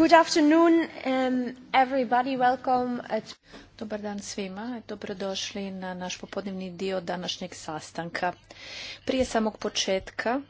Good afternoon, um, everybody. Welcome. Uh, Dobar dan svima. Dobrodošli na naš popodnevni dio današnjeg sastanka. Prije samog početka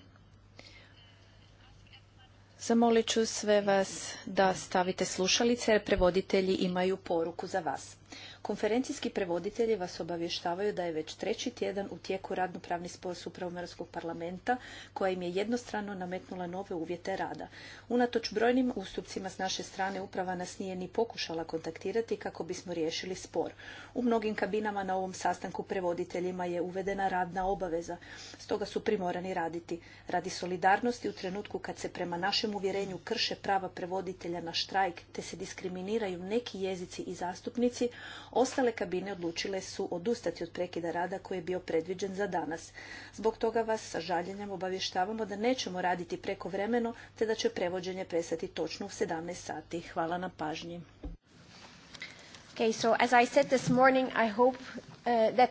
zamolit ću sve vas da stavite slušalice jer prevoditelji imaju poruku za vas. Konferencijski prevoditelji vas obavještavaju da je već treći tjedan u tijeku radnopravni spor Europskog parlamenta koja im je jednostrano nametnula nove uvjete rada. Unatoč brojnim ustupcima s naše strane uprava nas nije ni pokušala kontaktirati kako bismo riješili spor. U mnogim kabinama na ovom sastanku prevoditeljima je uvedena radna obaveza, stoga su primorani raditi. Radi solidarnosti u trenutku kad se prema našem uvjerenju krše prava prevoditelja na štrajk te se diskriminiraju neki jezici i zastupnici, Ostale kabine odlučile su odustati od prekida rada koji je bio predviđen za danas. Zbog toga vas sa žaljenjem obavještavamo da nećemo raditi preko prekovremeno te da će prevođenje prestati točno u 17 sati. Hvala na pažnji.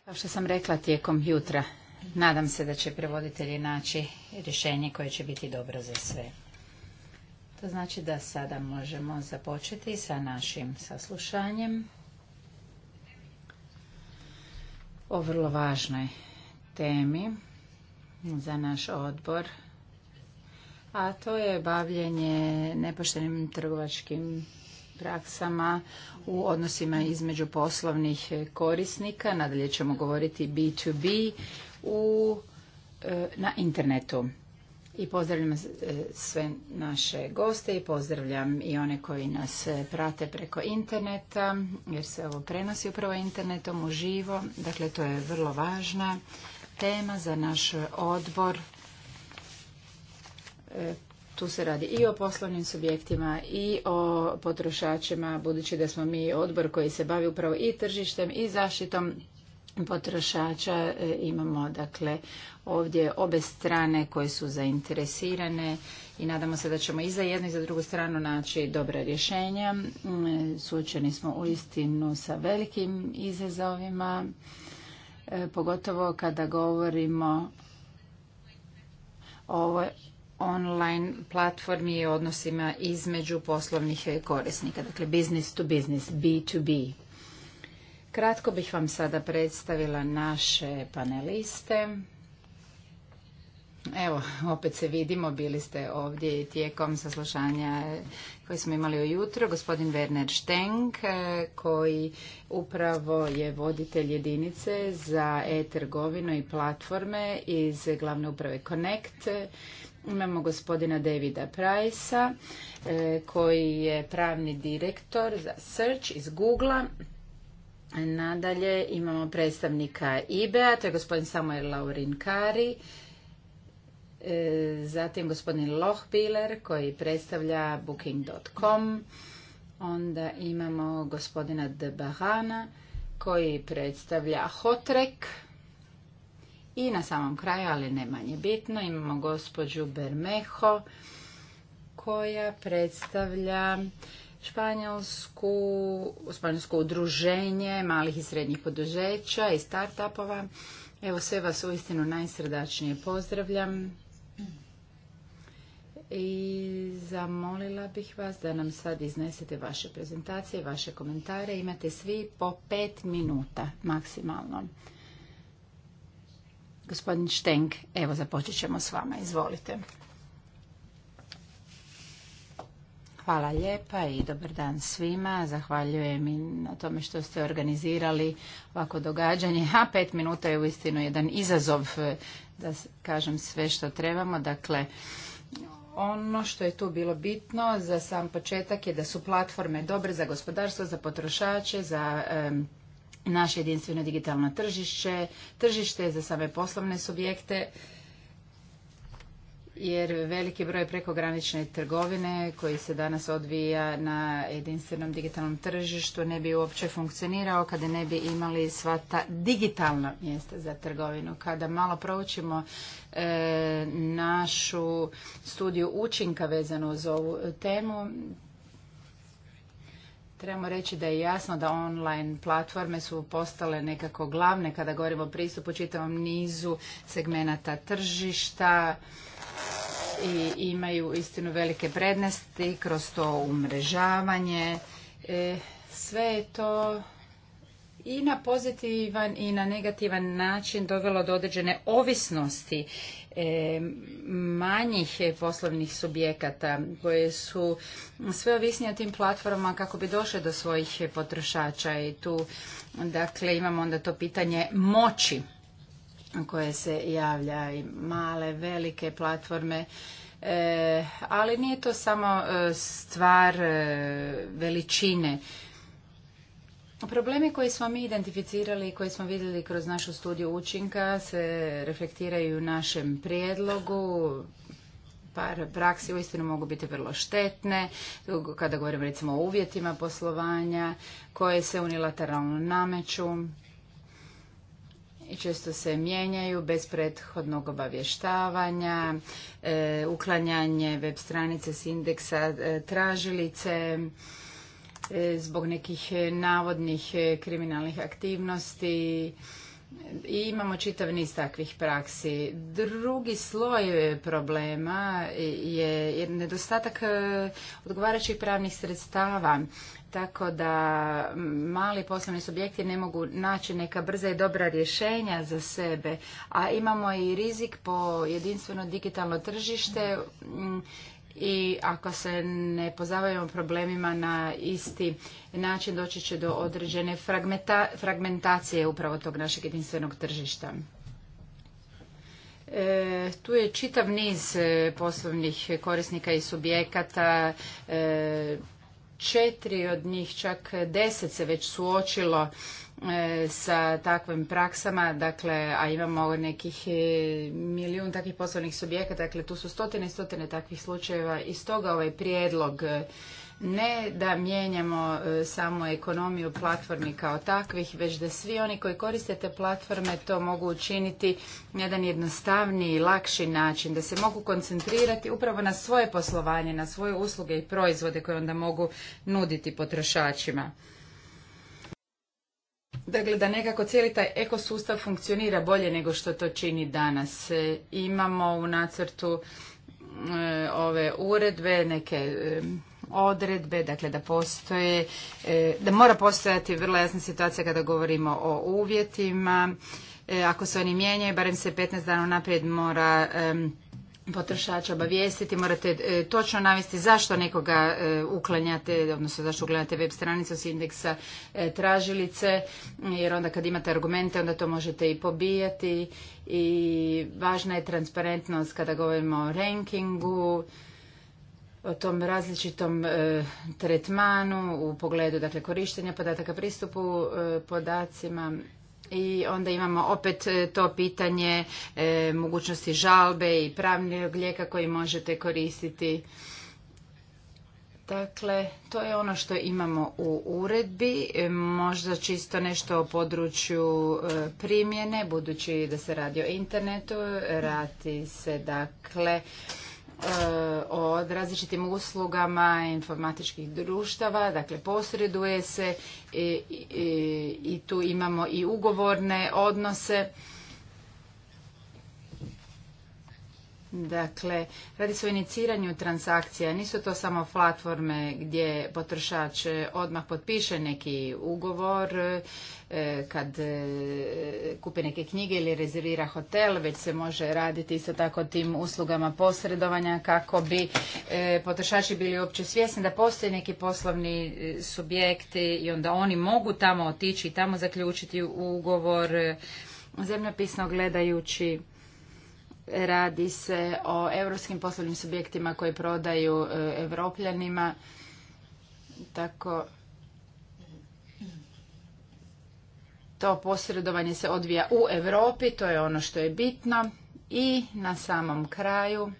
Kao što sam rekla tijekom jutra, nadam se da će prevoditelji naći rješenje koje će biti dobro za sve. To znači da sada možemo započeti sa našim saslušanjem. o vrlo važnoj temi za naš odbor, a to je bavljenje nepoštenim trgovačkim praksama u odnosima između poslovnih korisnika. Nadalje ćemo govoriti B2B e, na internetu i pozdravljam e, sve naše goste i pozdravljam i one koji nas e, prate preko interneta, jer se ovo prenosi upravo internetom u živo. Dakle, to je vrlo važna tema za naš odbor. E, tu se radi i o poslovnim subjektima i o potrošačima, budući da smo mi odbor koji se bavi upravo i tržištem i zaštitom potrošača e, imamo dakle ovdje obe strane koje su zainteresirane i nadamo se da ćemo i za jednu i za drugu stranu naći dobra rješenja. Mm, suočeni smo uistinu sa velikim izazovima, e, pogotovo kada govorimo o online platformi i odnosima između poslovnih korisnika, dakle business to business, B2B. Kratko bih vam sada predstavila naše paneliste. Evo, opet se vidimo, bili ste ovdje tijekom saslušanja koje smo imali ujutro. Gospodin Werner Šteng, e, koji upravo je voditelj jedinice za e-trgovinu i platforme iz glavne uprave Connect. Imamo gospodina Davida price e, koji je pravni direktor za Search iz google -a. Nadalje imamo predstavnika ibe to je gospodin Samuel Laurin Kari, e, zatim gospodin Lohbiler koji predstavlja Booking.com, onda imamo gospodina De Bahana koji predstavlja Hotrek i na samom kraju, ali ne manje bitno, imamo gospođu Bermeho koja predstavlja Španjolsku, Španjolsko udruženje malih i srednjih poduzeća i startupova. Evo sve vas uistinu najsrdačnije pozdravljam. I zamolila bih vas da nam sad iznesete vaše prezentacije, vaše komentare. Imate svi po pet minuta maksimalno. Gospodin Štenk, evo započet ćemo s vama. Izvolite. Hvala lijepa i dobar dan svima. Zahvaljujem i na tome što ste organizirali ovako događanje. A pet minuta je uistinu jedan izazov e, da kažem sve što trebamo. Dakle, ono što je tu bilo bitno za sam početak je da su platforme dobre za gospodarstvo, za potrošače, za naše jedinstveno digitalno tržište, tržište za same poslovne subjekte jer veliki broj prekogranične trgovine koji se danas odvija na jedinstvenom digitalnom tržištu ne bi uopće funkcionirao kada ne bi imali sva ta digitalna mjesta za trgovinu. Kada malo proučimo e, našu studiju učinka vezanu uz ovu temu, Trebamo reći da je jasno da online platforme su postale nekako glavne kada govorimo o pristupu čitavom nizu segmenata tržišta, i imaju istinu velike prednosti kroz to umrežavanje. E, sve je to i na pozitivan i na negativan način dovelo do određene ovisnosti e, manjih poslovnih subjekata koje su sve ovisnije o tim platformama kako bi došle do svojih potrošača i tu dakle imamo onda to pitanje moći koje se javlja i male, velike platforme. E, ali nije to samo e, stvar e, veličine. Problemi koji smo mi identificirali i koji smo vidjeli kroz našu studiju učinka se reflektiraju u našem prijedlogu. Par praksi uistinu mogu biti vrlo štetne, kada govorimo recimo o uvjetima poslovanja koje se unilateralno nameću i često se mijenjaju bez prethodnog obavještavanja, e, uklanjanje web stranice s indeksa e, tražilice e, zbog nekih navodnih kriminalnih aktivnosti i imamo čitav niz takvih praksi. Drugi sloj problema je nedostatak odgovarajućih pravnih sredstava tako da mali poslovni subjekti ne mogu naći neka brza i dobra rješenja za sebe, a imamo i rizik po jedinstveno digitalno tržište mm, i ako se ne pozabavimo problemima na isti način doći će do određene fragmentacije upravo tog našeg jedinstvenog tržišta. E, tu je čitav niz e, poslovnih korisnika i subjekata, e, četiri od njih, čak deset se već suočilo e, sa takvim praksama, dakle, a imamo nekih e, milijun takvih poslovnih subjekata, dakle, tu su stotine i stotine takvih slučajeva i stoga ovaj prijedlog e, ne da mijenjamo e, samo ekonomiju platformi kao takvih, već da svi oni koji koriste te platforme to mogu učiniti na jedan jednostavniji i lakši način, da se mogu koncentrirati upravo na svoje poslovanje, na svoje usluge i proizvode koje onda mogu nuditi potrošačima. Dakle, da nekako cijeli taj ekosustav funkcionira bolje nego što to čini danas. E, imamo u nacrtu e, ove uredbe, neke odredbe, dakle da postoje, e, da mora postojati vrlo jasna situacija kada govorimo o uvjetima. E, ako se oni mijenjaju, barem se 15 dana naprijed mora potrošača obavijestiti, morate e, točno navesti zašto nekoga uklanjate, odnosno zašto uklanjate web stranicu s indeksa tražilice, jer onda kad imate argumente onda to možete i pobijati i važna je transparentnost kada govorimo o rankingu, o tom različitom e, tretmanu u pogledu dakle korištenja podataka, pristupu e, podacima i onda imamo opet e, to pitanje mogućnosti žalbe i pravnog lijeka koji možete koristiti. Dakle, to je ono što imamo u uredbi, možda čisto nešto o području primjene, budući da se radi o internetu, radi se dakle E, od različitim uslugama informatičkih društava, dakle posreduje se i tu imamo i ugovorne odnose Dakle, radi se o iniciranju transakcija. Nisu to samo platforme gdje potrošač e, odmah potpiše neki ugovor e, kad e, kupi neke knjige ili rezervira hotel, već se može raditi isto tako tim uslugama posredovanja kako bi potrošači bili uopće svjesni da postoje neki poslovni subjekti i onda oni mogu tamo otići i tamo zaključiti ugovor zemljopisno gledajući Radi se o europskim poslovnim subjektima koji prodaju e, evropljanima. Tako to posredovanje se odvija u Europi, to je ono što je bitno. I na samom kraju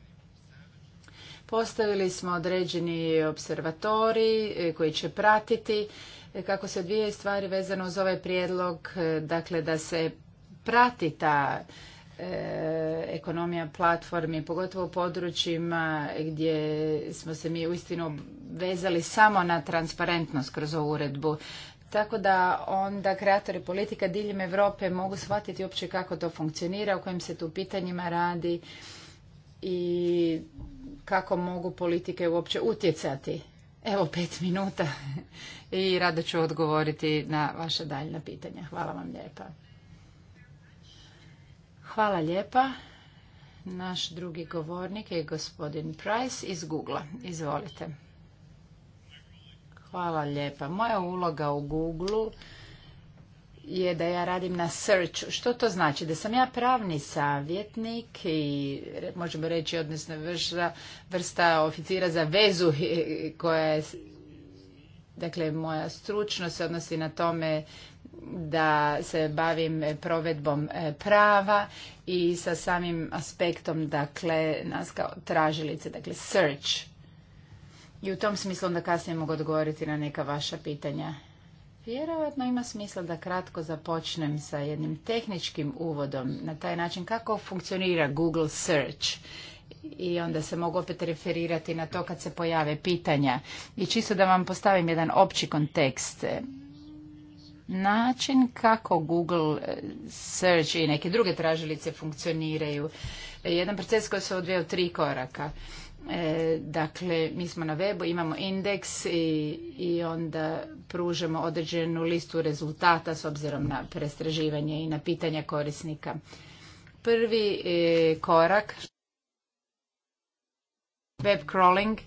postavili smo određeni observatori e, koji će pratiti e, kako se dvije stvari vezano uz ovaj prijedlog, dakle da se prati ta E, ekonomija platformi, pogotovo u područjima gdje smo se mi uistinu vezali samo na transparentnost kroz ovu uredbu. Tako da onda kreatori politika diljem Europe mogu shvatiti uopće kako to funkcionira, o kojim se tu pitanjima radi i kako mogu politike uopće utjecati. Evo pet minuta i rado ću odgovoriti na vaša daljna pitanja. Hvala vam lijepa. Hvala lijepa. Naš drugi govornik je gospodin Price iz Google. Izvolite. Hvala lijepa. Moja uloga u Google je da ja radim na searchu. Što to znači? Da sam ja pravni savjetnik i možemo reći odnosno vrsta, vrsta oficira za vezu koja je Dakle, moja stručnost se odnosi na tome da se bavim e, provedbom e, prava i sa samim aspektom dakle nas kao tražilice, dakle search. I u tom smislu onda kasnije mogu odgovoriti na neka vaša pitanja. Vjerojatno ima smisla da kratko započnem sa jednim tehničkim uvodom na taj način kako funkcionira Google Search i onda se mogu opet referirati na to kad se pojave pitanja. I čisto da vam postavim jedan opći kontekst način kako Google eh, Search i neke druge tražilice funkcioniraju. Eh, jedan proces koji se odvija u tri koraka. Eh, dakle, mi smo na webu, imamo indeks i, i onda pružamo određenu listu rezultata s obzirom na prestraživanje i na pitanja korisnika. Prvi korak, web crawling,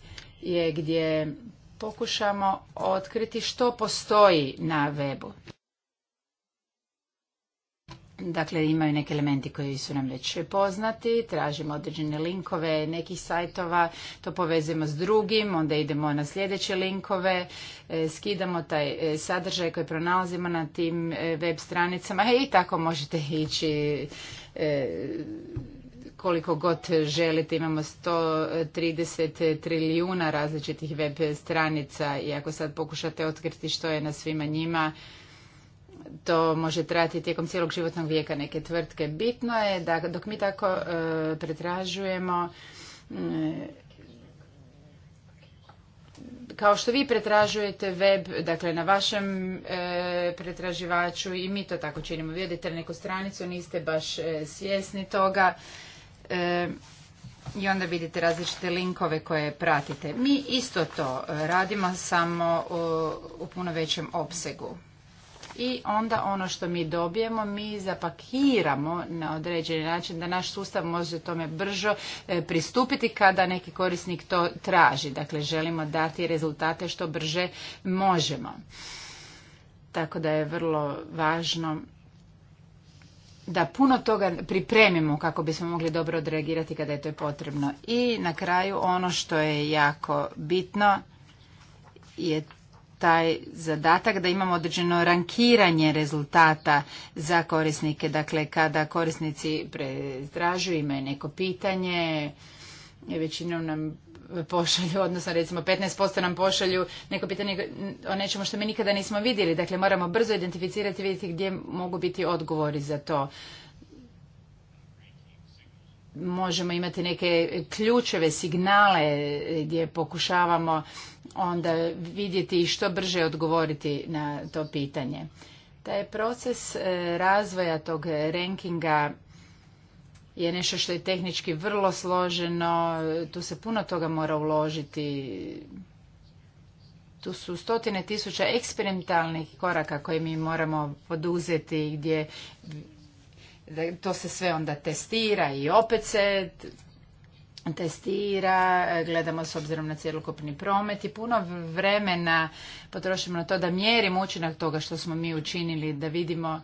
je gdje pokušamo otkriti što postoji na webu. Dakle, imaju neke elementi koji su nam već poznati, tražimo određene linkove nekih sajtova, to povezujemo s drugim, onda idemo na sljedeće linkove, e, skidamo taj e, sadržaj koji pronalazimo na tim e, web stranicama i tako možete ići koliko god želite. Imamo 130 trilijuna različitih web stranica i ako sad pokušate otkriti što je na svima njima, to može trajati tijekom cijelog životnog vijeka neke tvrtke. Bitno je da dok mi tako e, pretražujemo, mm, kao što vi pretražujete web, dakle na vašem e, pretraživaču i mi to tako činimo. Vi odete na neku stranicu, niste baš e, svjesni toga i onda vidite različite linkove koje pratite. Mi isto to radimo samo u, u puno većem opsegu i onda ono što mi dobijemo mi zapakiramo na određeni način da naš sustav može tome brzo e, pristupiti kada neki korisnik to traži. Dakle, želimo dati rezultate što brže možemo. Tako da je vrlo važno da puno toga pripremimo kako bismo mogli dobro odreagirati kada je to potrebno. I na kraju ono što je jako bitno je taj zadatak da imamo određeno rankiranje rezultata za korisnike. Dakle, kada korisnici prezdražuju, imaju neko pitanje, većinom nam pošalju, odnosno recimo 15% nam pošalju neko pitanje o nečemu što mi nikada nismo vidjeli. Dakle, moramo brzo identificirati i vidjeti gdje mogu biti odgovori za to. Možemo imati neke ključeve signale gdje pokušavamo onda vidjeti i što brže odgovoriti na to pitanje. Taj proces e, razvoja tog rankinga je nešto što je tehnički vrlo složeno, tu se puno toga mora uložiti, tu su stotine tisuća eksperimentalnih koraka koje mi moramo poduzeti gdje to se sve onda testira i opet se testira, gledamo s obzirom na cjelokupni promet i puno vremena potrošimo na to da mjerimo učinak toga što smo mi učinili, da vidimo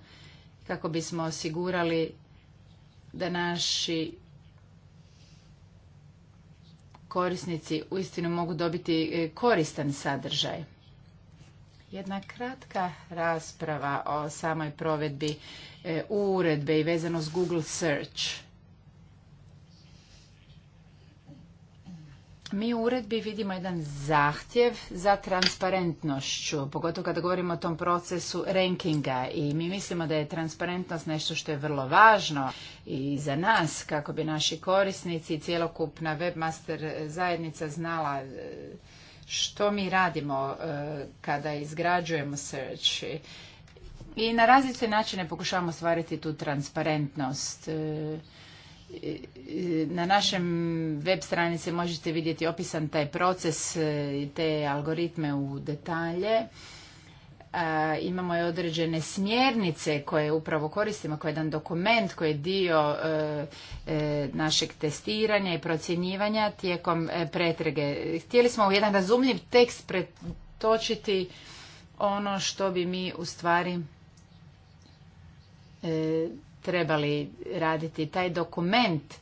kako bismo osigurali da naši korisnici uistinu mogu dobiti e, koristan sadržaj. Jedna kratka rasprava o samoj provedbi e, uredbe i vezano s Google Search. Mi u uredbi vidimo jedan zahtjev za transparentnošću, pogotovo kada govorimo o tom procesu rankinga i mi mislimo da je transparentnost nešto što je vrlo važno i za nas kako bi naši korisnici i cjelokupna webmaster zajednica znala e, što mi radimo e, kada izgrađujemo search. I na različite načine pokušavamo stvariti tu transparentnost. E, na našem web stranici možete vidjeti opisan taj proces e, i te algoritme u detalje. E, imamo i određene smjernice koje upravo koristimo, koji je jedan dokument koji je dio e, našeg testiranja i procjenjivanja tijekom pretrage. Htjeli smo u jedan razumljiv tekst pretočiti ono što bi mi u stvari trebali raditi. Taj dokument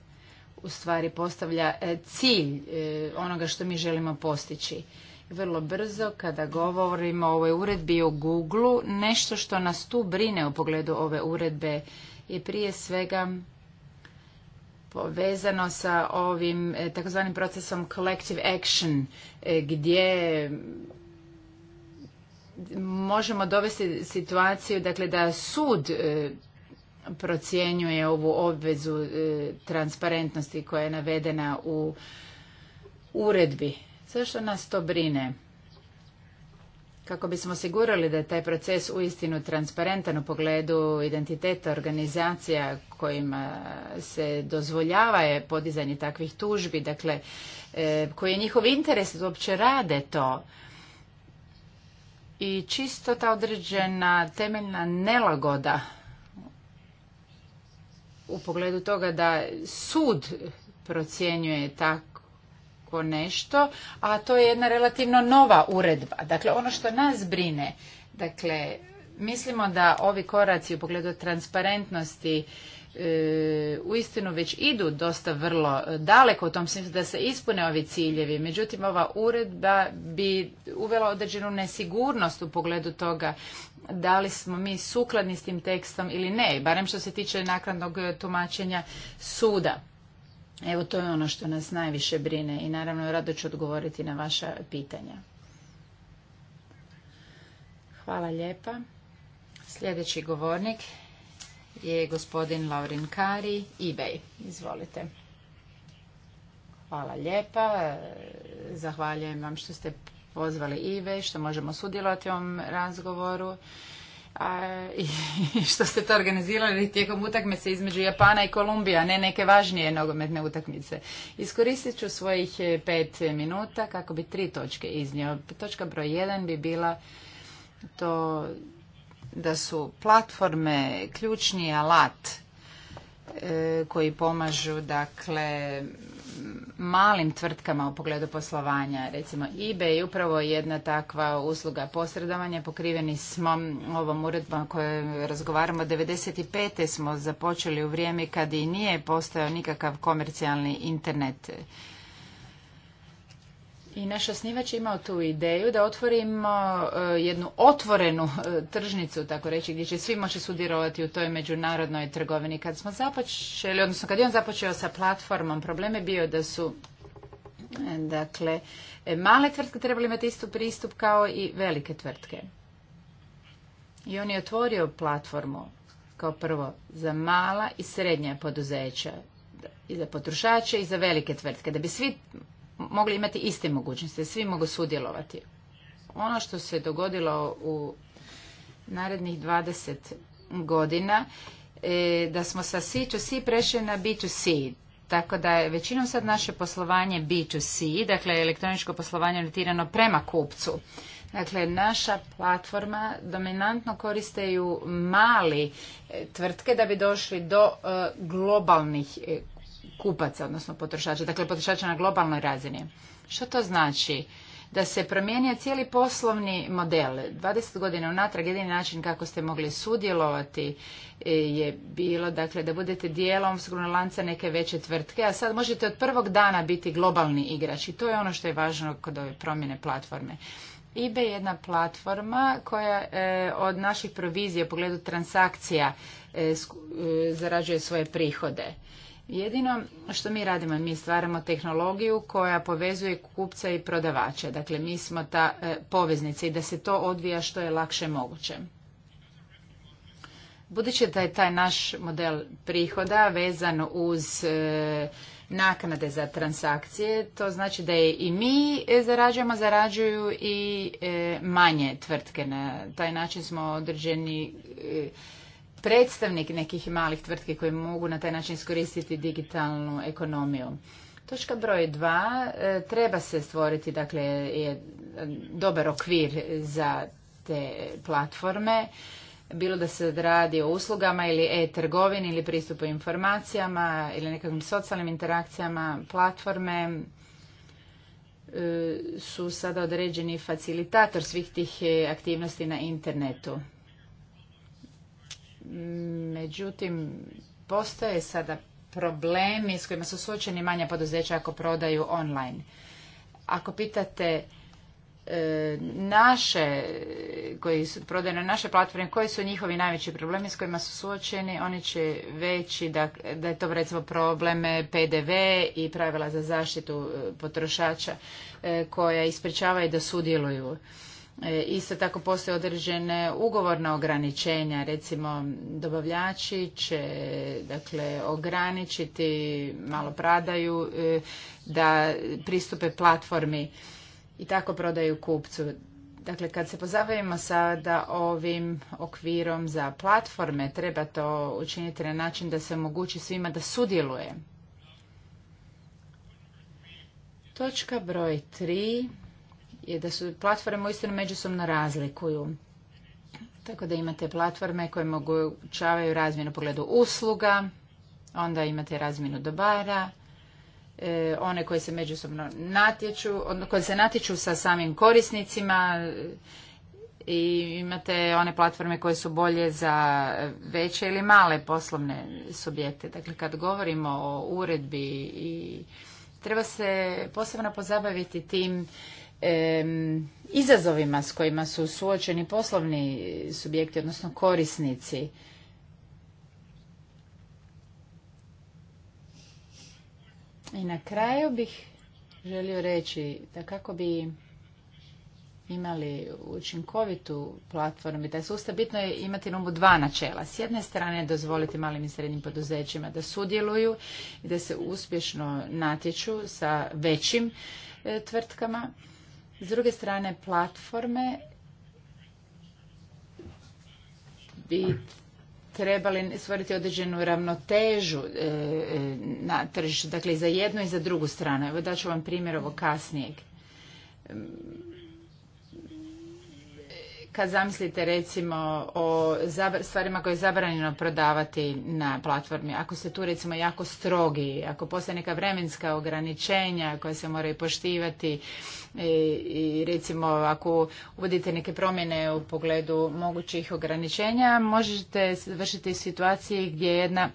u stvari postavlja e, cilj e, onoga što mi želimo postići. Vrlo brzo kada govorimo o ovoj uredbi o Google, nešto što nas tu brine u pogledu ove uredbe je prije svega povezano sa ovim e, takozvanim procesom collective action gdje možemo dovesti situaciju dakle da sud procjenjuje ovu obvezu e, transparentnosti koja je navedena u uredbi. Zašto nas to brine? Kako bismo osigurali da je taj proces uistinu transparentan u pogledu identiteta organizacija kojima se dozvoljava je podizanje takvih tužbi, dakle, e, koji je njihov interes da uopće rade to, i čisto ta određena temeljna nelagoda u pogledu toga da sud procjenjuje tako nešto, a to je jedna relativno nova uredba. Dakle, ono što nas brine, dakle, mislimo da ovi koraci u pogledu transparentnosti e, u uistinu već idu dosta vrlo daleko u tom smislu da se ispune ovi ciljevi. Međutim, ova uredba bi uvela određenu nesigurnost u pogledu toga da li smo mi sukladni s tim tekstom ili ne, barem što se tiče nakladnog e, tumačenja suda. Evo to je ono što nas najviše brine i naravno rado ću odgovoriti na vaša pitanja. Hvala lijepa. Sljedeći govornik je gospodin Laurin Kari, eBay. Izvolite. Hvala lijepa. Zahvaljujem vam što ste pozvali IVE, što možemo sudjelovati u ovom razgovoru. A, I što ste to organizirali tijekom utakmice između Japana i Kolumbija, ne neke važnije nogometne utakmice. Iskoristit ću svojih e, pet minuta kako bi tri točke iznio. Točka broj jedan bi bila to da su platforme ključni alat e, koji pomažu dakle malim tvrtkama u pogledu poslovanja. Recimo eBay je upravo jedna takva usluga posredovanja. Pokriveni smo ovom uredbom koje razgovaramo. 95. smo započeli u vrijeme kad i nije postojao nikakav komercijalni internet. I naš osnivač je imao tu ideju da otvorimo e, jednu otvorenu e, tržnicu, tako reći, gdje će svi moći sudjelovati u toj međunarodnoj trgovini. Kad smo započeli, odnosno kad je on započeo sa platformom, problem je bio da su e, dakle, male tvrtke trebali imati istu pristup kao i velike tvrtke. I on je otvorio platformu kao prvo za mala i srednja poduzeća i za potrošače i za velike tvrtke, da bi svi mogli imati iste mogućnosti, svi mogu sudjelovati. Ono što se dogodilo u narednih 20 godina e, da smo sa C2C prešli na B2C. Tako da je većinom sad naše poslovanje B2C, dakle elektroničko poslovanje orientirano prema kupcu. Dakle, naša platforma dominantno koriste mali e, tvrtke da bi došli do e, globalnih kupaca, odnosno potrošača, dakle potrošača na globalnoj razini. Što to znači? Da se promijenio cijeli poslovni model. 20 godina unatrag jedini način kako ste mogli sudjelovati e, je bilo dakle, da budete dijelom skruna lanca neke veće tvrtke, a sad možete od prvog dana biti globalni igrač i to je ono što je važno kod ove promjene platforme. eBay je jedna platforma koja e, od naših provizija u pogledu transakcija e, zarađuje svoje prihode. Jedino što mi radimo, mi stvaramo tehnologiju koja povezuje kupca i prodavača. Dakle, mi smo ta e, poveznica i da se to odvija što je lakše moguće. Budući da je taj naš model prihoda vezan uz e, naknade za transakcije, to znači da je i mi e, zarađujemo, zarađuju i manje tvrtke. Na taj način smo određeni predstavnik nekih malih tvrtki koje mogu na taj način iskoristiti digitalnu ekonomiju. Točka broj dva, e, treba se stvoriti dakle, je e, dobar okvir za te platforme, bilo da se radi o uslugama ili e-trgovini ili pristupu informacijama ili nekakvim socijalnim interakcijama platforme e, su sada određeni facilitator svih tih aktivnosti na internetu. Međutim, postoje sada problemi s kojima su suočeni manja poduzeća ako prodaju online. Ako pitate e, naše koji su prodaju na naše platforme koji su njihovi najveći problemi s kojima su suočeni oni će veći da, da je to recimo probleme PDV i pravila za zaštitu e, potrošača e, koja ispričavaju da sudjeluju E, isto tako postoje određene ugovorna ograničenja, recimo dobavljači će dakle, ograničiti malo pradaju e, da pristupe platformi i tako prodaju kupcu. Dakle, kad se pozabavimo sada ovim okvirom za platforme, treba to učiniti na način da se omogući svima da sudjeluje. Točka broj tri je da su platforme uistinu međusobno razlikuju. Tako da imate platforme koje omogućavaju razmjenu pogledu usluga, onda imate razmjenu dobara, e, one koje se međusobno natječu, koje se natječu sa samim korisnicima e, i imate one platforme koje su bolje za veće ili male poslovne subjekte. Dakle, kad govorimo o uredbi i treba se posebno pozabaviti tim izazovima s kojima su suočeni poslovni subjekti, odnosno korisnici. I na kraju bih želio reći da kako bi imali učinkovitu platformu i taj sustav, bitno je imati na umu dva načela. S jedne strane dozvoliti malim i srednjim poduzećima da sudjeluju i da se uspješno natječu sa većim e, tvrtkama s druge strane, platforme bi trebali stvoriti određenu ravnotežu e, e, na tržištu, dakle i za jednu i za drugu stranu. Evo ću vam primjer ovo kasnijeg kad zamislite recimo o stvarima koje je zabranjeno prodavati na platformi, ako ste tu recimo jako strogi, ako postoje neka vremenska ograničenja koja se moraju poštivati e, i, recimo ako uvodite neke promjene u pogledu mogućih ograničenja, možete vršiti situaciji gdje jedna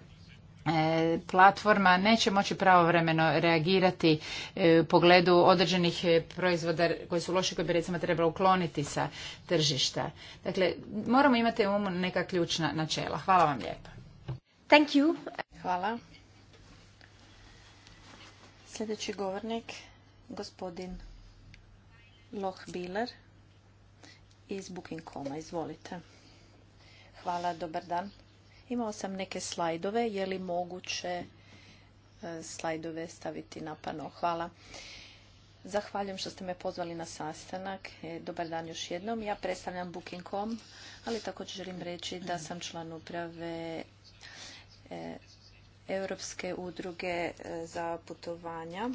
E, platforma neće moći pravovremeno reagirati e, u pogledu određenih e, proizvoda koji su loši koji bi recimo trebalo ukloniti sa tržišta. Dakle, moramo imati u umu neka ključna načela. Hvala vam lijepa. Thank you. Hvala. Sljedeći govornik, gospodin Loh Biler iz Booking.com. Izvolite. Hvala, dobar dan. Imao sam neke slajdove, je li moguće e, slajdove staviti na pano? Hvala. Zahvaljujem što ste me pozvali na sastanak. E, dobar dan još jednom. Ja predstavljam Booking.com, ali također želim reći da sam član uprave e, Europske udruge za putovanja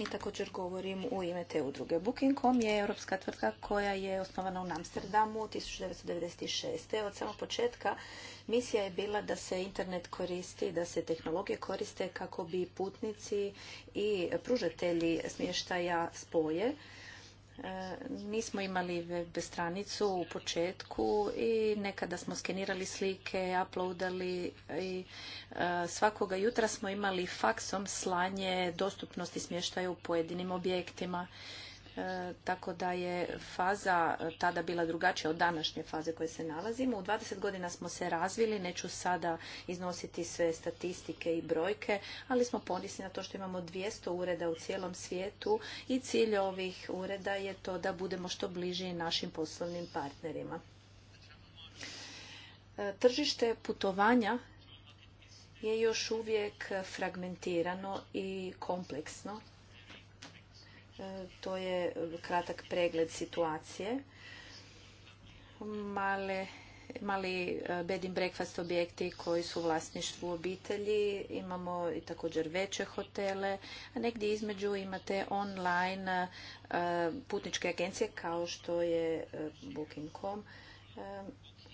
i također govorim u ime te udruge. Booking.com je europska tvrtka koja je osnovana u Amsterdamu 1996. Od samog početka misija je bila da se internet koristi, da se tehnologije koriste kako bi putnici i pružatelji smještaja spoje Nismo imali web stranicu u početku i nekada smo skenirali slike, uploadali i e, svakoga jutra smo imali faksom slanje dostupnosti smještaja u pojedinim objektima. E, tako da je faza e, tada bila drugačija od današnje faze koje se nalazimo. U 20 godina smo se razvili, neću sada iznositi sve statistike i brojke, ali smo ponisni na to što imamo 200 ureda u cijelom svijetu i cilj ovih ureda je to da budemo što bliži našim poslovnim partnerima. E, tržište putovanja je još uvijek fragmentirano i kompleksno E, to je kratak pregled situacije. Male mali e, bed and breakfast objekti koji su u vlasništvu obitelji, imamo i također veće hotele, a negdje između imate online e, putničke agencije kao što je Booking.com.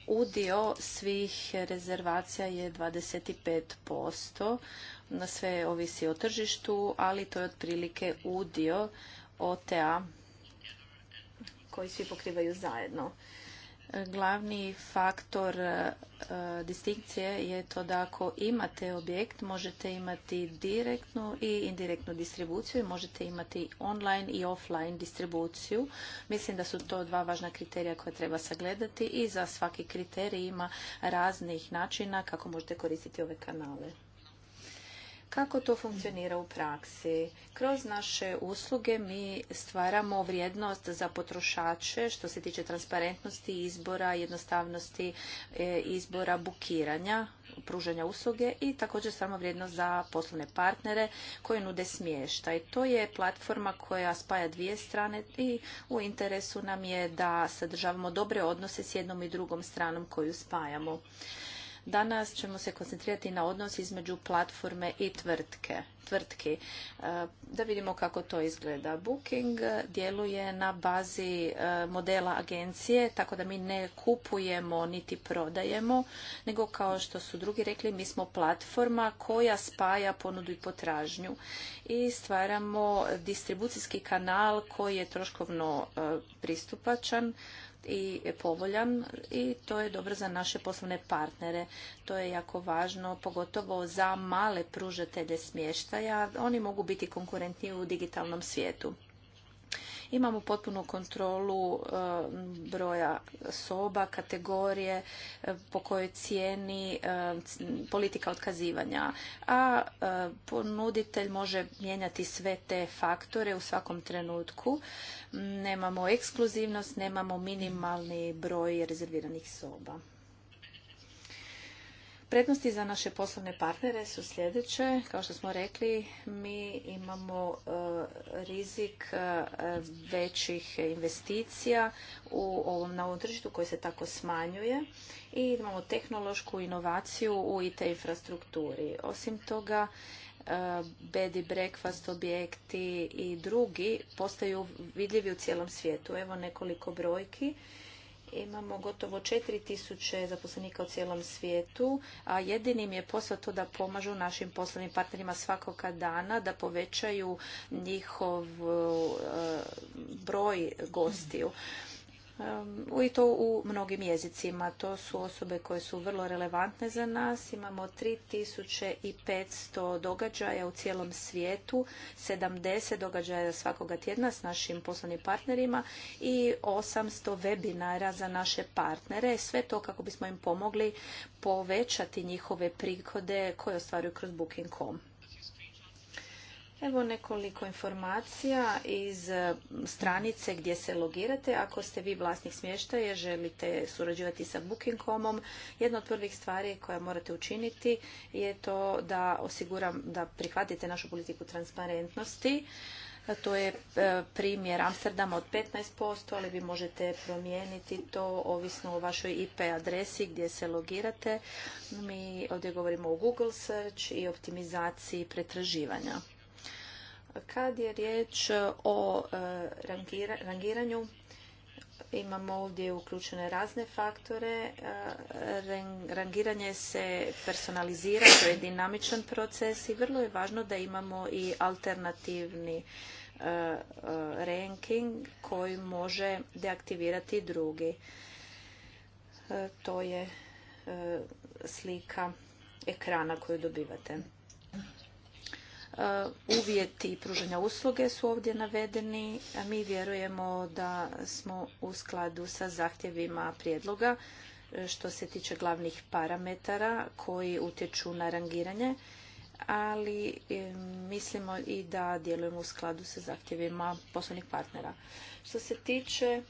Udio svih rezervacija je 25%, na sve ovisi o tržištu, ali to je otprilike udio OTA koji svi pokrivaju zajedno. Glavni faktor e, distinkcije je to da ako imate objekt, možete imati direktnu i indirektnu distribuciju i možete imati online i offline distribuciju. Mislim da su to dva važna kriterija koja treba sagledati i za svaki kriterij ima raznih načina kako možete koristiti ove kanale. Kako to funkcionira u praksi? Kroz naše usluge mi stvaramo vrijednost za potrošače što se tiče transparentnosti izbora, jednostavnosti e, izbora bukiranja, pružanja usluge i također stvaramo vrijednost za poslovne partnere koje nude smještaj. To je platforma koja spaja dvije strane i u interesu nam je da sadržavamo dobre odnose s jednom i drugom stranom koju spajamo. Danas ćemo se koncentrirati na odnos između platforme i tvrtke, tvrtki. E, da vidimo kako to izgleda. Booking djeluje na bazi e, modela agencije, tako da mi ne kupujemo niti prodajemo, nego kao što su drugi rekli, mi smo platforma koja spaja ponudu i potražnju i stvaramo distribucijski kanal koji je troškovno e, pristupačan, i povoljan i to je dobro za naše poslovne partnere. To je jako važno, pogotovo za male pružatelje smještaja. Oni mogu biti konkurentniji u digitalnom svijetu. Imamo potpunu kontrolu e, broja soba, kategorije, e, po kojoj cijeni e, politika otkazivanja. A ponuditelj može mijenjati sve te faktore u svakom trenutku. Nemamo ekskluzivnost, nemamo minimalni broj rezerviranih soba. Prednosti za naše poslovne partnere su sljedeće. Kao što smo rekli, mi imamo e, rizik e, većih investicija u ovom novom tržištu koji se tako smanjuje i imamo tehnološku inovaciju u IT infrastrukturi. Osim toga, e, bed i breakfast objekti i drugi postaju vidljivi u cijelom svijetu. Evo nekoliko brojki Imamo gotovo 4000 zaposlenika u cijelom svijetu, a jedinim je posao to da pomažu našim poslovnim partnerima svakoga dana, da povećaju njihov e, broj gostiju i to u mnogim jezicima. To su osobe koje su vrlo relevantne za nas. Imamo 3500 događaja u cijelom svijetu, 70 događaja svakoga tjedna s našim poslovnim partnerima i 800 webinara za naše partnere. Sve to kako bismo im pomogli povećati njihove prihode koje ostvaruju kroz Booking.com. Evo nekoliko informacija iz e, stranice gdje se logirate. Ako ste vi vlasnik smještaja, želite surađivati sa Booking.comom, jedna od prvih stvari koja morate učiniti je to da osiguram da prihvatite našu politiku transparentnosti. E, to je e, primjer Amsterdama od 15%, ali vi možete promijeniti to ovisno o vašoj IP adresi gdje se logirate. Mi ovdje govorimo o Google search i optimizaciji pretraživanja. Kad je riječ o e, rangiranju, imamo ovdje uključene razne faktore. E, rangiranje se personalizira, to je dinamičan proces i vrlo je važno da imamo i alternativni e, ranking koji može deaktivirati drugi. To je slika ekrana koju dobivate. E, uvjeti pružanja usluge su ovdje navedeni. A mi vjerujemo da smo u skladu sa zahtjevima prijedloga e, što se tiče glavnih parametara koji utječu na rangiranje, ali e, mislimo i da djelujemo u skladu sa zahtjevima poslovnih partnera. Što se tiče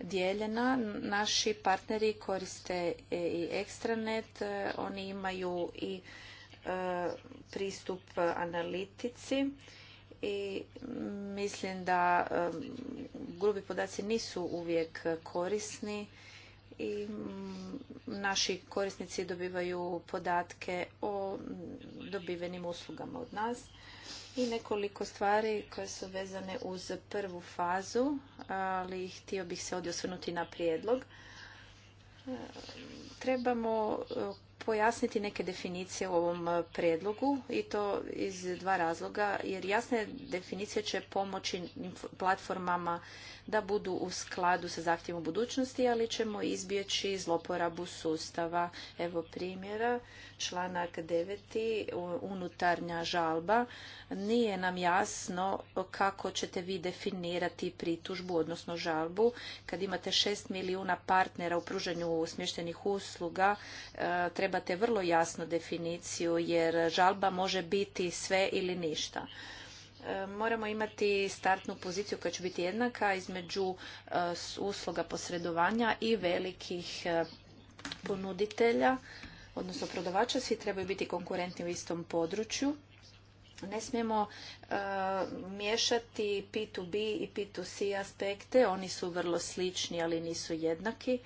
dijeljena. Naši partneri koriste i ekstranet, oni imaju i pristup analitici i mislim da grubi podaci nisu uvijek korisni i mm, naši korisnici dobivaju podatke o mm, dobivenim uslugama od nas i nekoliko stvari koje su vezane uz prvu fazu, ali htio bih se ovdje osvrnuti na prijedlog. Trebamo pojasniti neke definicije u ovom e, prijedlogu i to iz dva razloga jer jasne definicije će pomoći platformama da budu u skladu sa zahtjevom budućnosti, ali ćemo izbjeći zloporabu sustava. Evo primjera, članak 9. unutarnja žalba. Nije nam jasno kako ćete vi definirati pritužbu, odnosno žalbu. Kad imate šest milijuna partnera u pruženju smještenih usluga, e, trebate vrlo jasnu definiciju jer žalba može biti sve ili ništa e, moramo imati startnu poziciju koja će biti jednaka između e, usluga posredovanja i velikih ponuditelja odnosno prodavača, svi trebaju biti konkurentni u istom području. Ne smijemo e, miješati P2B i P2C aspekte, oni su vrlo slični, ali nisu jednaki.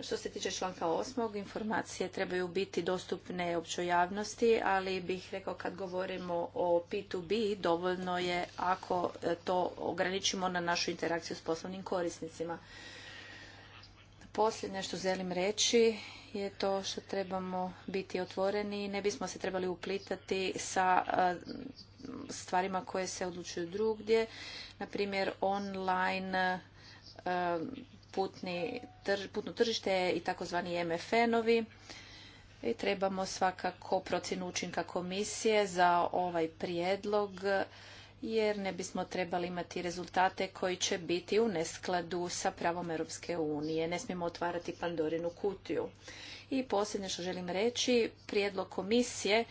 Što se tiče članka 8. informacije trebaju biti dostupne općoj javnosti, ali bih rekao kad govorimo o P2B dovoljno je ako e, to ograničimo na našu interakciju s poslovnim korisnicima. Posljednje što želim reći je to što trebamo biti otvoreni i ne bismo se trebali uplitati sa eh, stvarima koje se odlučuju drugdje. Na primjer, online eh, putni, putno tržište i takozvani MFN-ovi. I trebamo svakako procjenu učinka komisije za ovaj prijedlog jer ne bismo trebali imati rezultate koji će biti u neskladu sa pravom Europske unije. Ne smijemo otvarati Pandorinu kutiju. I posljednje što želim reći, prijedlog komisije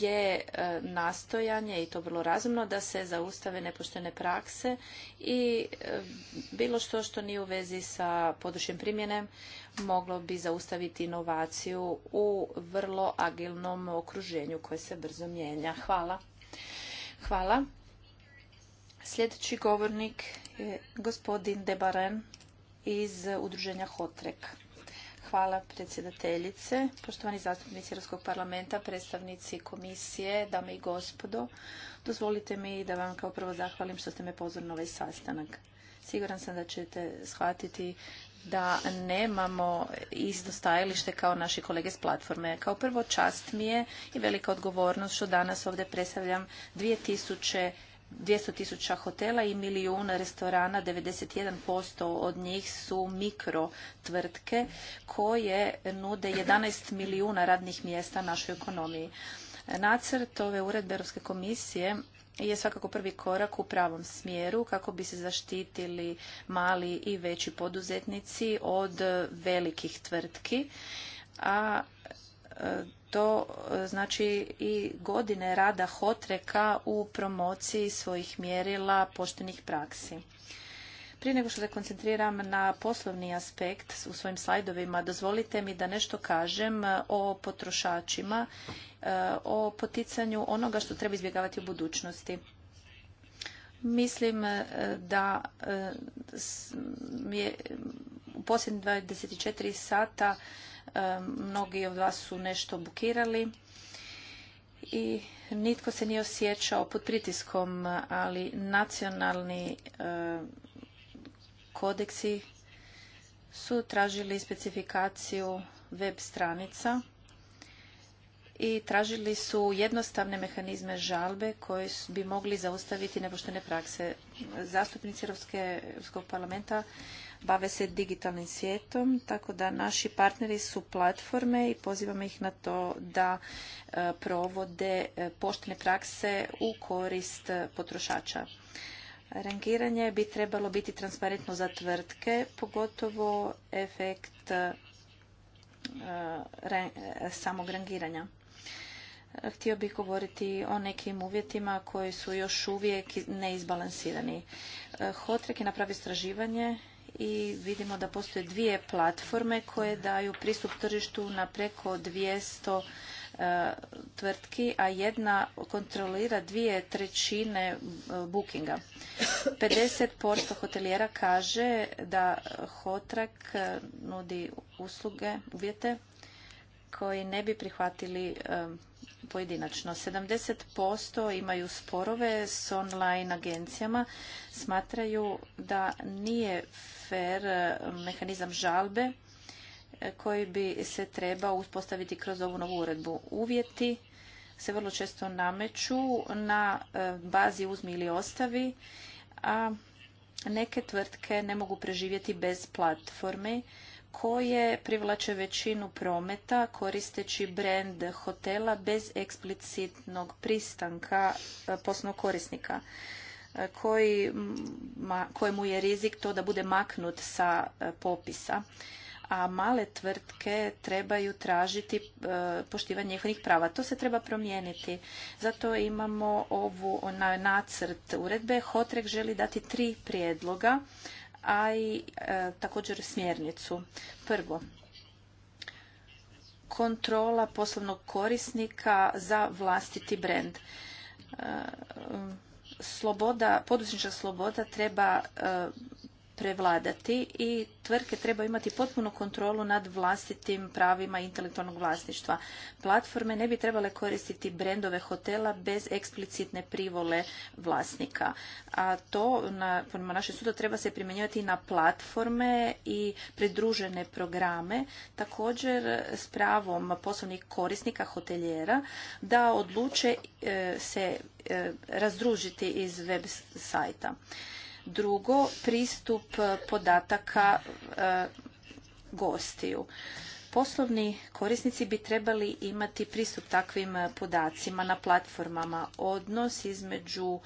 je e, nastojanje, i to vrlo razumno, da se zaustave nepoštene prakse i e, bilo što što nije u vezi sa područjem primjene moglo bi zaustaviti inovaciju u vrlo agilnom okruženju koje se brzo mijenja. Hvala. Hvala. Sljedeći govornik je gospodin Debaren iz udruženja Hotrek. Hvala predsjedateljice, poštovani zastupnici Europskog parlamenta, predstavnici komisije, dame i gospodo. Dozvolite mi da vam kao prvo zahvalim što ste me pozorno na ovaj sastanak. Siguran sam da ćete shvatiti da nemamo isto stajalište kao naši kolege s platforme. Kao prvo čast mi je i velika odgovornost što danas ovdje predstavljam 2000 200 tisuća hotela i milijuna restorana, 91% od njih su mikro tvrtke koje nude 11 milijuna radnih mjesta našoj ekonomiji. Nacrt ove uredbe Europske komisije je svakako prvi korak u pravom smjeru kako bi se zaštitili mali i veći poduzetnici od velikih tvrtki, a to e, znači i godine rada Hotreka u promociji svojih mjerila poštenih praksi. Prije nego što se koncentriram na poslovni aspekt u svojim slajdovima, dozvolite mi da nešto kažem e, o potrošačima, e, o poticanju onoga što treba izbjegavati u budućnosti. Mislim da je u posljednjih 24 sata E, mnogi od vas su nešto bukirali i nitko se nije osjećao pod pritiskom, ali nacionalni e, kodeksi su tražili specifikaciju web stranica i tražili su jednostavne mehanizme žalbe koji bi mogli zaustaviti nepoštene prakse. Zastupnici Europskog parlamenta bave se digitalnim svijetom, tako da naši partneri su platforme i pozivamo ih na to da e, provode e, poštene prakse u korist potrošača. Rangiranje bi trebalo biti transparentno za tvrtke, pogotovo efekt e, samog rangiranja htio bih govoriti o nekim uvjetima koji su još uvijek neizbalansirani. E, Hotrek je napravio istraživanje i vidimo da postoje dvije platforme koje daju pristup tržištu na preko 200 e, tvrtki, a jedna kontrolira dvije trećine e, bookinga. 50% hotelijera kaže da Hotrak nudi usluge, uvjete koji ne bi prihvatili pojedinačno. 70% imaju sporove s online agencijama. Smatraju da nije fer mehanizam žalbe e, koji bi se trebao uspostaviti kroz ovu novu uredbu. Uvjeti se vrlo često nameću na e, bazi uzmi ili ostavi, a neke tvrtke ne mogu preživjeti bez platforme koje privlače većinu prometa koristeći brand hotela bez eksplicitnog pristanka e, poslovnog korisnika e, koji, kojemu je rizik to da bude maknut sa e, popisa a male tvrtke trebaju tražiti poštivanje njihovih prava. To se treba promijeniti. Zato imamo ovu na nacrt uredbe. Hotrek želi dati tri prijedloga a i e, također smjernicu. Prvo, kontrola poslovnog korisnika za vlastiti brend. E, sloboda, poduzetnička sloboda treba e, prevladati i tvrtke treba imati potpunu kontrolu nad vlastitim pravima intelektualnog vlasništva. Platforme ne bi trebale koristiti brendove hotela bez eksplicitne privole vlasnika. A to, na, prema našem sudu, treba se primjenjivati na platforme i pridružene programe, također s pravom poslovnih korisnika hotelijera da odluče e, se e, razdružiti iz web sajta. Drugo, pristup e, podataka e, gostiju. Poslovni korisnici bi trebali imati pristup takvim e, podacima na platformama. Odnos između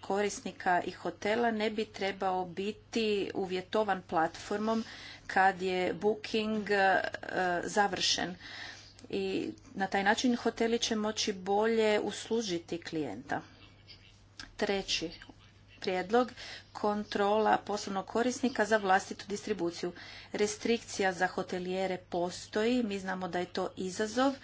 korisnika i hotela ne bi trebao biti uvjetovan platformom kad je booking završen. I na taj način hoteli će moći bolje uslužiti klijenta. Treći prijedlog kontrola poslovnog korisnika za vlastitu distribuciju. Restrikcija za hotelijere postoji, mi znamo da je to izazov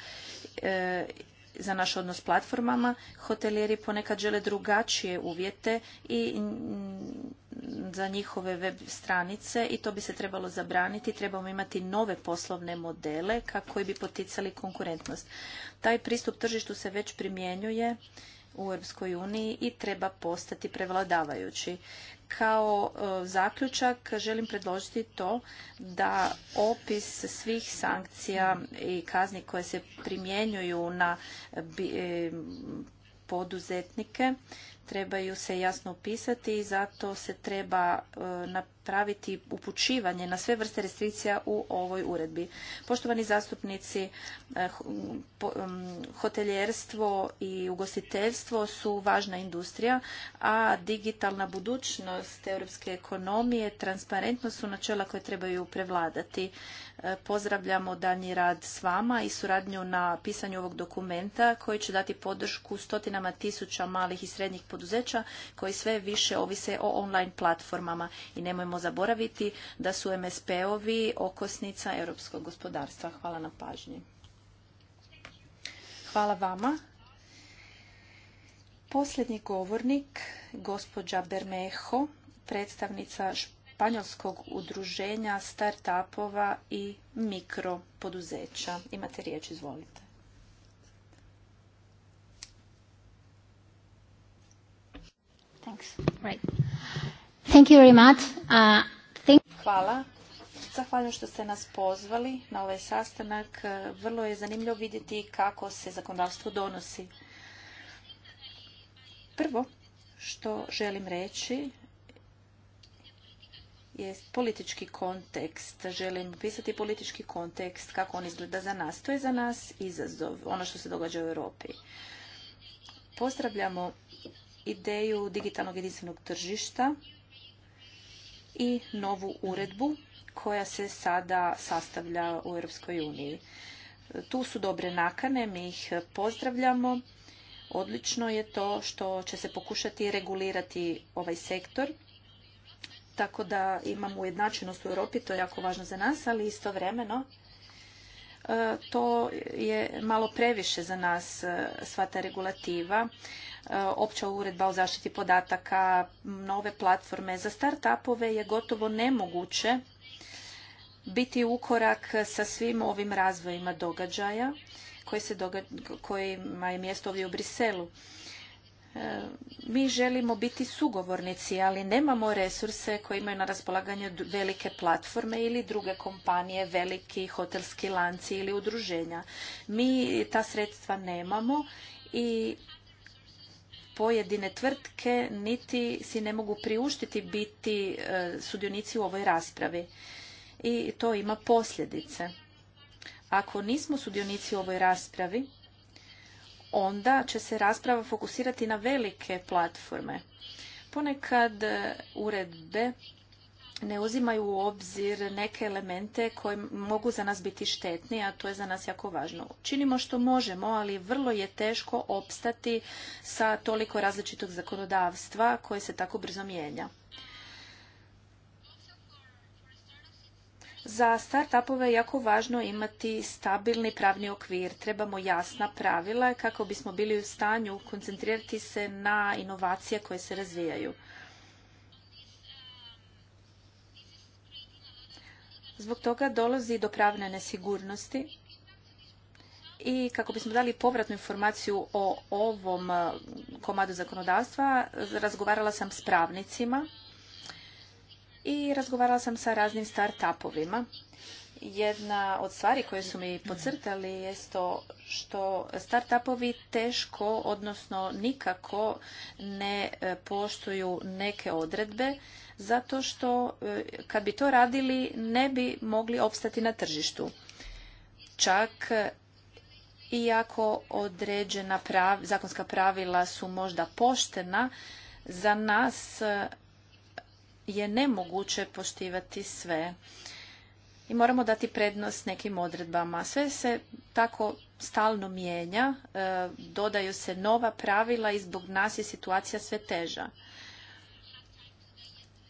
e, za naš odnos platformama. Hotelijeri ponekad žele drugačije uvjete i za njihove web stranice i to bi se trebalo zabraniti. Trebamo imati nove poslovne modele kako bi poticali konkurentnost. Taj pristup tržištu se već primjenjuje u Europskoj uniji i treba postati prevladavajući. Kao e, zaključak želim predložiti to da opis svih sankcija i kazni koje se primjenjuju na e, e, poduzetnike trebaju se jasno opisati i zato se treba praviti upućivanje na sve vrste restrikcija u ovoj uredbi. Poštovani zastupnici, eh, mm, mm, hoteljerstvo i ugostiteljstvo su važna industrija, a digitalna budućnost europske ekonomije, transparentnost su načela koje trebaju prevladati. Eh, pozdravljamo danji rad s vama i suradnju na pisanju ovog dokumenta koji će dati podršku stotinama tisuća malih i srednjih poduzeća koji sve više ovise o online platformama i nemojmo smijemo zaboraviti da su MSP-ovi okosnica europskog gospodarstva. Hvala na pažnji. Hvala vama. Posljednji govornik, gospođa Bermejo, predstavnica Španjolskog udruženja start-upova i mikropoduzeća. Imate riječ, izvolite. Thanks. Right. Thank you uh, Hvala. Zahvaljujem što ste nas pozvali na ovaj sastanak. Uh, vrlo je zanimljivo vidjeti kako se zakonodavstvo donosi. Prvo što želim reći je politički kontekst. Želim pisati politički kontekst, kako on izgleda za nas. To je za nas izazov, ono što se događa u Europi. Pozdravljamo ideju digitalnog jedinstvenog tržišta i novu uredbu koja se sada sastavlja u Europskoj uniji. Tu su dobre nakane, mi ih pozdravljamo. Odlično je to što će se pokušati regulirati ovaj sektor, tako da imamo ujednačenost u Europi, to je jako važno za nas, ali istovremeno e, to je malo previše za nas e, sva ta regulativa. E, opća uredba o zaštiti podataka, nove platforme. Za start-upove je gotovo nemoguće biti u korak sa svim ovim razvojima događaja koje se kojima je mjesto ovdje u Briselu. E, mi želimo biti sugovornici, ali nemamo resurse koje imaju na raspolaganju velike platforme ili druge kompanije, veliki hotelski lanci ili udruženja. Mi ta sredstva nemamo i pojedine tvrtke niti si ne mogu priuštiti biti e, sudionici u ovoj raspravi. I to ima posljedice. Ako nismo sudionici u ovoj raspravi, onda će se rasprava fokusirati na velike platforme. Ponekad e, uredbe ne uzimaju u obzir neke elemente koje mogu za nas biti štetni, a to je za nas jako važno. Činimo što možemo, ali vrlo je teško opstati sa toliko različitog zakonodavstva koje se tako brzo mijenja. Za start-upove je jako važno imati stabilni pravni okvir. Trebamo jasna pravila kako bismo bili u stanju koncentrirati se na inovacije koje se razvijaju. Zbog toga dolazi do pravne nesigurnosti i kako bismo dali povratnu informaciju o ovom e, komadu zakonodavstva, razgovarala sam s pravnicima i razgovarala sam sa raznim start-upovima. Jedna od stvari koje su mi pocrtali je to što startupovi teško, odnosno nikako ne e, poštuju neke odredbe zato što e, kad bi to radili ne bi mogli opstati na tržištu. Čak e, iako određena zakonska pravila su možda poštena, za nas e, je nemoguće poštivati sve i moramo dati prednost nekim odredbama. Sve se tako stalno mijenja, dodaju se nova pravila i zbog nas je situacija sve teža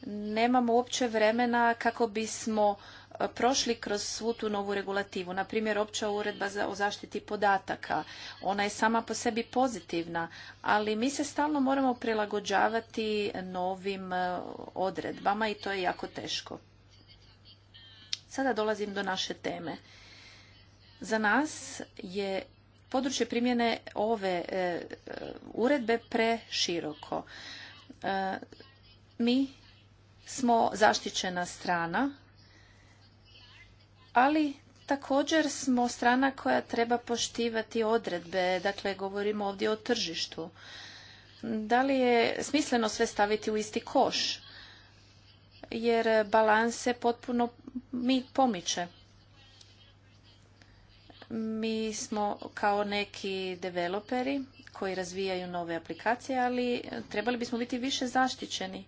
nemamo uopće vremena kako bismo e, prošli kroz svu tu novu regulativu. Na primjer, opća uredba za, o zaštiti podataka. Ona je sama po sebi pozitivna, ali mi se stalno moramo prilagođavati novim e, odredbama i to je jako teško. Sada dolazim do naše teme. Za nas je područje primjene ove e, uredbe preširoko. mi smo zaštićena strana, ali također smo strana koja treba poštivati odredbe, dakle govorimo ovdje o tržištu. Da li je smisleno sve staviti u isti koš? Jer balans potpuno mi pomiče. Mi smo kao neki developeri koji razvijaju nove aplikacije, ali trebali bismo biti više zaštićeni.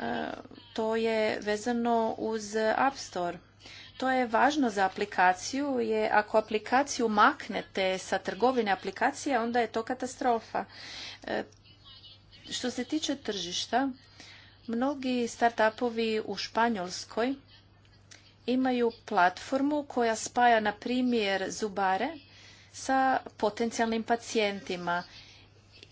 E, to je vezano uz App Store. To je važno za aplikaciju, je ako aplikaciju maknete sa trgovine aplikacije, onda je to katastrofa. E, što se tiče tržišta, mnogi startupovi u Španjolskoj imaju platformu koja spaja, na primjer, zubare sa potencijalnim pacijentima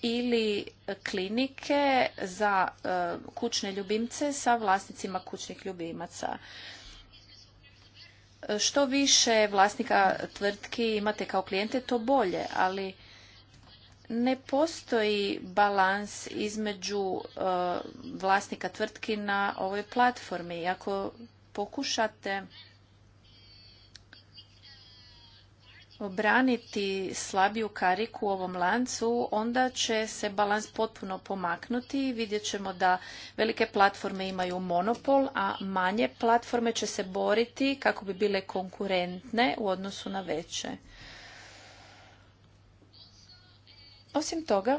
ili klinike za e, kućne ljubimce sa vlasnicima kućnih ljubimaca. Što više vlasnika tvrtki imate kao klijente, to bolje, ali ne postoji balans između e, vlasnika tvrtki na ovoj platformi. Ako pokušate obraniti slabiju kariku u ovom lancu, onda će se balans potpuno pomaknuti. Vidjet ćemo da velike platforme imaju monopol, a manje platforme će se boriti kako bi bile konkurentne u odnosu na veće. Osim toga,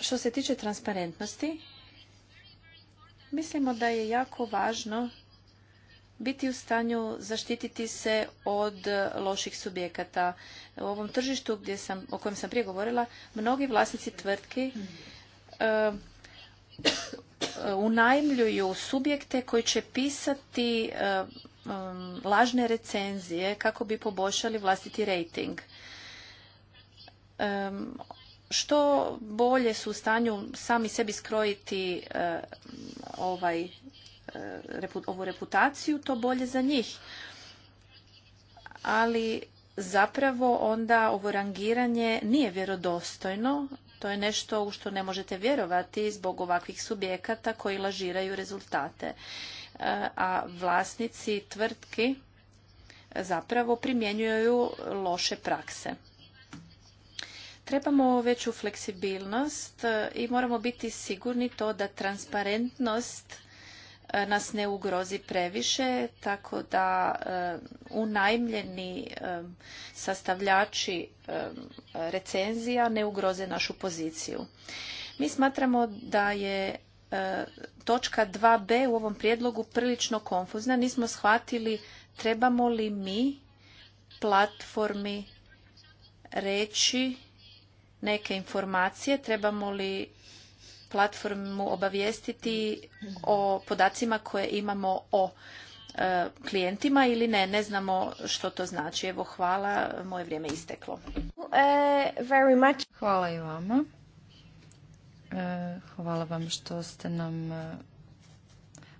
što se tiče transparentnosti, mislimo da je jako važno biti u stanju zaštititi se od loših subjekata. U ovom tržištu gdje sam, o kojem sam prije govorila, mnogi vlasnici tvrtki uh, unajmljuju subjekte koji će pisati eh, mm, lažne recenzije kako bi poboljšali vlastiti rating. što bolje su u stanju sami sebi skrojiti eh, ovaj E, ovu reputaciju, to bolje za njih. Ali zapravo onda ovo rangiranje nije vjerodostojno, to je nešto u što ne možete vjerovati zbog ovakvih subjekata koji lažiraju rezultate. E, a vlasnici tvrtki zapravo primjenjuju loše prakse. Trebamo veću fleksibilnost i moramo biti sigurni to da transparentnost E, nas ne ugrozi previše, tako da e, unajmljeni e, sastavljači recenzija ne ugroze našu poziciju. Mi smatramo da je točka 2b u ovom prijedlogu prilično konfuzna. Nismo shvatili trebamo li mi platformi reći neke informacije, trebamo li platformu obavijestiti o podacima koje imamo o e, klijentima ili ne, ne znamo što to znači. Evo hvala, moje vrijeme isteklo. E, hvala i vama. E, hvala vam što ste nam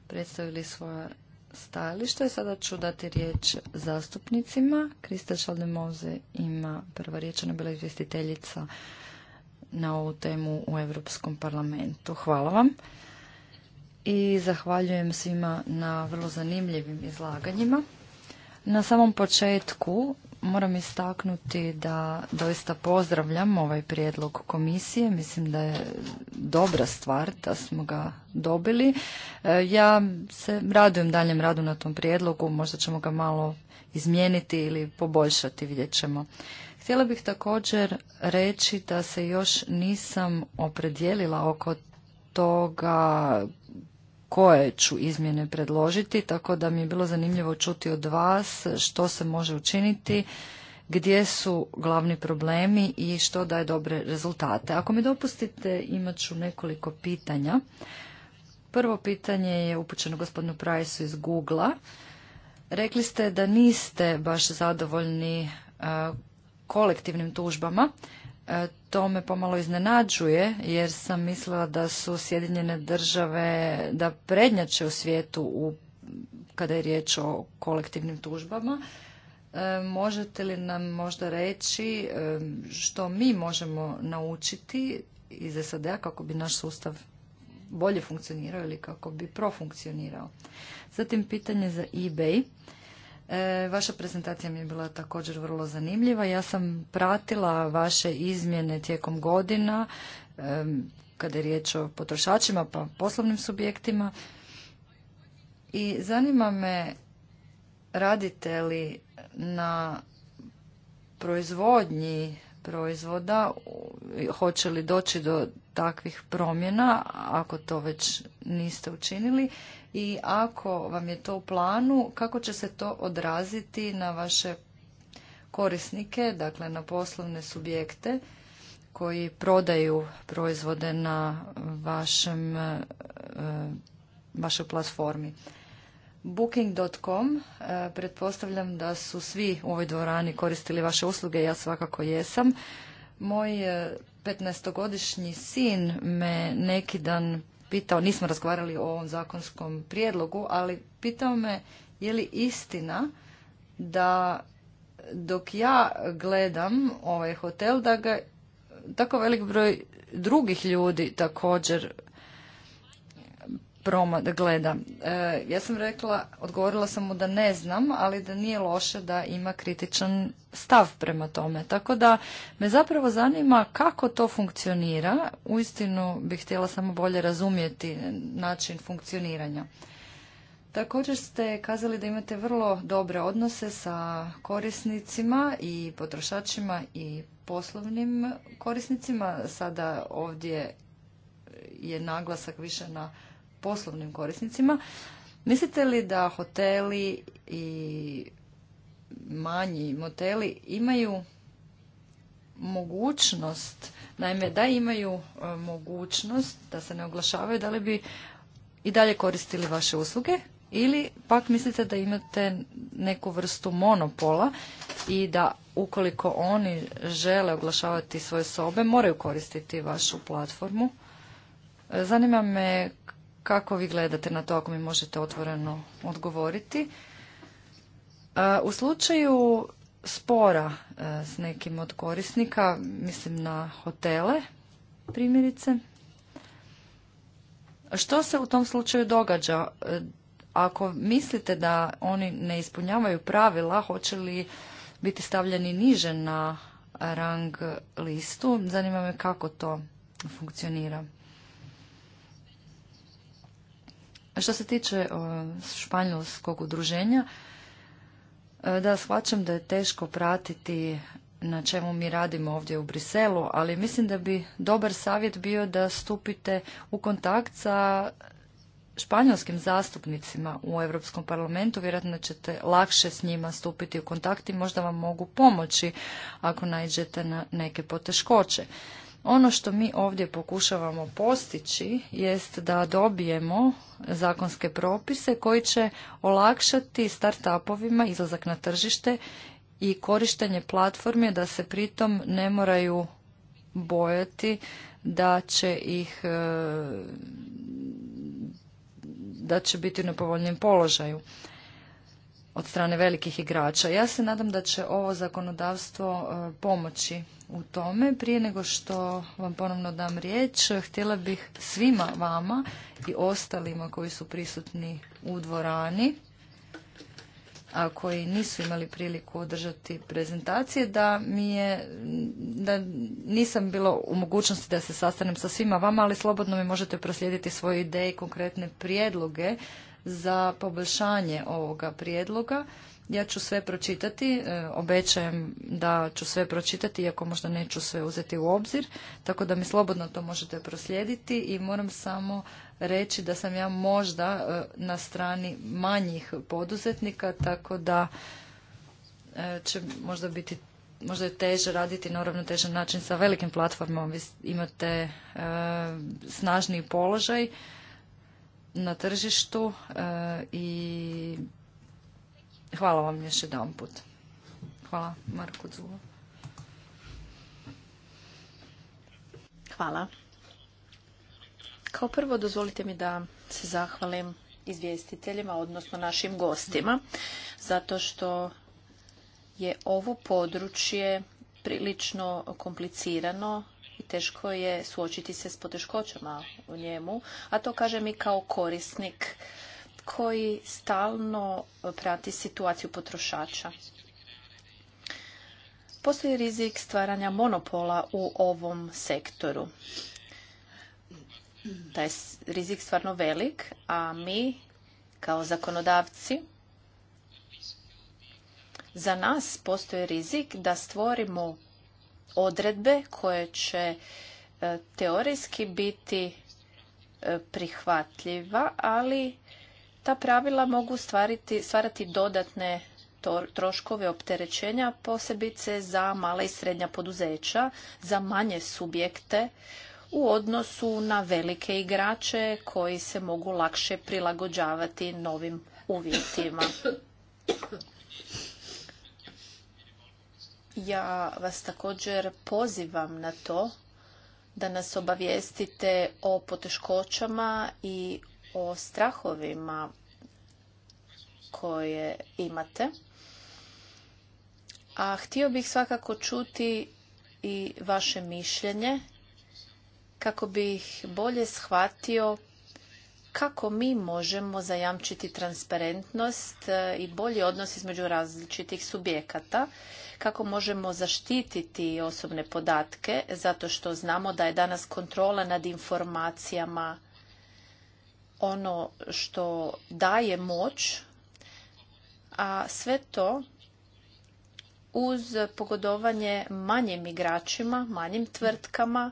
predstavili svoje stajalište. Sada ću dati riječ zastupnicima. Krista Šaldemoze ima prva riječ, ona bila izvjestiteljica na ovu temu u Europskom parlamentu. Hvala vam i zahvaljujem svima na vrlo zanimljivim izlaganjima. Na samom početku moram istaknuti da doista pozdravljam ovaj prijedlog komisije. Mislim da je dobra stvar da smo ga dobili. E, ja se radujem daljem radu na tom prijedlogu. Možda ćemo ga malo izmijeniti ili poboljšati, vidjet ćemo. Htjela bih također reći da se još nisam opredijelila oko toga koje ću izmjene predložiti, tako da mi je bilo zanimljivo čuti od vas što se može učiniti, gdje su glavni problemi i što daje dobre rezultate. Ako mi dopustite, imat ću nekoliko pitanja. Prvo pitanje je upućeno gospodinu Price iz Google-a. Rekli ste da niste baš zadovoljni kolektivnim tužbama. E, to me pomalo iznenađuje jer sam mislila da su Sjedinjene države da prednjače u svijetu u, kada je riječ o kolektivnim tužbama. E, možete li nam možda reći e, što mi možemo naučiti iz SAD-a kako bi naš sustav bolje funkcionirao ili kako bi profunkcionirao? Zatim pitanje za eBay. E, vaša prezentacija mi je bila također vrlo zanimljiva. Ja sam pratila vaše izmjene tijekom godina e, kada je riječ o potrošačima pa poslovnim subjektima. I zanima me radite li na proizvodnji proizvoda, hoće li doći do takvih promjena, ako to već niste učinili i ako vam je to u planu, kako će se to odraziti na vaše korisnike, dakle na poslovne subjekte koji prodaju proizvode na vašem, eh, vašoj platformi. Booking.com, eh, pretpostavljam da su svi u ovoj dvorani koristili vaše usluge, ja svakako jesam. Moj 15-godišnji eh, sin me neki dan pitao, nismo razgovarali o ovom zakonskom prijedlogu, ali pitao me je li istina da dok ja gledam ovaj hotel, da ga tako velik broj drugih ljudi također da gleda. E, ja sam rekla, odgovorila sam mu da ne znam, ali da nije loše da ima kritičan stav prema tome. Tako da me zapravo zanima kako to funkcionira. Uistinu bih htjela samo bolje razumjeti način funkcioniranja. Također ste kazali da imate vrlo dobre odnose sa korisnicima i potrošačima i poslovnim korisnicima. Sada ovdje je naglasak više na poslovnim korisnicima. Mislite li da hoteli i manji moteli imaju mogućnost, naime da imaju e, mogućnost da se ne oglašavaju, da li bi i dalje koristili vaše usluge ili pak mislite da imate neku vrstu monopola i da ukoliko oni žele oglašavati svoje sobe moraju koristiti vašu platformu. E, zanima me kako vi gledate na to, ako mi možete otvoreno odgovoriti? E, u slučaju spora e, s nekim od korisnika, mislim na hotele, primjerice, što se u tom slučaju događa? E, ako mislite da oni ne ispunjavaju pravila, hoće li biti stavljeni niže na rang listu? Zanima me kako to funkcionira. Što se tiče španjolskog udruženja, e, da shvaćam da je teško pratiti na čemu mi radimo ovdje u Briselu, ali mislim da bi dobar savjet bio da stupite u kontakt sa španjolskim zastupnicima u Europskom parlamentu, vjerojatno ćete lakše s njima stupiti u kontakt i možda vam mogu pomoći ako naiđete na neke poteškoće. Ono što mi ovdje pokušavamo postići jest da dobijemo zakonske propise koji će olakšati startupovima izlazak na tržište i korištenje platforme da se pritom ne moraju bojati da će ih e, da će biti u nepovoljnijem položaju od strane velikih igrača. Ja se nadam da će ovo zakonodavstvo e, pomoći u tome. Prije nego što vam ponovno dam riječ, htjela bih svima vama i ostalima koji su prisutni u dvorani, a koji nisu imali priliku održati prezentacije, da mi je, da nisam bilo u mogućnosti da se sastanem sa svima vama, ali slobodno mi možete proslijediti svoje ideje i konkretne prijedloge za poboljšanje ovoga prijedloga. Ja ću sve pročitati, e, obećajem da ću sve pročitati, iako možda neću sve uzeti u obzir, tako da mi slobodno to možete proslijediti i moram samo reći da sam ja možda e, na strani manjih poduzetnika, tako da e, će možda biti možda je teže raditi na uravnotežen način sa velikim platformama. Vi imate snažniji položaj na tržištu e, i hvala vam još jedan put. Hvala Marko Hvala. Kao prvo dozvolite mi da se zahvalim izvjestiteljima, odnosno našim gostima, zato što je ovo područje prilično komplicirano teško je suočiti se s poteškoćama u njemu, a to kažem i kao korisnik koji stalno prati situaciju potrošača. Postoji rizik stvaranja monopola u ovom sektoru. Taj rizik stvarno velik, a mi kao zakonodavci za nas postoji rizik da stvorimo odredbe koje će e, teorijski biti e, prihvatljiva, ali ta pravila mogu stvarati dodatne troškove opterećenja, posebice za mala i srednja poduzeća, za manje subjekte u odnosu na velike igrače koji se mogu lakše prilagođavati novim uvjetima. Ja vas također pozivam na to da nas obavijestite o poteškoćama i o strahovima koje imate. A htio bih svakako čuti i vaše mišljenje kako bih bolje shvatio kako mi možemo zajamčiti transparentnost e, i bolji odnos između različitih subjekata, kako možemo zaštititi osobne podatke, zato što znamo da je danas kontrola nad informacijama ono što daje moć, a sve to uz pogodovanje manjim igračima, manjim tvrtkama,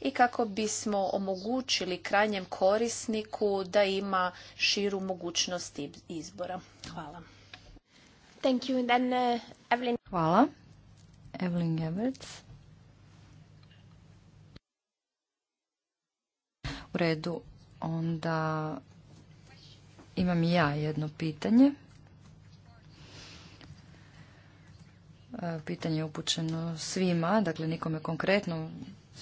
i kako bismo omogućili krajnjem korisniku da ima širu mogućnost izbora. Hvala. Uh, Hvala. Evelyn U redu, onda imam i ja jedno pitanje. E, pitanje je upućeno svima, dakle nikome konkretno,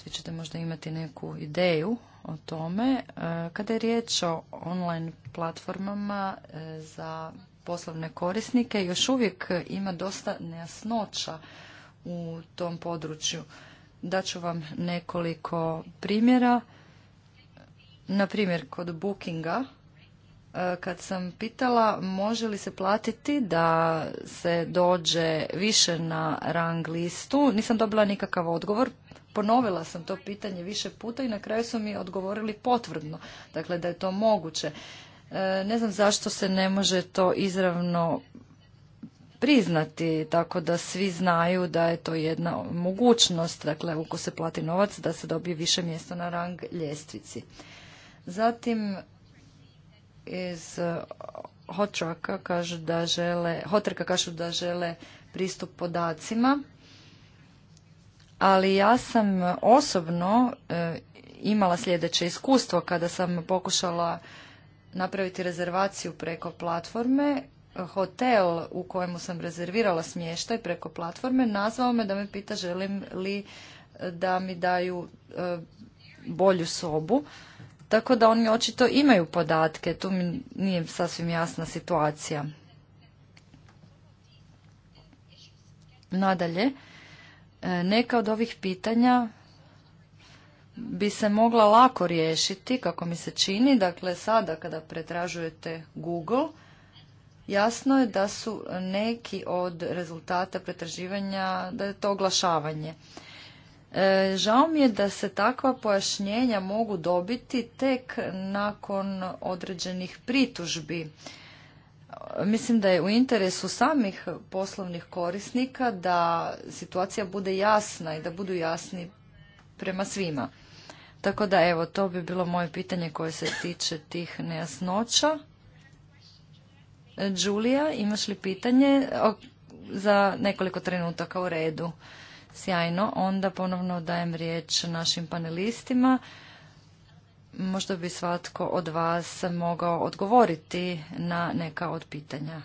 vi ćete možda imati neku ideju o tome. E, kada je riječ o online platformama e, za poslovne korisnike, još uvijek ima dosta nejasnoća u tom području. Daću vam nekoliko primjera. Na primjer, kod bookinga, e, kad sam pitala može li se platiti da se dođe više na rang listu, nisam dobila nikakav odgovor ponovila sam to pitanje više puta i na kraju su mi odgovorili potvrdno, dakle da je to moguće. E, ne znam zašto se ne može to izravno priznati, tako da svi znaju da je to jedna mogućnost, dakle uko se plati novac da se dobije više mjesto na rang ljestvici. Zatim iz e, Hotraka kažu da žele, Hotraka kažu da žele pristup podacima ali ja sam osobno e, imala sljedeće iskustvo kada sam pokušala napraviti rezervaciju preko platforme. Hotel u kojemu sam rezervirala smještaj preko platforme nazvao me da me pita želim li e, da mi daju e, bolju sobu. Tako da oni očito imaju podatke, tu mi nije sasvim jasna situacija. Nadalje, E, neka od ovih pitanja bi se mogla lako riješiti, kako mi se čini. Dakle, sada kada pretražujete Google, jasno je da su neki od rezultata pretraživanja, da je to oglašavanje. E, žao mi je da se takva pojašnjenja mogu dobiti tek nakon određenih pritužbi mislim da je u interesu samih poslovnih korisnika da situacija bude jasna i da budu jasni prema svima. Tako da evo, to bi bilo moje pitanje koje se tiče tih nejasnoća. Julia, imaš li pitanje? za nekoliko trenutaka u redu. Sjajno. Onda ponovno dajem riječ našim panelistima možda bi svatko od vas mogao odgovoriti na neka od pitanja.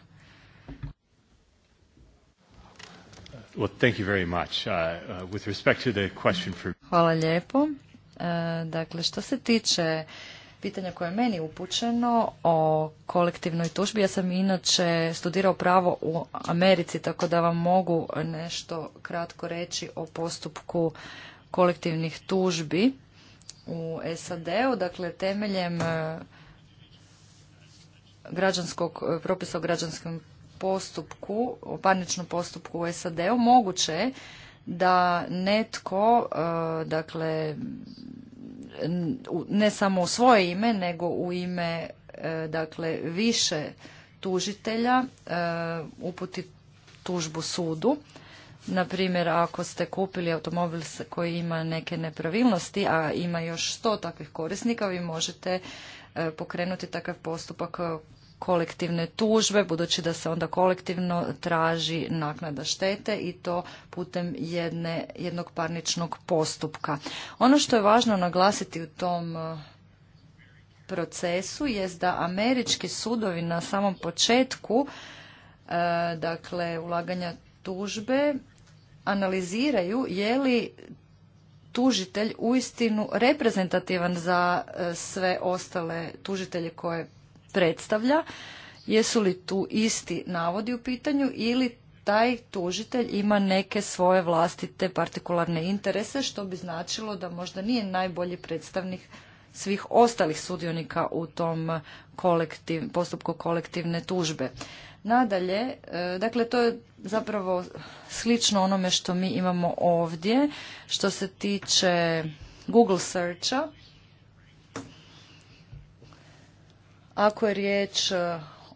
Hvala lijepo. Uh, dakle, što se tiče pitanja koje je meni upućeno o kolektivnoj tužbi, ja sam inače studirao pravo u Americi, tako da vam mogu nešto kratko reći o postupku kolektivnih tužbi u SAD-u, dakle temeljem e, građanskog, e, propisa o građanskom postupku, o parničnom postupku u SAD-u, moguće je da netko, e, dakle, ne samo u svoje ime, nego u ime, dakle, više tužitelja uputi tužbu sudu na primjer, ako ste kupili automobil koji ima neke nepravilnosti, a ima još sto takvih korisnika, vi možete e, pokrenuti takav postupak e, kolektivne tužbe, budući da se onda kolektivno traži naknada štete i to putem jedne, jednog parničnog postupka. Ono što je važno naglasiti u tom e, procesu jest da američki sudovi na samom početku, dakle ulaganja tužbe, analiziraju je li tužitelj uistinu reprezentativan za e, sve ostale tužitelje koje predstavlja, jesu li tu isti navodi u pitanju ili taj tužitelj ima neke svoje vlastite partikularne interese, što bi značilo da možda nije najbolji predstavnik svih ostalih sudionika u tom postupku kolektivne tužbe. Nadalje, e, dakle to je zapravo slično onome što mi imamo ovdje što se tiče Google searcha. Ako je riječ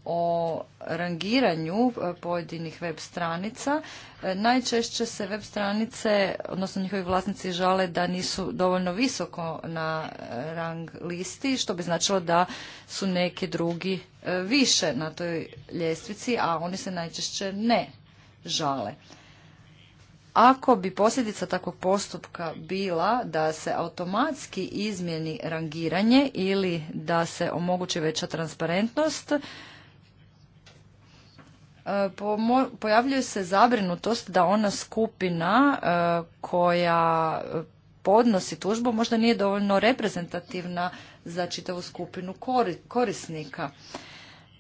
o rangiranju e, pojedinih web stranica. E, najčešće se web stranice, odnosno njihovi vlasnici žale da nisu dovoljno visoko na e, rang listi, što bi značilo da su neki drugi više na toj ljestvici, a oni se najčešće ne žale. Ako bi posljedica takvog postupka bila da se automatski izmjeni rangiranje ili da se omogući veća transparentnost, E, pojavljuje se zabrinutost da ona skupina e, koja podnosi tužbu možda nije dovoljno reprezentativna za čitavu skupinu korisnika.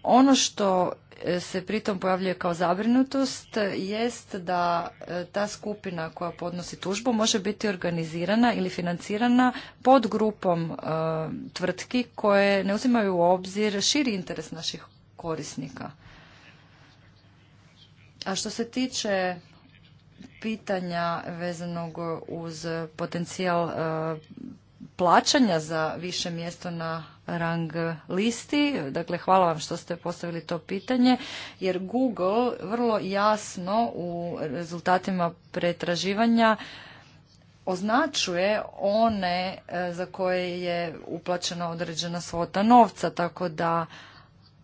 Ono što e, se pritom pojavljuje kao zabrinutost jest da ta skupina koja podnosi tužbu može biti organizirana ili financirana pod grupom tvrtki koje ne uzimaju u obzir širi interes naših korisnika. A što se tiče pitanja vezanog uz potencijal e, plaćanja za više mjesto na rang listi. Dakle, hvala vam što ste postavili to pitanje, jer Google vrlo jasno u rezultatima pretraživanja označuje one e, za koje je uplaćena određena svota novca, tako da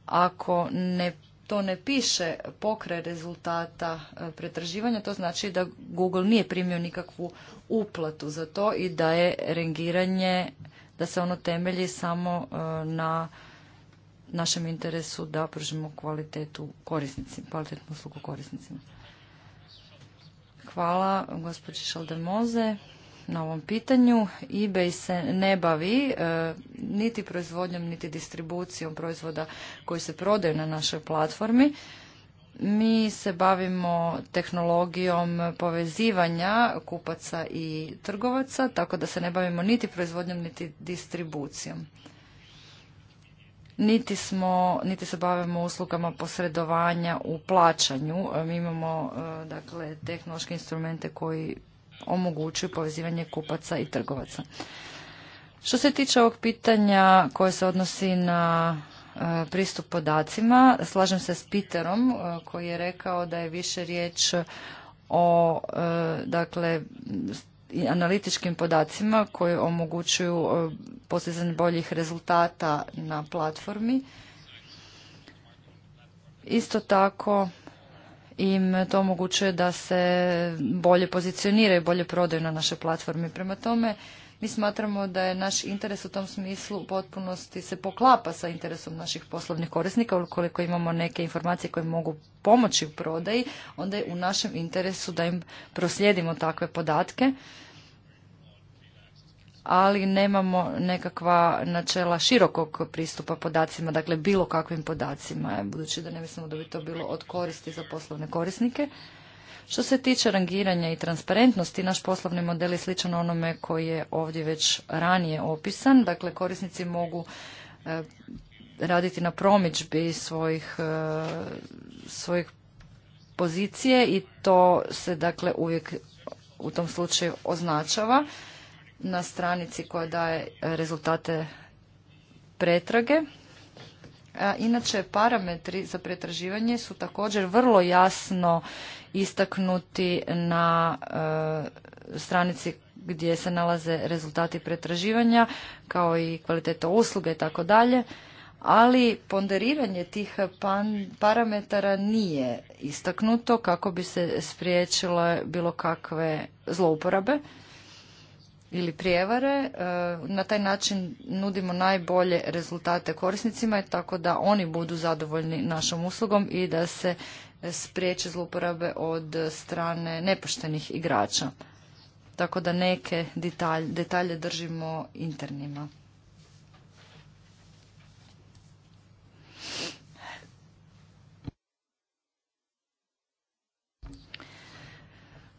ako ne to ne piše pokraj rezultata e, pretraživanja, to znači da Google nije primio nikakvu uplatu za to i da je rengiranje, da se ono temelji samo e, na našem interesu da pružimo kvalitetu korisnicima, kvalitetnu uslugu korisnicima. Hvala gospođi Šaldemoze na ovom pitanju. eBay se ne bavi e, niti proizvodnjom, niti distribucijom proizvoda koji se prodaju na našoj platformi. Mi se bavimo tehnologijom povezivanja kupaca i trgovaca, tako da se ne bavimo niti proizvodnjom, niti distribucijom. Niti, smo, niti se bavimo uslugama posredovanja u plaćanju. E, mi imamo e, dakle, tehnološke instrumente koji omogućuju povezivanje kupaca i trgovaca. Što se tiče ovog pitanja koje se odnosi na e, pristup podacima, slažem se s Peterom e, koji je rekao da je više riječ o e, dakle analitičkim podacima koji omogućuju postizanje boljih rezultata na platformi. Isto tako im to omogućuje da se bolje pozicioniraju, bolje prodaju na našoj platformi. Prema tome, mi smatramo da je naš interes u tom smislu u potpunosti se poklapa sa interesom naših poslovnih korisnika. Ukoliko imamo neke informacije koje mogu pomoći u prodaji, onda je u našem interesu da im proslijedimo takve podatke ali nemamo nekakva načela širokog pristupa podacima, dakle bilo kakvim podacima, e, budući da ne mislimo da bi to bilo od koristi za poslovne korisnike. Što se tiče rangiranja i transparentnosti, naš poslovni model je sličan onome koji je ovdje već ranije opisan. Dakle, korisnici mogu e, raditi na promičbi svojih, e, svojih pozicije i to se dakle uvijek u tom slučaju označava na stranici koja daje e, rezultate pretrage. inače, parametri za pretraživanje su također vrlo jasno istaknuti na e, stranici gdje se nalaze rezultati pretraživanja, kao i kvaliteta usluge i tako dalje, ali ponderiranje tih parametara nije istaknuto kako bi se spriječilo bilo kakve zlouporabe ili prijevare. E, na taj način nudimo najbolje rezultate korisnicima tako da oni budu zadovoljni našom uslugom i da se spriječe zlouporabe od strane nepoštenih igrača. Tako da neke detalje, držimo internima.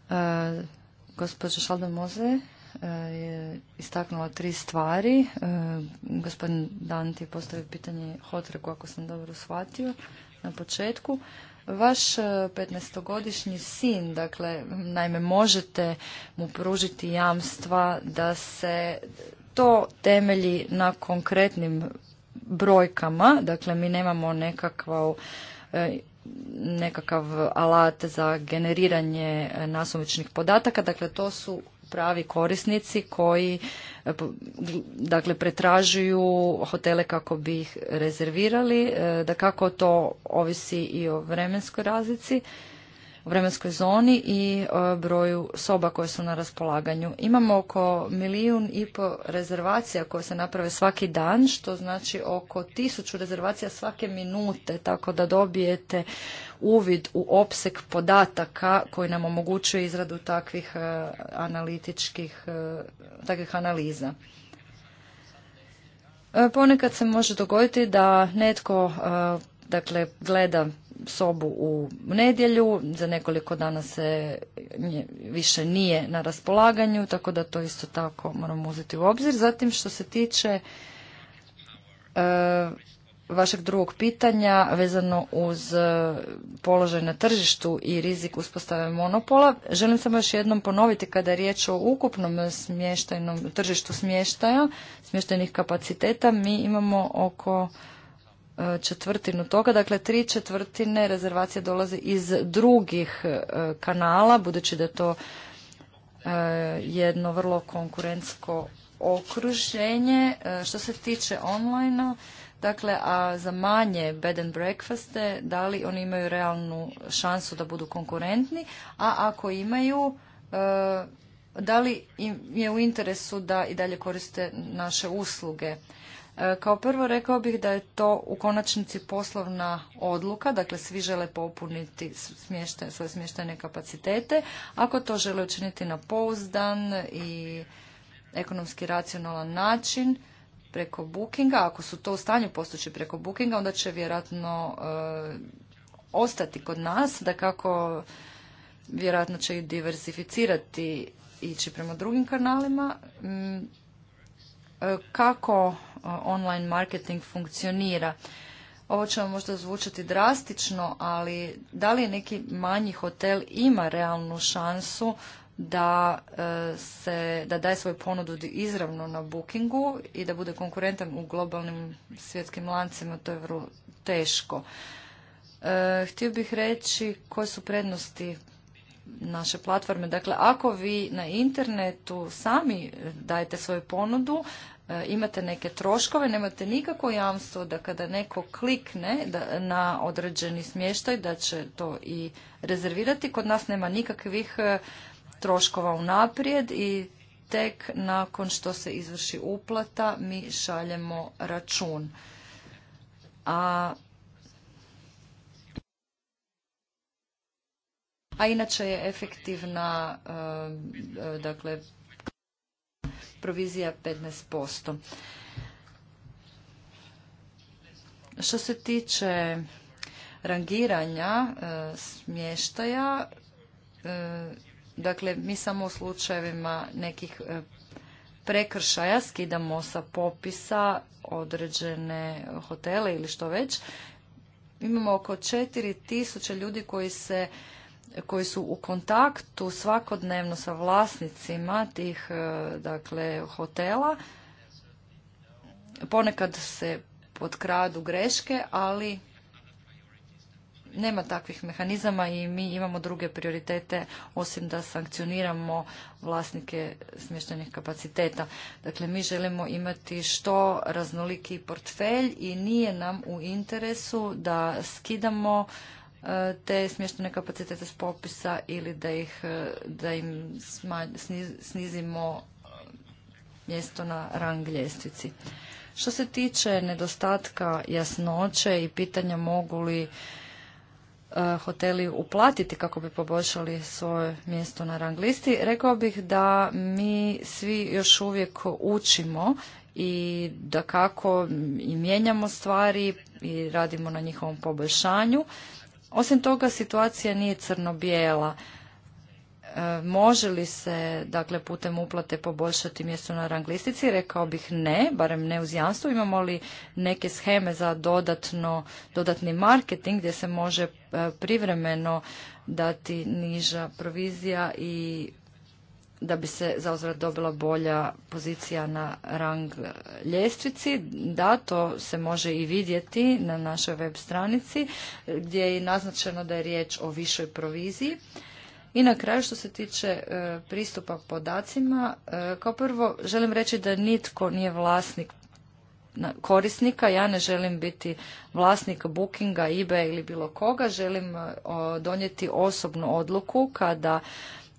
Gospodin e, gospođa Šalda je istaknula tri stvari. E, gospodin Danti je postavio pitanje Hotreku, ako sam dobro shvatio, na početku. Vaš 15-godišnji e, sin, dakle, naime, možete mu pružiti jamstva da se to temelji na konkretnim brojkama, dakle, mi nemamo nekakva e, nekakav alat za generiranje nasumičnih podataka. Dakle, to su pravi korisnici koji e, dakle pretražuju hotele kako bi ih rezervirali, e, da kako to ovisi i o vremenskoj razlici vremenskoj zoni i e, broju soba koje su na raspolaganju. Imamo oko milijun i po rezervacija koje se naprave svaki dan, što znači oko tisuću rezervacija svake minute, tako da dobijete uvid u opseg podataka koji nam omogućuje izradu takvih e, analitičkih, e, takvih analiza. Ponekad se može dogoditi da netko dakle, gleda sobu u nedjelju, za nekoliko dana se više nije na raspolaganju, tako da to isto tako moramo uzeti u obzir. Zatim što se tiče e, vašeg drugog pitanja vezano uz e, položaj na tržištu i rizik uspostave monopola. Želim samo još jednom ponoviti kada je riječ o ukupnom smještajnom tržištu smještaja, smještajnih kapaciteta, mi imamo oko E, četvrtinu toga, dakle tri četvrtine rezervacije dolaze iz drugih e, kanala, budući da je to e, jedno vrlo konkurentsko okruženje. Što se tiče online dakle, a za manje bed and breakfaste, da li oni imaju realnu šansu da budu konkurentni, a ako imaju, da li im je u interesu da i dalje koriste naše usluge E, kao prvo rekao bih da je to u konačnici poslovna odluka, dakle svi žele popuniti svoje smještajne kapacitete. Ako to žele učiniti na pouzdan i ekonomski racionalan način preko bookinga, ako su to u stanju postići preko bookinga, onda će vjerojatno e, ostati kod nas, da kako vjerojatno će ih diversificirati ići prema drugim kanalima. Mm, e, kako online marketing funkcionira. Ovo će vam možda zvučati drastično, ali da li neki manji hotel ima realnu šansu da e, se da daje svoju ponudu izravno na bookingu i da bude konkurentan u globalnim svjetskim lancima, to je vrlo teško. E, htio bih reći koje su prednosti naše platforme. Dakle, ako vi na internetu sami dajete svoju ponudu, E, imate neke troškove, nemate nikako jamstvo da kada neko klikne na određeni smještaj da će to i rezervirati. Kod nas nema nikakvih e, troškova unaprijed i tek nakon što se izvrši uplata mi šaljemo račun. A a inače je efektivna e, dakle provizija 15%. Što se tiče rangiranja e, smještaja, e, dakle mi samo u slučajevima nekih e, prekršaja skidamo sa popisa određene hotele ili što već. Imamo oko 4000 ljudi koji se koji su u kontaktu svakodnevno sa vlasnicima tih e, dakle hotela. Ponekad se potkradu greške, ali nema takvih mehanizama i mi imamo druge prioritete osim da sankcioniramo vlasnike smještajnih kapaciteta. Dakle, mi želimo imati što raznoliki portfelj i nije nam u interesu da skidamo E, te smještene kapacitete s popisa ili da, ih, e, da im snizimo e, mjesto na rang ljestvici. Što se tiče nedostatka jasnoće i pitanja mogu li hoteli uplatiti kako bi poboljšali svoje mjesto na rang listi, rekao bih da mi svi još uvijek učimo i da kako i mijenjamo stvari i radimo na njihovom poboljšanju. Osim toga, situacija nije crno-bijela. E, može li se, dakle, putem uplate poboljšati mjesto na ranglistici? Rekao bih ne, barem ne uz jamstvo. Imamo li neke scheme za dodatno, dodatni marketing gdje se može e, privremeno dati niža provizija i da bi se zauzvrat dobila bolja pozicija na rang ljestvici. Da, to se može i vidjeti na našoj web stranici gdje je naznačeno da je riječ o višoj proviziji. I na kraju što se tiče e, pristupa podacima, e, kao prvo želim reći da nitko nije vlasnik korisnika. Ja ne želim biti vlasnik Bookinga, eBay ili bilo koga. Želim e, donijeti osobnu odluku kada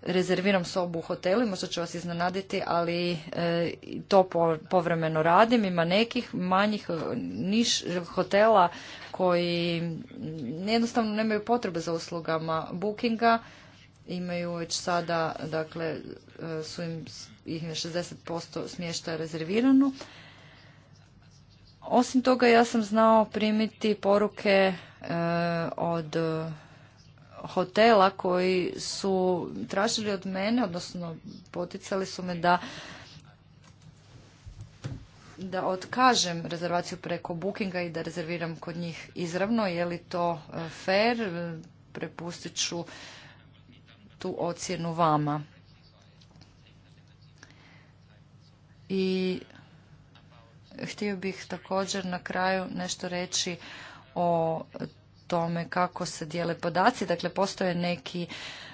rezerviram sobu u hotelu, možda ću vas iznenaditi, ali e, to povremeno radim. Ima nekih manjih e, niš hotela koji jednostavno nemaju potrebe za uslugama bookinga. Imaju već sada, dakle, e, su im, ih 60% smještaja rezervirano. Osim toga, ja sam znao primiti poruke od hotela koji su tražili od mene, odnosno poticali su me da da otkažem rezervaciju preko bookinga i da rezerviram kod njih izravno. Je li to e, fair? Prepustit ću tu ocjenu vama. I htio bih također na kraju nešto reći o tome kako se dijele podaci. Dakle, postoje neki,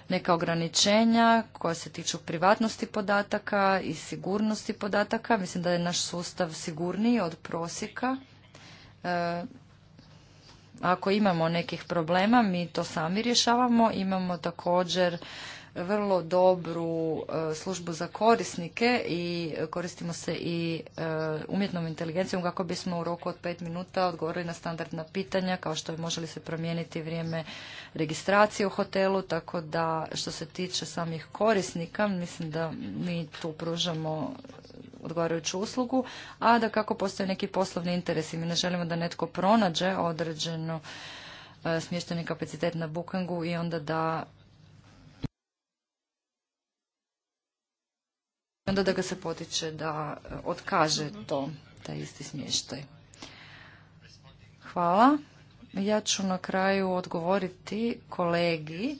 neka ograničenja koja se tiču privatnosti podataka i sigurnosti podataka. Mislim da je naš sustav sigurniji od prosjeka. E, ako imamo nekih problema, mi to sami rješavamo. Imamo također vrlo dobru e, službu za korisnike i koristimo se i e, umjetnom inteligencijom kako bismo u roku od pet minuta odgovorili na standardna pitanja kao što je može li se promijeniti vrijeme registracije u hotelu, tako da što se tiče samih korisnika, mislim da mi tu pružamo odgovarajuću uslugu, a da kako postoje neki poslovni interesi. Mi ne želimo da netko pronađe određeno e, smješteni kapacitet na Bookingu i onda da onda da ga se potiče da e, otkaže mhm. to, taj isti smještaj. Hvala. Ja ću na kraju odgovoriti kolegi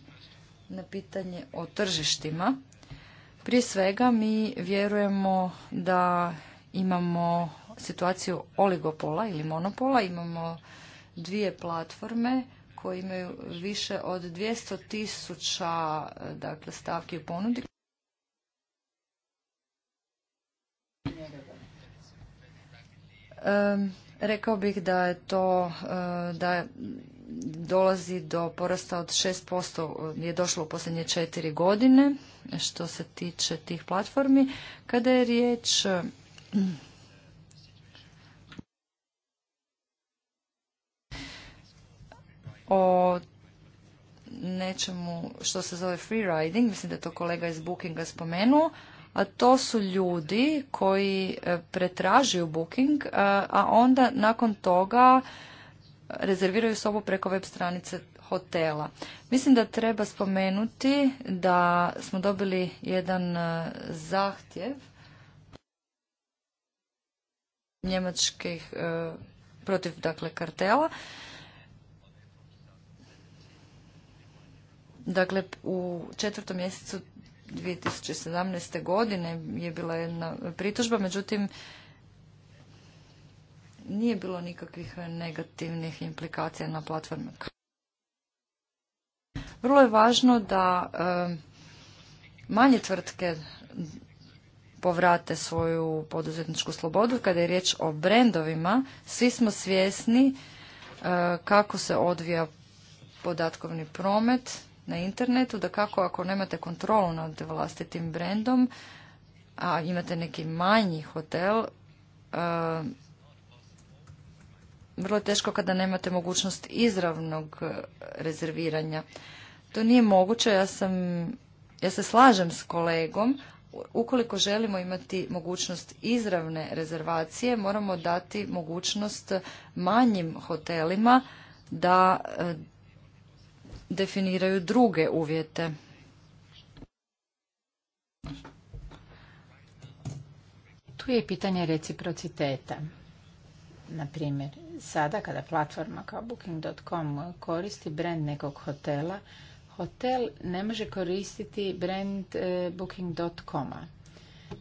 na pitanje o tržištima. Prije svega mi vjerujemo da imamo situaciju oligopola ili monopola. Imamo dvije platforme koje imaju više od 200 tisuća e, dakle, stavki u ponudi rekao bih da je to e, da dolazi do porasta od 6% je došlo u posljednje četiri godine što se tiče tih platformi. Kada je riječ o nečemu što se zove free riding, mislim da je to kolega iz Bookinga spomenuo, a to su ljudi koji e, pretražuju booking, e, a onda nakon toga e, rezerviraju sobu preko web stranice hotela. Mislim da treba spomenuti da smo dobili jedan zahtjev njemačkih protiv dakle kartela. Dakle, u četvrtom mjesecu 2017. godine je bila jedna pritužba, međutim nije bilo nikakvih negativnih implikacija na platforme. Vrlo je važno da manje tvrtke povrate svoju poduzetničku slobodu. Kada je riječ o brendovima, svi smo svjesni eh, kako se odvija podatkovni promet na internetu, da kako ako nemate kontrolu nad vlastitim brendom, a imate neki manji hotel, e, vrlo teško kada nemate mogućnost izravnog rezerviranja. To nije moguće, ja sam, ja se slažem s kolegom, ukoliko želimo imati mogućnost izravne rezervacije, moramo dati mogućnost manjim hotelima da e, definiraju druge uvjete. Tu je pitanje reciprociteta. Na primjer, sada kada platforma kao booking.com koristi brand nekog hotela, hotel ne može koristiti brand e, bookingcom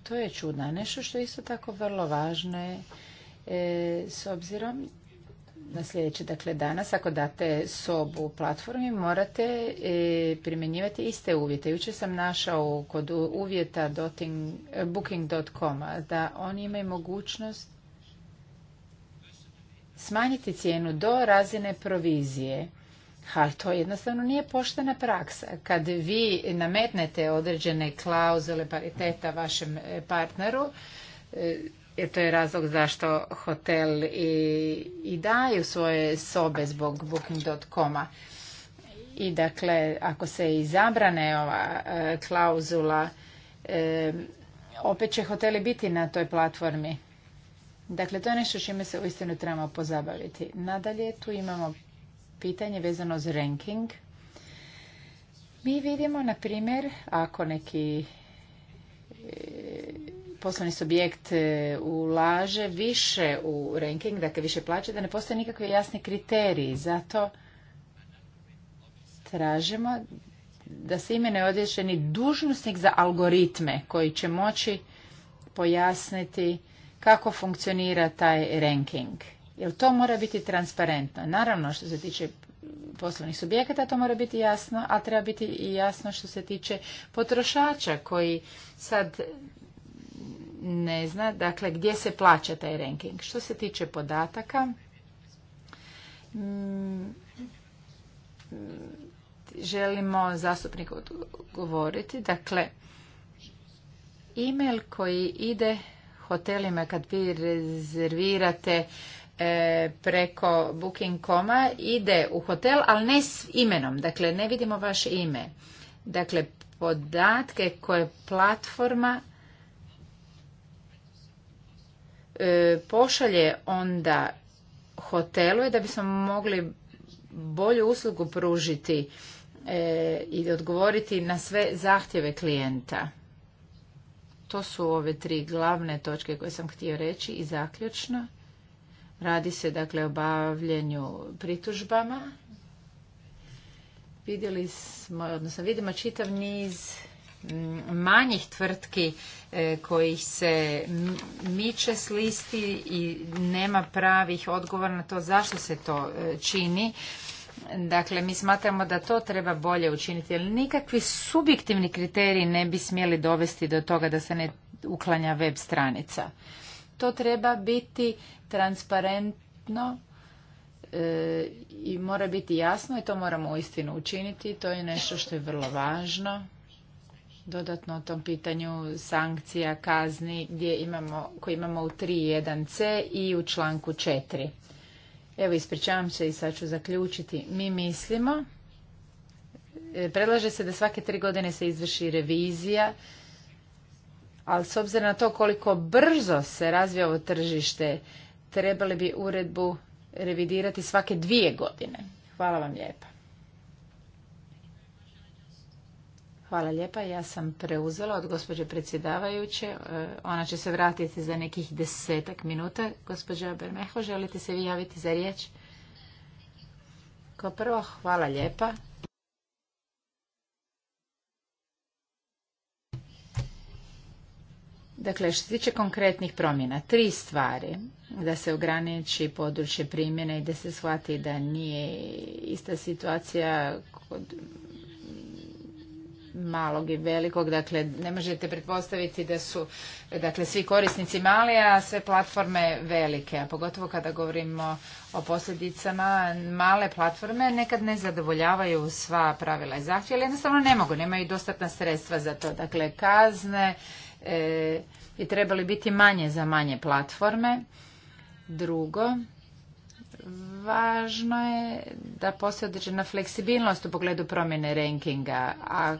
To je čudno. Nešto što je isto tako vrlo važno je e, s obzirom na sljedeći, Dakle, danas ako date sobu u platformi, morate e, primjenjivati iste uvjete. Jučer sam našao kod uvjeta e, bookingcom da oni imaju mogućnost smanjiti cijenu do razine provizije. Ali to jednostavno nije poštena praksa. Kad vi nametnete određene klauzule pariteta vašem e, partneru, jer to je razlog zašto hotel i, i daju svoje sobe zbog Booking.com-a. I dakle, ako se zabrane ova e, klauzula, e, opet će hoteli biti na toj platformi. Dakle, to je nešto čime se uistinu trebamo pozabaviti. Nadalje, tu imamo pitanje vezano za ranking. Mi vidimo, na primjer, ako neki poslovni subjekt e, ulaže više u ranking, dakle više plaća, da ne postoje nikakve jasni kriteriji. Zato tražimo da se imene određeni dužnosnik za algoritme koji će moći pojasniti kako funkcionira taj ranking. Jer to mora biti transparentno. Naravno što se tiče poslovnih subjekata to mora biti jasno, a treba biti i jasno što se tiče potrošača koji sad ne zna dakle gdje se plaća taj ranking. Što se tiče podataka, mm, želimo zastupniku govoriti. Dakle, email koji ide hotelima kad vi rezervirate e, preko booking.com-a ide u hotel, ali ne s imenom. Dakle, ne vidimo vaše ime. Dakle, podatke koje platforma E, pošalje onda hotelu je da bismo mogli bolju uslugu pružiti e, i odgovoriti na sve zahtjeve klijenta. To su ove tri glavne točke koje sam htio reći i zaključno. Radi se dakle o bavljenju pritužbama. Vidjeli smo, odnosno vidimo čitav niz manjih tvrtki e, kojih se miče s listi i nema pravih odgovora na to zašto se to e, čini. Dakle, mi smatramo da to treba bolje učiniti, jer nikakvi subjektivni kriteriji ne bi smjeli dovesti do toga da se ne uklanja web stranica. To treba biti transparentno e, i mora biti jasno i to moramo uistinu učiniti. To je nešto što je vrlo važno dodatno o tom pitanju sankcija, kazni gdje imamo, koji imamo u 3.1c i u članku 4. Evo ispričavam se i sad ću zaključiti. Mi mislimo, e, predlaže se da svake tri godine se izvrši revizija, ali s obzirom na to koliko brzo se razvija ovo tržište, trebali bi uredbu revidirati svake dvije godine. Hvala vam lijepa. Hvala lijepa. Ja sam preuzela od gospođe predsjedavajuće. E, ona će se vratiti za nekih desetak minuta. Gospođa Bermeho, želite se vi javiti za riječ? Kao prvo, hvala lijepa. Dakle, što se tiče konkretnih promjena, tri stvari, da se ograniči područje primjene i da se shvati da nije ista situacija kod malog i velikog, dakle ne možete pretpostaviti da su dakle, svi korisnici mali, a sve platforme velike, a pogotovo kada govorimo o posljedicama, male platforme nekad ne zadovoljavaju sva pravila i zahtjeva, jednostavno ne mogu, nemaju dostatna sredstva za to, dakle kazne e, bi trebali biti manje za manje platforme. Drugo, važno je da postoji određena fleksibilnost u pogledu promjene rankinga. A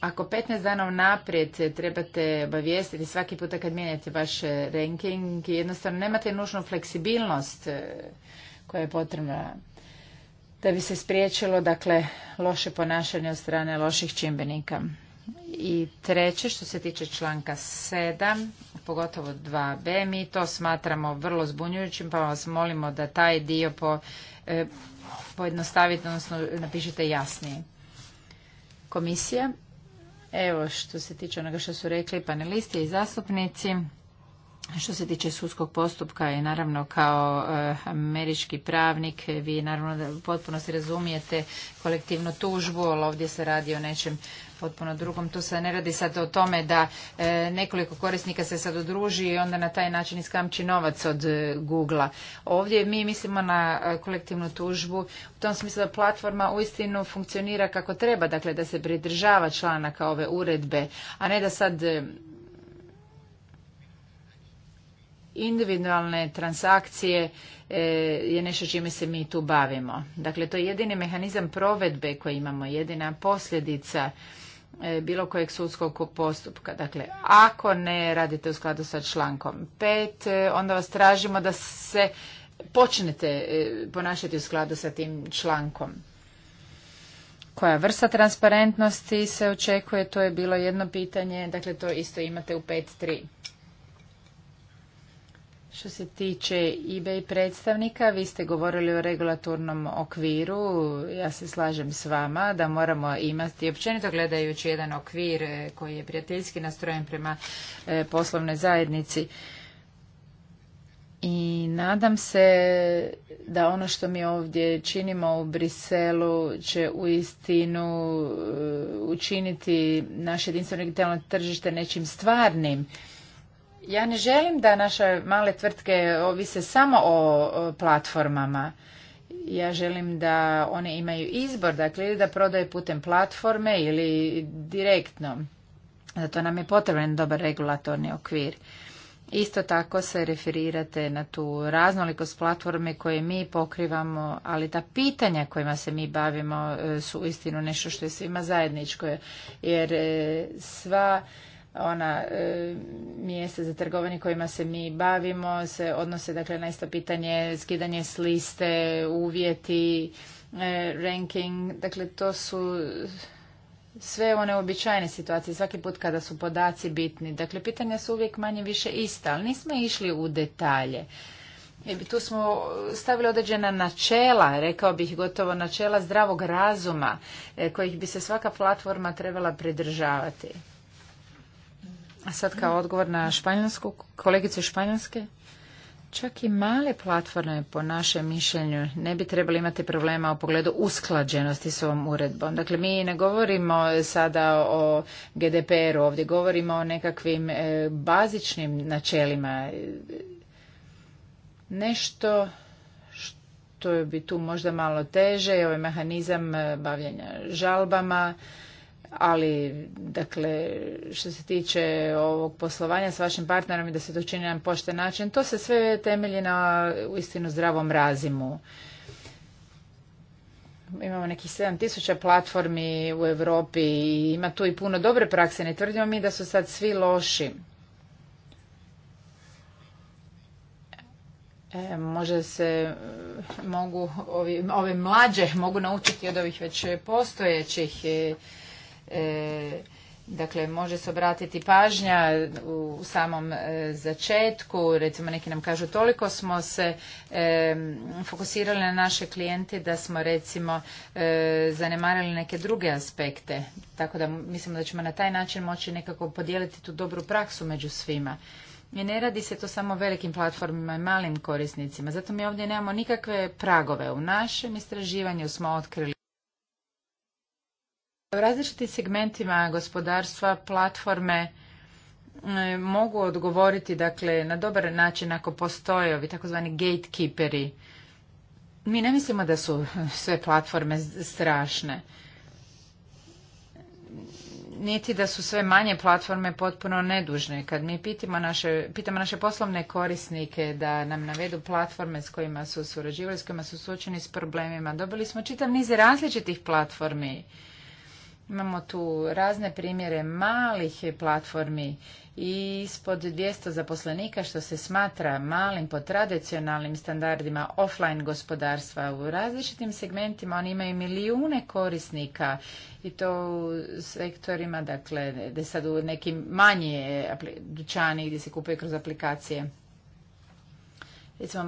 Ako 15 dana unaprijed trebate obavijestiti svaki puta kad mijenjate vaš ranking, jednostavno nemate nužnu fleksibilnost e, koja je potrebna da bi se spriječilo dakle, loše ponašanje od strane loših čimbenika. I treće, što se tiče članka 7, pogotovo 2b, mi to smatramo vrlo zbunjujućim, pa vas molimo da taj dio po, e, pojednostavite, odnosno napišete jasnije. Komisija Evo što se tiče onoga što su rekli panelisti i zastupnici, što se tiče sudskog postupka i naravno kao eh, američki pravnik, eh, vi naravno potpuno se razumijete kolektivnu tužbu, ali ovdje se radi o nečem potpuno drugom. Tu se ne radi sad o tome da e, nekoliko korisnika se sad udruži i onda na taj način iskamči novac od e, Google-a. Ovdje mi mislimo na e, kolektivnu tužbu u tom smislu da platforma uistinu funkcionira kako treba, dakle da se pridržava članaka ove uredbe, a ne da sad individualne transakcije je nešto čime se mi tu bavimo. Dakle, to je jedini mehanizam provedbe koji imamo, jedina posljedica E, bilo kojeg sudskog postupka. Dakle, ako ne radite u skladu sa člankom 5, e, onda vas tražimo da se počnete e, ponašati u skladu sa tim člankom. Koja vrsta transparentnosti se očekuje, to je bilo jedno pitanje, dakle to isto imate u 5.3. Što se tiče eBay predstavnika, vi ste govorili o regulatornom okviru. Ja se slažem s vama da moramo imati općenito gledajući jedan okvir e, koji je prijateljski nastrojen prema e, poslovnoj zajednici. I nadam se da ono što mi ovdje činimo u Briselu će u istinu e, učiniti naše jedinstveno digitalno tržište nečim stvarnim ja ne želim da naše male tvrtke ovise samo o platformama. Ja želim da one imaju izbor, dakle ili da prodaje putem platforme ili direktno. Zato nam je potreban dobar regulatorni okvir. Isto tako se referirate na tu raznolikost platforme koje mi pokrivamo, ali ta pitanja kojima se mi bavimo e, su istinu nešto što je svima zajedničko, jer e, sva ona e, mjesta za trgovanje kojima se mi bavimo se odnose dakle na isto pitanje skidanje s liste, uvjeti, e, ranking, dakle to su sve one uobičajene situacije, svaki put kada su podaci bitni. Dakle, pitanja su uvijek manje više ista, ali nismo išli u detalje. I e, tu smo stavili određena načela, rekao bih gotovo načela zdravog razuma, e, kojih bi se svaka platforma trebala pridržavati. A sad kao odgovor na španjolsku, kolegice španjolske. Čak i male platforme, po našem mišljenju, ne bi trebali imati problema u pogledu usklađenosti s ovom uredbom. Dakle, mi ne govorimo sada o GDPR-u, ovdje govorimo o nekakvim e, bazičnim načelima. Nešto što bi tu možda malo teže je ovaj mehanizam e, bavljanja žalbama, ali dakle što se tiče ovog poslovanja s vašim partnerom i da se to čini na pošten način, to se sve temelji na uistinu zdravom razimu. Imamo nekih 7000 platformi u Europi i ima tu i puno dobre prakse, ne tvrdimo mi da su sad svi loši. E, može se mogu ovi, ove mlađe mogu naučiti od ovih već postojećih e, E, dakle, može se obratiti pažnja u samom e, začetku. Recimo, neki nam kažu toliko smo se e, fokusirali na naše klijente da smo recimo zanemarili neke druge aspekte. Tako da mislimo da ćemo na taj način moći nekako podijeliti tu dobru praksu među svima. I ne radi se to samo velikim platformima i malim korisnicima. Zato mi ovdje nemamo nikakve pragove. U našem istraživanju smo otkrili u različitim segmentima gospodarstva platforme e, mogu odgovoriti dakle na dobar način ako postoje ovi takozvani gatekeeperi. Mi ne mislimo da su sve platforme strašne. Niti da su sve manje platforme potpuno nedužne. Kad mi pitamo naše, pitamo naše poslovne korisnike da nam navedu platforme s kojima su surađivali, s kojima su suočeni s problemima, dobili smo čitav niz različitih platformi Imamo tu razne primjere malih platformi i ispod 200 zaposlenika što se smatra malim po tradicionalnim standardima offline gospodarstva u različitim segmentima. Oni imaju milijune korisnika i to u sektorima, dakle, da sad u nekim manje dućani gdje se kupuje kroz aplikacije. Recimo,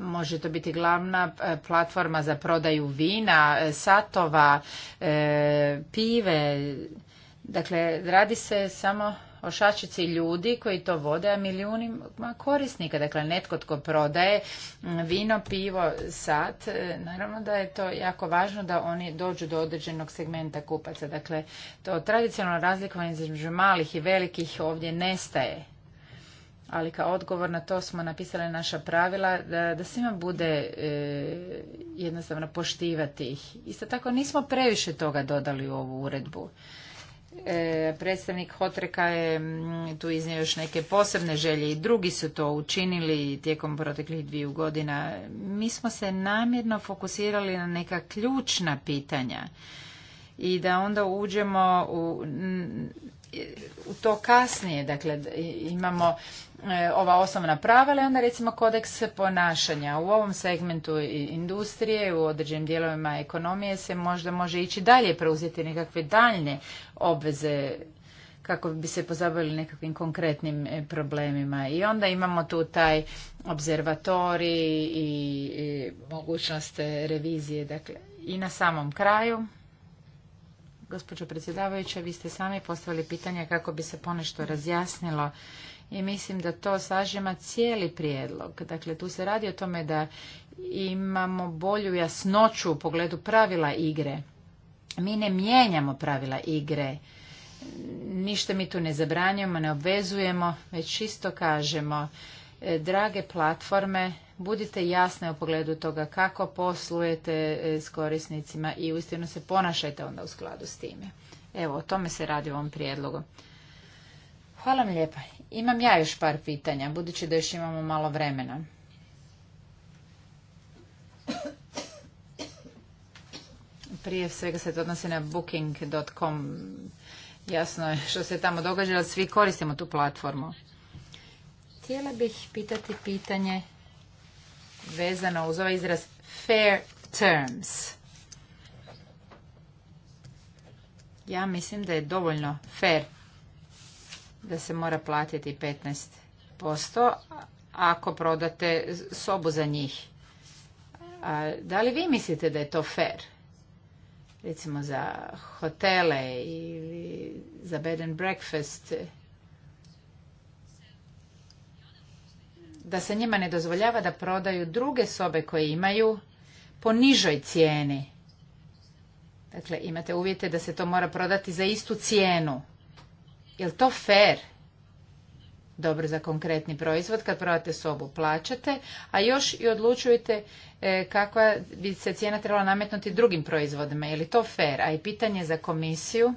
može to biti glavna e, platforma za prodaju vina, e, satova, e, pive. Dakle, radi se samo o šačici ljudi koji to vode, a milijunima korisnika. Dakle, netko tko prodaje vino, pivo, sat, naravno da je to jako važno da oni dođu do određenog segmenta kupaca. Dakle, to tradicionalno razlikovanje između malih i velikih ovdje nestaje ali kao odgovor na to smo napisali naša pravila da, da svima bude e, jednostavno poštivati ih. Isto tako nismo previše toga dodali u ovu uredbu. E, predstavnik Hotreka je tu iznio još neke posebne želje i drugi su to učinili tijekom proteklih dviju godina. Mi smo se namjerno fokusirali na neka ključna pitanja i da onda uđemo u u to kasnije. Dakle, imamo e, ova osnovna pravila i onda recimo kodeks ponašanja. U ovom segmentu industrije, u određenim dijelovima ekonomije se možda može ići dalje, preuzeti nekakve daljne obveze kako bi se pozabavili nekakvim konkretnim e, problemima. I onda imamo tu taj observatori i mogućnost revizije. Dakle, i na samom kraju Gospođo predsjedavajuća, vi ste sami postavili pitanje kako bi se ponešto razjasnilo i mislim da to sažima cijeli prijedlog. Dakle, tu se radi o tome da imamo bolju jasnoću u pogledu pravila igre. Mi ne mijenjamo pravila igre, ništa mi tu ne zabranjujemo, ne obvezujemo, već čisto kažemo E, drage platforme, budite jasne u pogledu toga kako poslujete e, s korisnicima i uistinu se ponašajte onda u skladu s time. Evo, o tome se radi u ovom prijedlogu. Hvala mi lijepa. Imam ja još par pitanja, budući da još imamo malo vremena. Prije svega se to odnosi na booking.com. Jasno je što se tamo događa, ali svi koristimo tu platformu. Htjela bih pitati pitanje vezano uz ovaj izraz fair terms. Ja mislim da je dovoljno fair da se mora platiti 15% ako prodate sobu za njih. A, da li vi mislite da je to fair? Recimo za hotele ili za bed and breakfast da se njima ne dozvoljava da prodaju druge sobe koje imaju po nižoj cijeni. Dakle, imate uvjete da se to mora prodati za istu cijenu. Je li to fair? Dobro za konkretni proizvod, kad prodate sobu plaćate, a još i odlučujete e, kakva bi se cijena trebala nametnuti drugim proizvodima. Je li to fair? A i pitanje za komisiju.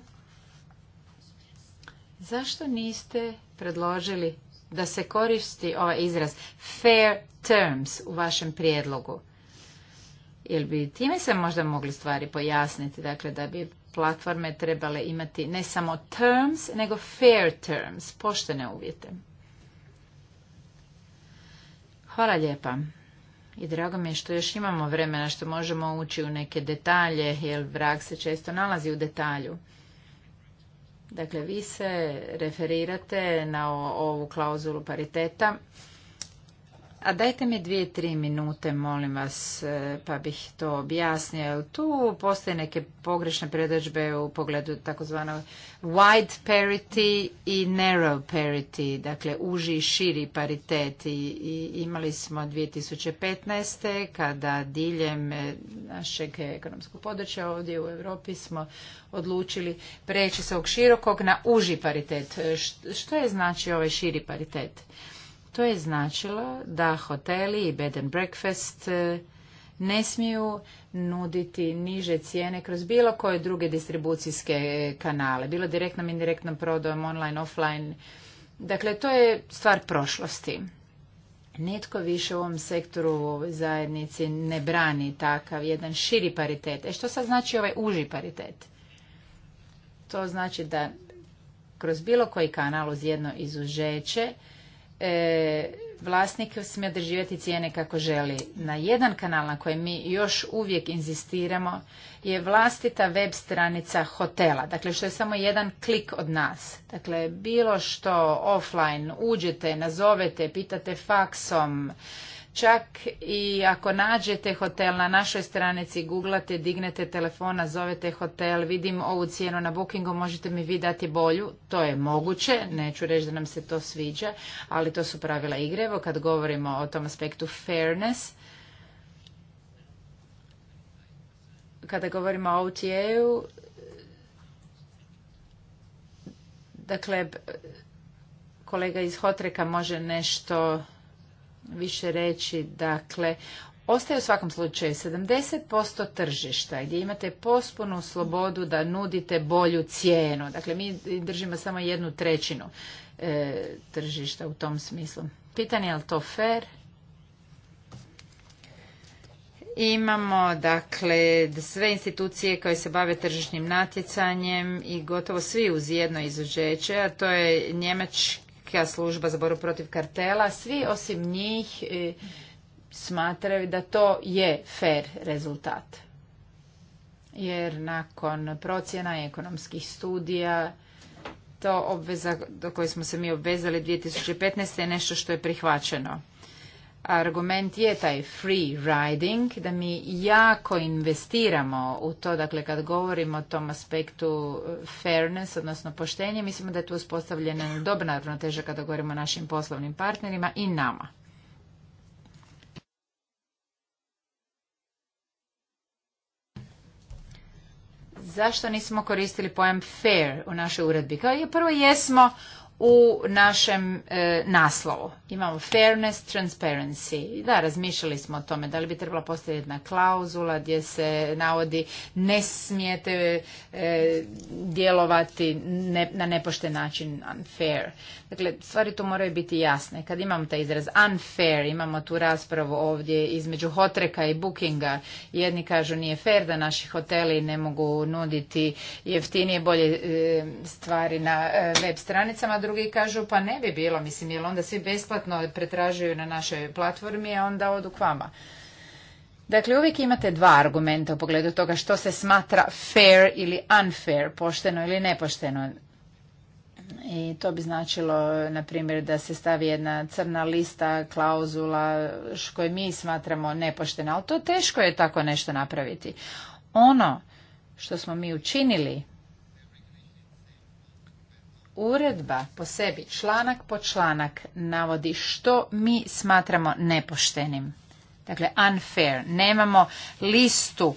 Zašto niste predložili da se koristi ovaj izraz fair terms u vašem prijedlogu. Jer bi time se možda mogli stvari pojasniti, dakle da bi platforme trebale imati ne samo terms, nego fair terms, poštene uvjete. Hvala lijepa. I drago mi je što još imamo vremena što možemo ući u neke detalje, jer vrag se često nalazi u detalju. Dakle, vi se referirate na ovu klauzulu pariteta a dajte mi dvije, tri minute, molim vas, e, pa bih to objasnio. Tu postoje neke pogrešne predođbe u pogledu takozvanog wide parity i narrow parity, dakle uži i širi paritet. I imali smo 2015. kada diljem e, našeg ekonomskog područja ovdje u Europi smo odlučili preći sa ovog širokog na uži paritet. E, što je znači ovaj širi paritet? To je značilo da hoteli i bed and breakfast e, ne smiju nuditi niže cijene kroz bilo koje druge distribucijske kanale, bilo direktnom, indirektnom prodajom, online, offline. Dakle, to je stvar prošlosti. Nitko više u ovom sektoru, u ovoj zajednici ne brani takav jedan širi paritet. E što sad znači ovaj uži paritet? To znači da kroz bilo koji kanal uz jedno izužeće E, vlasnik smije određivati cijene kako želi. Na jedan kanal na kojem mi još uvijek inzistiramo je vlastita web stranica hotela, dakle što je samo jedan klik od nas. Dakle, bilo što offline, uđete, nazovete, pitate faksom, Čak i ako nađete hotel na našoj stranici, googlate, dignete telefona, zovete hotel, vidim ovu cijenu na bookingu, možete mi vi dati bolju. To je moguće, neću reći da nam se to sviđa, ali to su pravila igre. Evo kad govorimo o tom aspektu fairness, kada govorimo o OTA-u, dakle, kolega iz Hotreka može nešto više reći. Dakle, ostaje u svakom slučaju 70% tržišta gdje imate pospunu slobodu da nudite bolju cijenu. Dakle, mi držimo samo jednu trećinu e, tržišta u tom smislu. Pitanje je li to fair? Imamo dakle sve institucije koje se bave tržišnim natjecanjem i gotovo svi uz jedno izuzeće, a to je njemački Europska služba za boru protiv kartela, svi osim njih e, smatraju da to je fair rezultat. Jer nakon procjena ekonomskih studija to obveza do koje smo se mi obvezali 2015. je nešto što je prihvaćeno argument je taj free riding, da mi jako investiramo u to, dakle kad govorimo o tom aspektu eh, fairness, odnosno poštenje, mislimo da je tu uspostavljena dobra ravnoteža kada govorimo o našim poslovnim partnerima i nama. Zašto nismo koristili pojam fair u našoj uredbi? Kao je prvo jesmo, u našem e, naslovu. Imamo fairness, transparency. Da, razmišljali smo o tome da li bi trebala postati jedna klauzula gdje se navodi ne smijete e, djelovati na nepošten način unfair. Dakle, stvari tu moraju biti jasne. Kad imamo taj izraz unfair, imamo tu raspravu ovdje između hotreka i bookinga. Jedni kažu nije fair da naši hoteli ne mogu nuditi jeftinije bolje e, stvari na web stranicama, drugi drugi kažu pa ne bi bilo, mislim, jer onda svi besplatno pretražuju na našoj platformi, a onda odu k vama. Dakle, uvijek imate dva argumenta u pogledu toga što se smatra fair ili unfair, pošteno ili nepošteno. I to bi značilo, na primjer, da se stavi jedna crna lista, klauzula, koje mi smatramo nepoštena, ali to teško je tako nešto napraviti. Ono što smo mi učinili uredba po sebi članak po članak navodi što mi smatramo nepoštenim. Dakle, unfair. Nemamo listu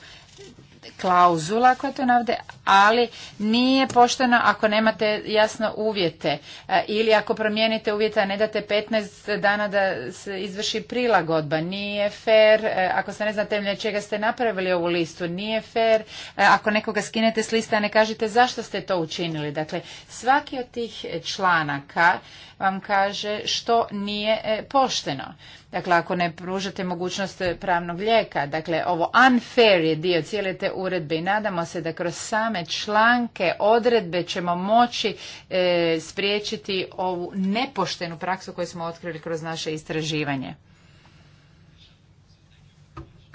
klauzula koja to navde, ali nije pošteno ako nemate jasno uvjete e, ili ako promijenite uvjeta, ne date 15 dana da se izvrši prilagodba. Nije fer e, ako se ne zna temelje čega ste napravili ovu listu. Nije fer e, ako nekoga skinete s lista, ne kažete zašto ste to učinili. Dakle, svaki od tih članaka vam kaže što nije e, pošteno. Dakle, ako ne pružate mogućnost pravnog lijeka, dakle, ovo unfair je dio cijele te uredbe i nadamo se da kroz same članke, odredbe ćemo moći e, spriječiti ovu nepoštenu praksu koju smo otkrili kroz naše istraživanje.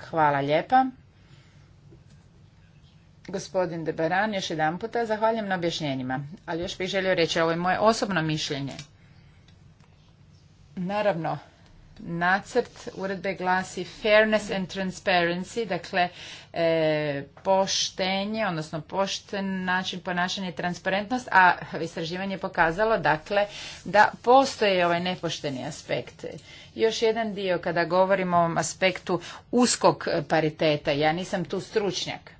Hvala lijepa. Gospodin Debaran, još jedan puta zahvaljujem na objašnjenjima, ali još bih želio reći, ovo je moje osobno mišljenje. Naravno, nacrt uredbe glasi fairness and transparency, dakle e, poštenje, odnosno pošten način ponašanja i transparentnost, a istraživanje je pokazalo dakle da postoje ovaj nepošteni aspekt. Još jedan dio kada govorimo o aspektu uskog pariteta, ja nisam tu stručnjak.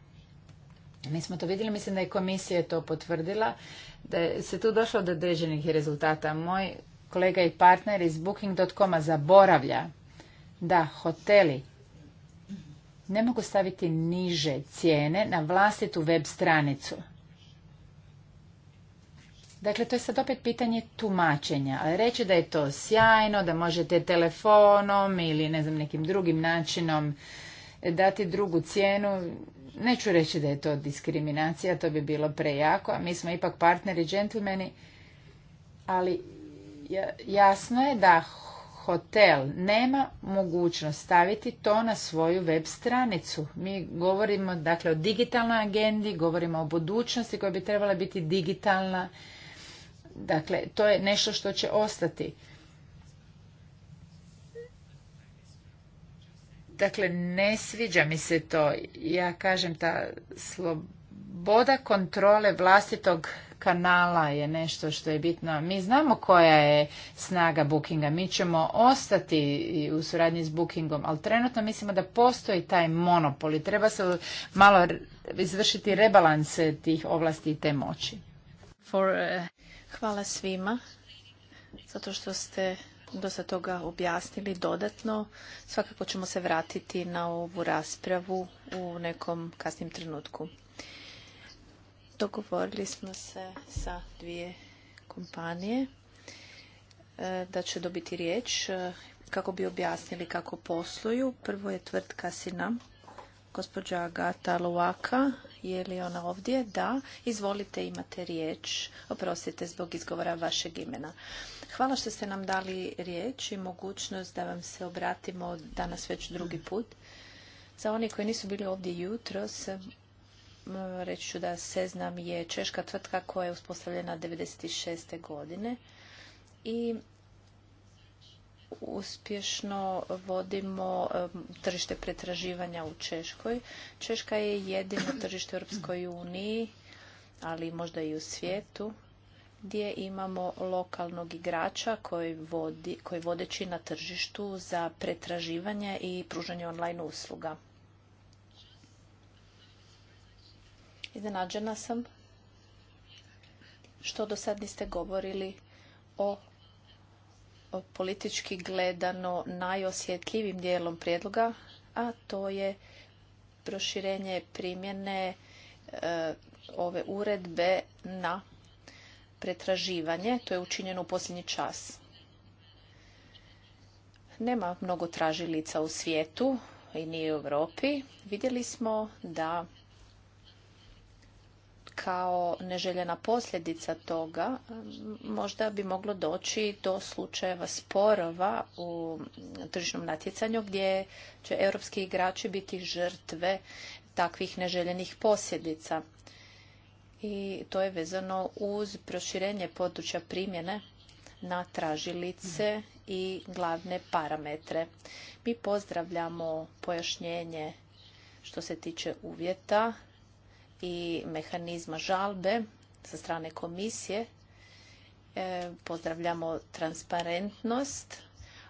Mi smo to vidjeli, mislim da je komisija to potvrdila, da se tu došlo do određenih rezultata. Moj kolega i partner iz Booking.com-a zaboravlja da hoteli ne mogu staviti niže cijene na vlastitu web stranicu. Dakle, to je sad opet pitanje tumačenja. Ali reći da je to sjajno, da možete telefonom ili ne znam, nekim drugim načinom dati drugu cijenu, neću reći da je to diskriminacija, to bi bilo prejako, a mi smo ipak partneri, džentlmeni, ali jasno je da hotel nema mogućnost staviti to na svoju web stranicu. Mi govorimo dakle o digitalnoj agendi, govorimo o budućnosti koja bi trebala biti digitalna. Dakle, to je nešto što će ostati. Dakle, ne sviđa mi se to. Ja kažem ta sloboda kontrole vlastitog kanala je nešto što je bitno. Mi znamo koja je snaga bookinga, mi ćemo ostati u suradnji s bookingom, ali trenutno mislimo da postoji taj monopol i treba se malo izvršiti rebalanse tih ovlasti i te moći. Uh, Hvala svima zato što ste dosta toga objasnili dodatno. Svakako ćemo se vratiti na ovu raspravu u nekom kasnim trenutku. Dogovorili smo se sa dvije kompanije e, da će dobiti riječ e, kako bi objasnili kako posluju. Prvo je tvrtka Sina, gospođa Agata Luaka. Je li ona ovdje? Da. Izvolite, imate riječ. Oprostite zbog izgovora vašeg imena. Hvala što ste nam dali riječ i mogućnost da vam se obratimo danas već drugi put. Za oni koji nisu bili ovdje jutros, E, reći ću da Seznam je češka tvrtka koja je uspostavljena 1996. godine i uspješno vodimo e, tržište pretraživanja u Češkoj. Češka je jedino tržište u Europskoj uniji, ali možda i u svijetu, gdje imamo lokalnog igrača koji, vodi, koji vodeći na tržištu za pretraživanje i pružanje online usluga. Iznenađena sam što do sad niste govorili o, politički gledano najosjetljivim dijelom prijedloga, a to je proširenje primjene e, ove uredbe na pretraživanje. To je učinjeno u posljednji čas. Nema mnogo tražilica u svijetu i nije u Europi. Vidjeli smo da kao neželjena posljedica toga možda bi moglo doći do slučajeva sporova u tržišnom natjecanju gdje će europski igrači biti žrtve takvih neželjenih posljedica. I to je vezano uz proširenje područja primjene na tražilice i glavne parametre. Mi pozdravljamo pojašnjenje što se tiče uvjeta i mehanizma žalbe sa strane komisije. E, pozdravljamo transparentnost,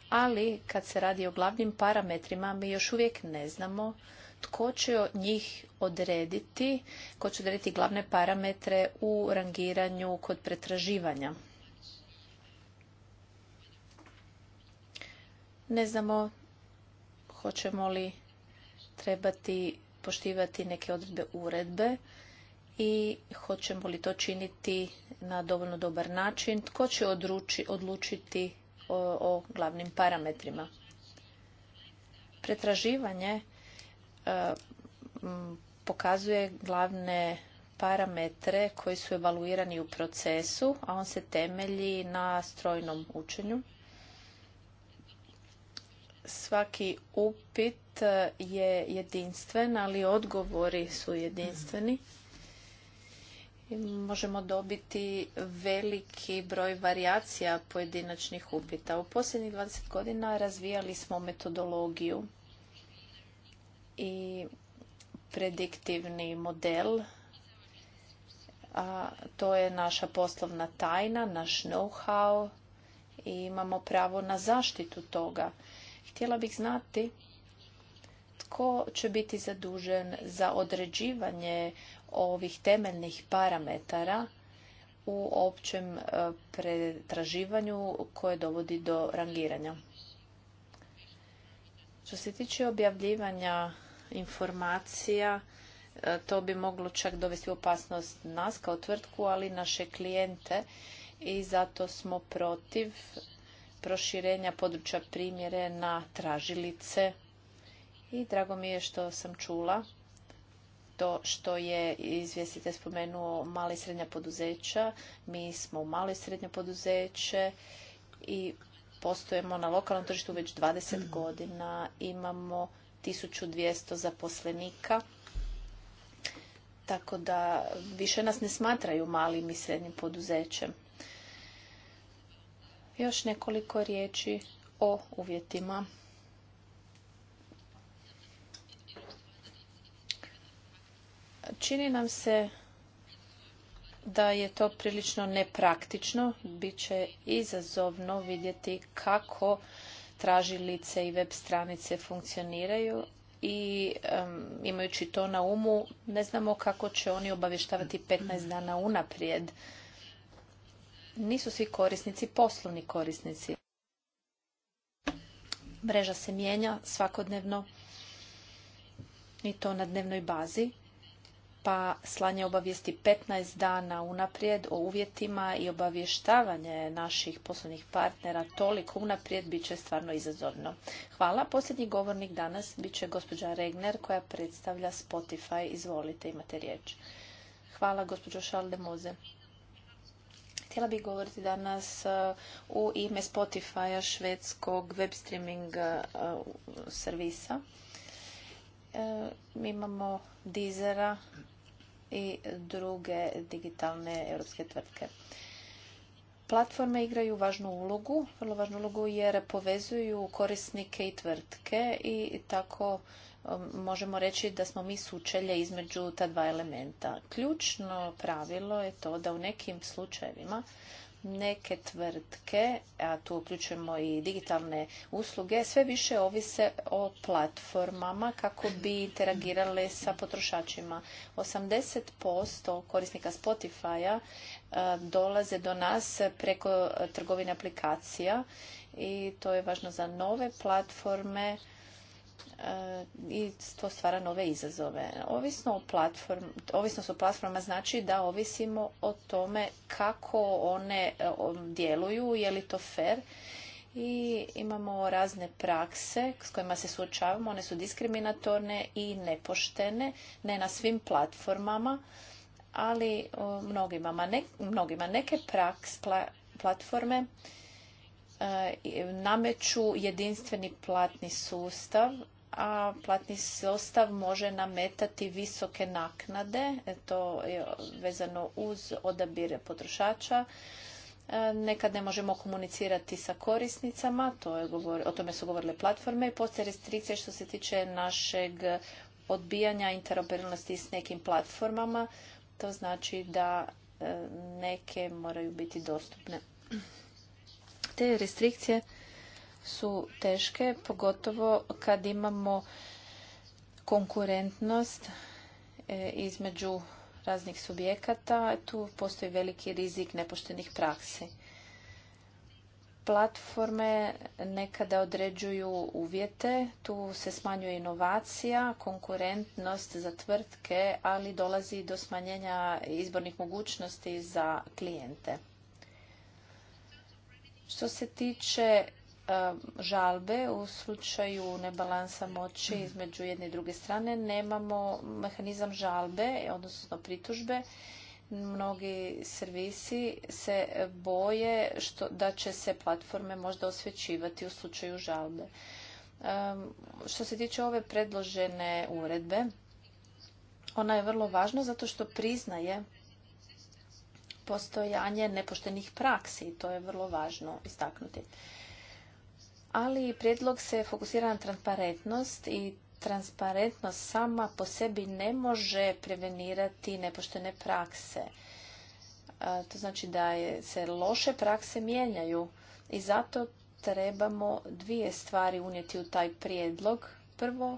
ali kad se radi o glavnim parametrima, mi još uvijek ne znamo tko će njih odrediti, tko će odrediti glavne parametre u rangiranju kod pretraživanja. Ne znamo hoćemo li trebati poštivati neke odredbe uredbe i hoćemo li to činiti na dovoljno dobar način, tko će odruči, odlučiti o, glavnim parametrima. Pretraživanje e, pokazuje glavne parametre koji su evaluirani u procesu, a on se temelji na strojnom učenju. Svaki upit E, je jedinstven, ali odgovori su jedinstveni. Možemo dobiti veliki broj varijacija pojedinačnih upita. U posljednjih 20 godina razvijali smo metodologiju i prediktivni model. A to je naša poslovna tajna, naš know-how i imamo pravo na zaštitu toga. Htjela bih znati tko će biti zadužen za određivanje ovih temeljnih parametara u općem e, pretraživanju koje dovodi do rangiranja. Što se tiče objavljivanja informacija, e, to bi moglo čak dovesti u opasnost nas kao tvrtku, ali i naše klijente i zato smo protiv proširenja područja primjere na tražilice i drago mi je što sam čula to što je izvjestite spomenuo mali i srednja poduzeća. Mi smo mali i srednje poduzeće i postojemo na lokalnom tržištu već 20 mm. godina. Imamo 1200 zaposlenika. Tako da više nas ne smatraju malim i srednjim poduzećem. Još nekoliko riječi o uvjetima Čini nam se da je to prilično nepraktično. Biće izazovno vidjeti kako tražilice i web stranice funkcioniraju i imajući to na umu ne znamo kako će oni obavještavati 15 dana unaprijed. Nisu svi korisnici poslovni korisnici. Mreža se mijenja svakodnevno i to na dnevnoj bazi pa slanje obavijesti 15 dana unaprijed o uvjetima i obavještavanje naših poslovnih partnera toliko unaprijed bit će stvarno izazovno. Hvala. Posljednji govornik danas bit će gospođa Regner koja predstavlja Spotify. Izvolite, imate riječ. Hvala gospođo Šaldemoze. Htjela bih govoriti danas uh, u ime Spotify-a švedskog web streaming uh, servisa. Uh, mi imamo Dizera i druge digitalne europske tvrtke. Platforme igraju važnu ulogu, vrlo važnu ulogu jer povezuju korisnike i tvrtke i tako um, možemo reći da smo mi sučelje između ta dva elementa. Ključno pravilo je to da u nekim slučajevima neke tvrtke, a tu uključujemo i digitalne usluge, sve više ovise o platformama kako bi interagirale sa potrošačima. 80% korisnika Spotify-a e, dolaze do nas preko trgovine aplikacija i to je važno za nove platforme i to stvara nove izazove. Ovisno o ovisnost o platformama znači da ovisimo o tome kako one e, djeluju, je li to fair i imamo razne prakse s kojima se suočavamo, one su diskriminatorne i nepoštene, ne na svim platformama, ali mnogima, mnogima neke praks, platforme E, nameću jedinstveni platni sustav, a platni sustav može nametati visoke naknade, e, to je vezano uz odabire potrošača. E, nekad ne možemo komunicirati sa korisnicama, to je govor, o tome su govorile platforme i postoje restrikcije što se tiče našeg odbijanja interoperabilnosti s nekim platformama. To znači da neke moraju biti dostupne te restrikcije su teške, pogotovo kad imamo konkurentnost e, između raznih subjekata. Tu postoji veliki rizik nepoštenih praksi. Platforme nekada određuju uvjete, tu se smanjuje inovacija, konkurentnost za tvrtke, ali dolazi do smanjenja izbornih mogućnosti za klijente. Što se tiče e, žalbe u slučaju nebalansa moći mhm. između jedne i druge strane nemamo mehanizam žalbe, odnosno pritužbe. Mnogi servisi se boje da će se platforme možda osvećivati u slučaju žalbe. E, što se tiče ove predložene uredbe, ona je vrlo važna zato što priznaje postojanje nepoštenih praksi. To je vrlo važno istaknuti. Ali prijedlog se fokusira na transparentnost i transparentnost sama po sebi ne može prevenirati nepoštene prakse. To znači da se loše prakse mijenjaju i zato trebamo dvije stvari unijeti u taj prijedlog. Prvo,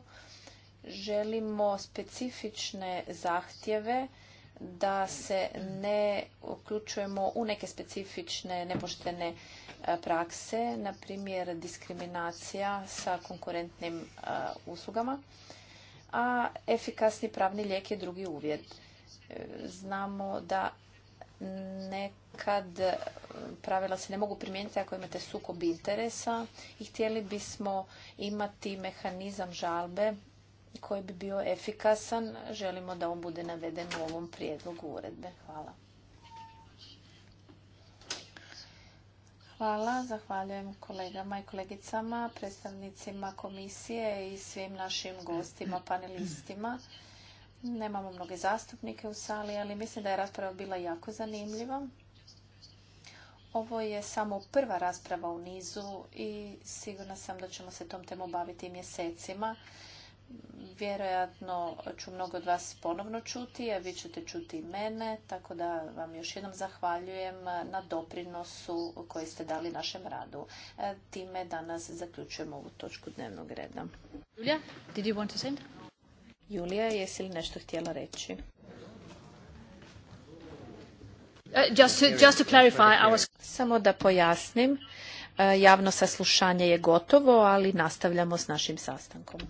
želimo specifične zahtjeve da se ne uključujemo u neke specifične nepoštene e, prakse, na primjer diskriminacija sa konkurentnim e, uslugama, a efikasni pravni lijek je drugi uvjet. E, znamo da nekad pravila se ne mogu primijeniti ako imate sukob interesa i htjeli bismo imati mehanizam žalbe koji bi bio efikasan. Želimo da on bude naveden u ovom prijedlogu uredbe. Hvala. Hvala. Zahvaljujem kolegama i kolegicama, predstavnicima komisije i svim našim gostima, panelistima. Nemamo mnoge zastupnike u sali, ali mislim da je rasprava bila jako zanimljiva. Ovo je samo prva rasprava u nizu i sigurna sam da ćemo se tom temu baviti mjesecima. Vjerojatno ću mnogo od vas ponovno čuti, a vi ćete čuti i mene, tako da vam još jednom zahvaljujem na doprinosu koji ste dali našem radu. E, time danas zaključujemo ovu točku dnevnog reda. Julia, did you want to Julija, jesi li nešto htjela reći? Uh, Samo da pojasnim, e, javno saslušanje je gotovo, ali nastavljamo s našim sastankom.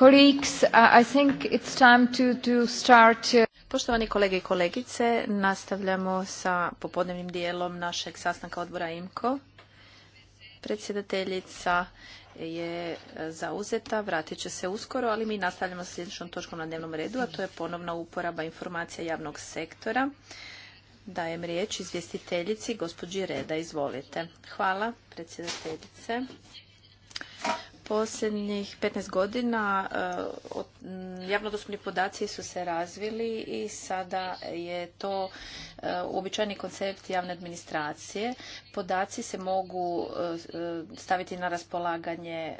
Uh, Poštovani kolege i kolegice, nastavljamo sa popodnevnim dijelom našeg sastanka odbora IMCO. Predsjedateljica je zauzeta, vratit će se uskoro, ali mi nastavljamo sa sljedećom točkom na dnevnom redu, a to je ponovna uporaba informacija javnog sektora. Dajem riječ izvjestiteljici, gospođi Reda, izvolite. Hvala, predsjedateljice posljednjih 15 godina e, javno dostupni podaci su se razvili i sada je to e, uobičajeni koncept javne administracije. Podaci se mogu e, staviti na raspolaganje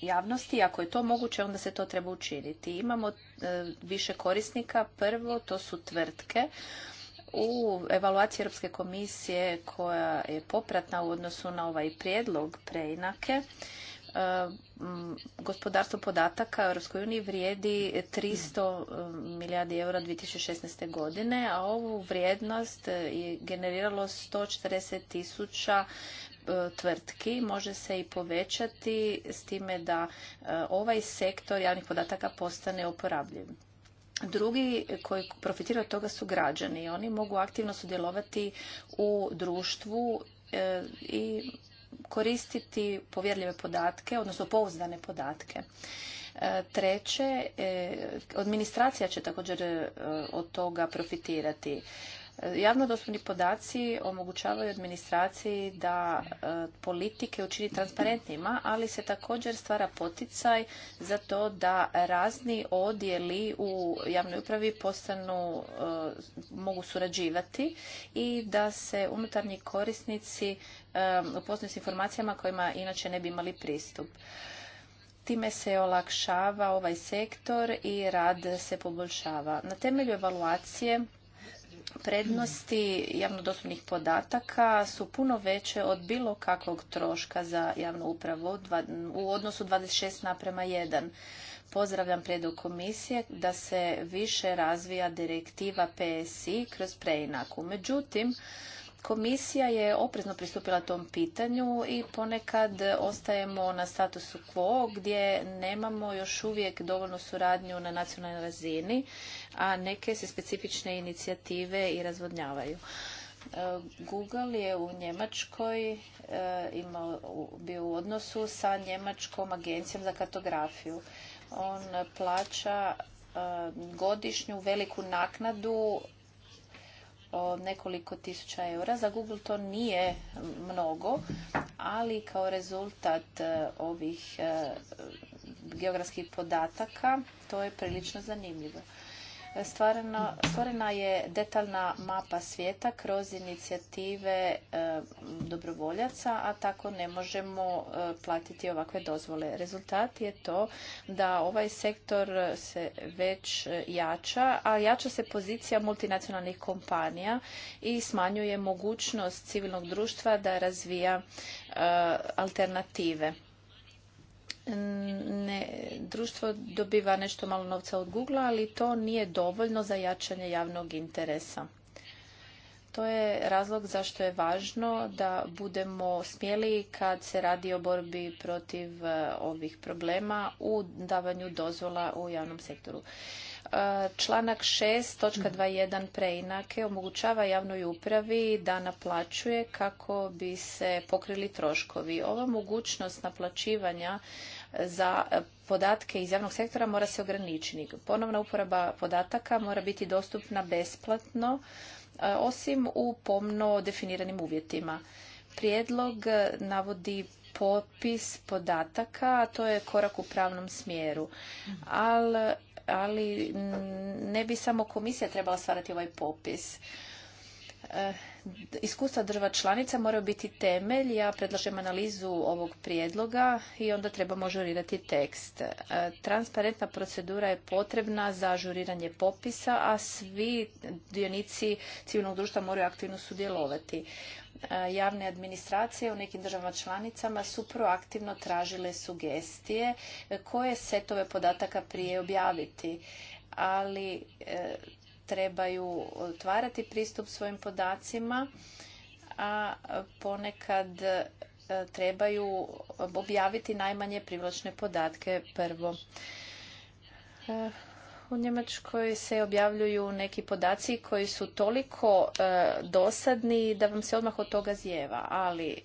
javnosti. Ako je to moguće, onda se to treba učiniti. Imamo više korisnika. Prvo, to su tvrtke u evaluaciji Europske komisije koja je popratna u odnosu na ovaj prijedlog preinake E, gospodarstvo podataka u EU vrijedi 300 e, milijardi eura 2016. godine, a ovu vrijednost e, je generiralo 140 tisuća tvrtki može se i povećati s time da ovaj sektor javnih podataka postane oporabljiv. Drugi koji profitiraju od toga su građani. Oni mogu aktivno sudjelovati u društvu i koristiti povjerljive podatke, odnosno pouzdane podatke. E, treće, e, administracija će također e, od toga profitirati. Javno dostupni podaci omogućavaju administraciji da e, politike učini transparentnima, ali se također stvara poticaj za to da razni odjeli u javnoj upravi postanu, e, mogu surađivati i da se unutarnji korisnici e, upoznaju s informacijama kojima inače ne bi imali pristup. Time se olakšava ovaj sektor i rad se poboljšava. Na temelju evaluacije Prednosti javno dostupnih podataka su puno veće od bilo kakvog troška za javnu upravu u odnosu 26 naprema 1. Pozdravljam prijedlog komisije da se više razvija direktiva PSI kroz preinaku. Međutim, Komisija je oprezno pristupila tom pitanju i ponekad ostajemo na statusu quo gdje nemamo još uvijek dovoljnu suradnju na nacionalnoj razini, a neke se specifične inicijative i razvodnjavaju. E, Google je u Njemačkoj e, imao, bio u odnosu sa Njemačkom agencijom za kartografiju. On plaća e, godišnju veliku naknadu o nekoliko tisuća eura. Za Google to nije mnogo, ali kao rezultat e, ovih e, geografskih podataka to je prilično zanimljivo stvorena je detaljna mapa svijeta kroz inicijative e, dobrovoljaca, a tako ne možemo e, platiti ovakve dozvole. Rezultat je to da ovaj sektor se već e, jača, a jača se pozicija multinacionalnih kompanija i smanjuje mogućnost civilnog društva da razvija alternative ne, društvo dobiva nešto malo novca od Google, ali to nije dovoljno za jačanje javnog interesa. To je razlog zašto je važno da budemo smjeli kad se radi o borbi protiv e, ovih problema u davanju dozvola u javnom sektoru. E, članak 6.21 preinake omogućava javnoj upravi da naplaćuje kako bi se pokrili troškovi. Ova mogućnost naplaćivanja za podatke iz javnog sektora mora se ograničiti. Ponovna uporaba podataka mora biti dostupna besplatno, e, osim u pomno definiranim uvjetima. Prijedlog navodi popis podataka, a to je korak u pravnom smjeru. Ali, ali ne bi samo komisija trebala stvarati ovaj popis. E, Iskustva država članica moraju biti temelj. Ja predlažem analizu ovog prijedloga i onda trebamo žurirati tekst. E, transparentna procedura je potrebna za žuriranje popisa, a svi dionici civilnog društva moraju aktivno sudjelovati. E, javne administracije u nekim državama članicama su proaktivno tražile sugestije e, koje setove podataka prije objaviti ali trebaju otvarati pristup svojim podacima, a ponekad e, trebaju objaviti najmanje privlačne podatke prvo. E, u Njemačkoj se objavljuju neki podaci koji su toliko e, dosadni da vam se odmah od toga zjeva, ali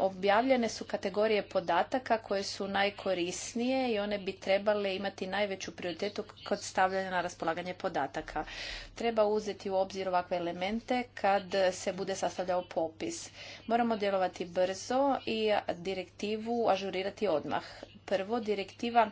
objavljene su kategorije podataka koje su najkorisnije i one bi trebale imati najveću prioritetu kod stavljanja na raspolaganje podataka. Treba uzeti u obzir ovakve elemente kad se bude sastavljao popis. Moramo djelovati brzo i direktivu ažurirati odmah. Prvo, direktiva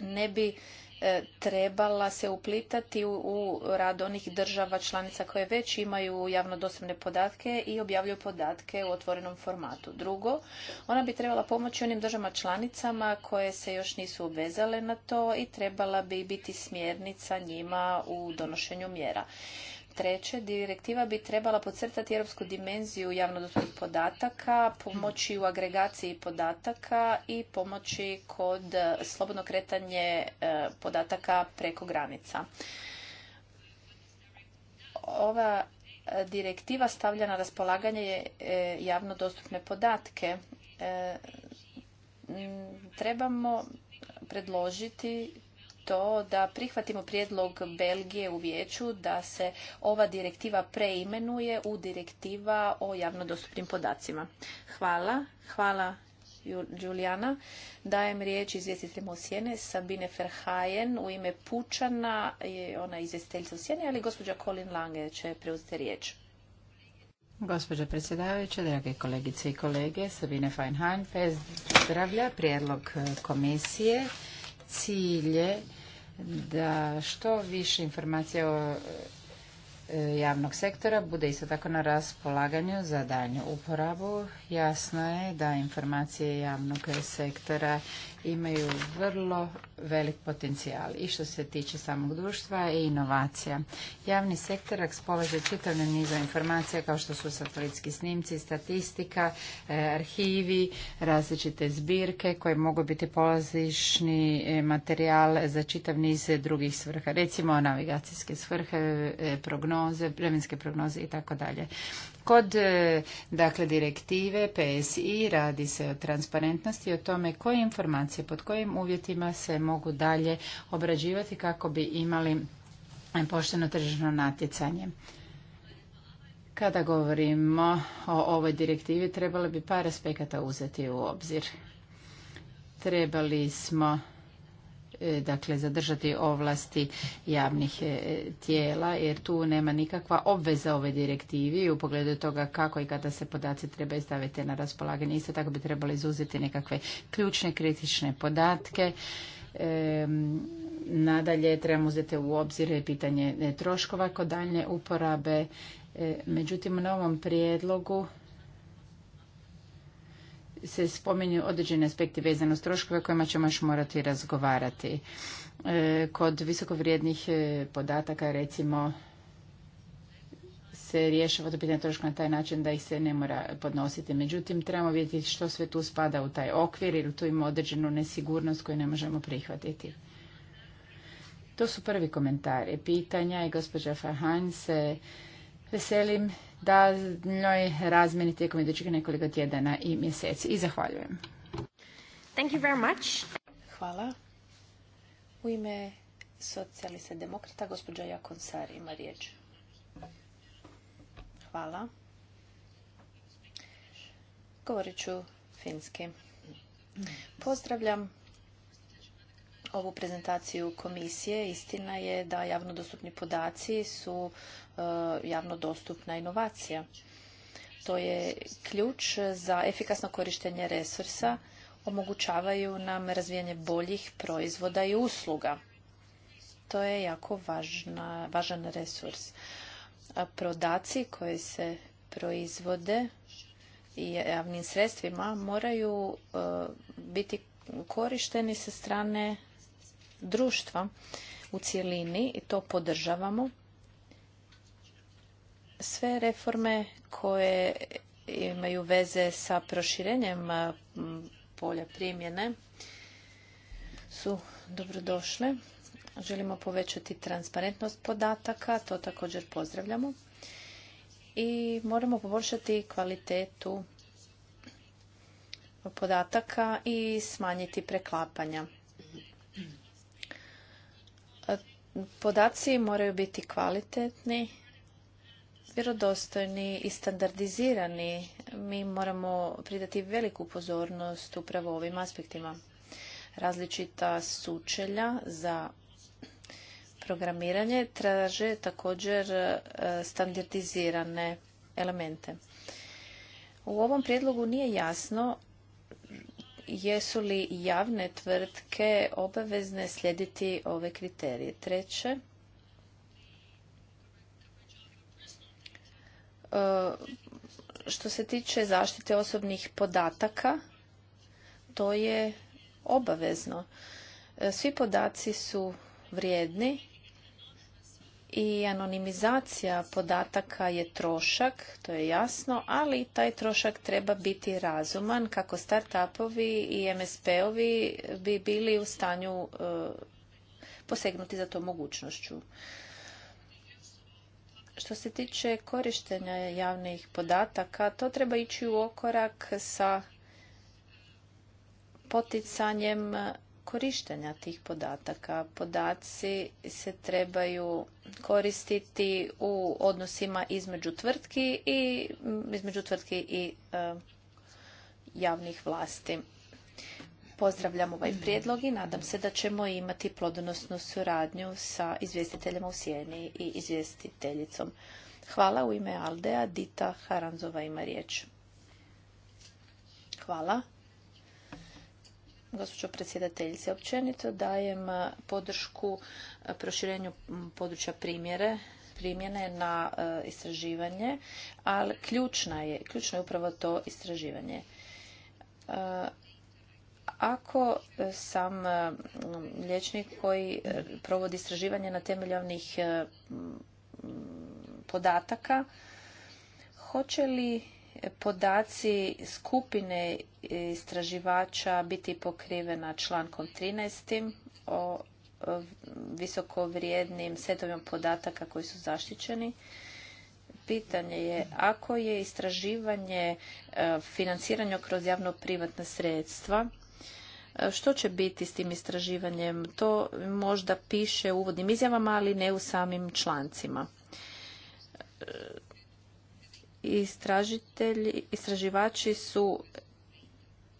ne bi E, trebala se uplitati u rad onih država članica koje već imaju javno dostupne podatke i objavljuju podatke u otvorenom formatu. Drugo, ona bi trebala pomoći onim državama članicama koje se još nisu obvezale na to i trebala bi biti smjernica njima u donošenju mjera treće, direktiva bi trebala podcrtati europsku dimenziju dostupnih podataka, pomoći u agregaciji podataka i pomoći kod e, slobodno kretanje e, podataka preko granica. Ova e, direktiva stavlja na raspolaganje javno dostupne podatke. Trebamo predložiti to da prihvatimo prijedlog Belgije u vijeću da se ova direktiva preimenuje u direktiva o javno dostupnim podacima. Hvala. Hvala Julijana. Dajem riječ izvjestiteljima u sjene Sabine Ferhajen u ime Pučana, ona izvjestiteljica u sjene, ali gospođa Colin Lange će preuzeti riječ. Gospođa predsjedavajuća, drage kolegice i kolege, Sabine Feinheim pozdravlja prijedlog eh, komisije cilje da što više informacija o e, javnog sektora bude isto tako na raspolaganju za daljnju uporabu. Jasno je da informacije javnog sektora imaju vrlo velik potencijal i što se tiče samog društva i inovacija. Javni sektor raspolaže čitavnim nizom informacija kao što su satelitski snimci, statistika, e, arhivi, različite zbirke koje mogu biti polazišni e, materijal za čitav niz drugih svrha, recimo navigacijske svrhe, e, prognoze, vremenske prognoze i tako dalje. Kod e, dakle, direktive PSI radi se o transparentnosti, o tome koje informacije pod kojim uvjetima se mogu dalje obrađivati kako bi imali pošteno tržišno natjecanje. Kada govorimo o ovoj direktivi, trebalo bi par aspekata uzeti u obzir. Trebali smo E, dakle zadržati ovlasti javnih e, tijela jer tu nema nikakva obveza ove direktivi u pogledu toga kako i kada se podaci trebaju staviti na raspolaganje. Isto tako bi trebali izuzeti nekakve ključne kritične podatke. E, nadalje trebamo uzeti u obzir pitanje troškova kod daljnje uporabe. međutim, u novom prijedlogu se spominju određeni aspekti vezano uz troškove kojima ćemo još morati razgovarati. E, kod visokovrijednih e, podataka recimo se rješava to pitanje troška na taj način da ih se ne mora podnositi. Međutim, trebamo vidjeti što sve tu spada u taj okvir jer tu ima određenu nesigurnost koju ne možemo prihvatiti. To su prvi komentari. Pitanja i gospođa Fahan veselim njoj razmeni tijekom idućih nekoliko tjedana i mjeseci i zahvaljujem. Thank you very much. Hvala. U ime socijalista demokrata gospođa Jakonsar ima riječ. Hvala. Govorit ću finski. Pozdravljam ovu prezentaciju komisije. Istina je da javno dostupni podaci su e, javno dostupna inovacija. To je ključ za efikasno korištenje resursa, omogućavaju nam razvijanje boljih proizvoda i usluga. To je jako važan resurs. prodaci koji se proizvode i javnim sredstvima moraju e, biti korišteni sa strane društva u cjelini i to podržavamo. Sve reforme koje imaju veze sa proširenjem polja primjene su dobrodošle. Želimo povećati transparentnost podataka, to također pozdravljamo. I moramo poboljšati kvalitetu podataka i smanjiti preklapanja. Podaci moraju biti kvalitetni, vjerodostojni i standardizirani. Mi moramo pridati veliku pozornost upravo ovim aspektima. Različita sučelja za programiranje traže također e, standardizirane elemente. U ovom prijedlogu nije jasno jesu li javne tvrtke obavezne slijediti ove kriterije? Treće, e, što se tiče zaštite osobnih podataka, to je obavezno. E, svi podaci su vrijedni i anonimizacija podataka je trošak, to je jasno, ali taj trošak treba biti razuman kako startupovi i MSP-ovi bi bili u stanju e, posegnuti za to mogućnošću. Što se tiče korištenja javnih podataka, to treba ići u okorak sa poticanjem korištenja tih podataka. Podaci se trebaju koristiti u odnosima između tvrtki i između tvrtki i e, javnih vlasti. Pozdravljam ovaj prijedlog i nadam se da ćemo imati plodonosnu suradnju sa izvjestiteljima u Sjeni i izvjestiteljicom. Hvala u ime Aldea, Dita Haranzova ima riječ. Hvala. Gospođo predsjedateljice, općenito dajem podršku proširenju područja primjere primjene na istraživanje, ali ključna je, ključno je upravo to istraživanje. Ako sam liječnik koji provodi istraživanje na temelju podataka, hoće li podaci skupine istraživača biti pokrivena člankom 13. o visoko vrijednim setovima podataka koji su zaštićeni. Pitanje je, ako je istraživanje e, financirano kroz javno-privatna sredstva, e, što će biti s tim istraživanjem? To možda piše u uvodnim izjavama, ali ne u samim člancima e, istražitelji, istraživači su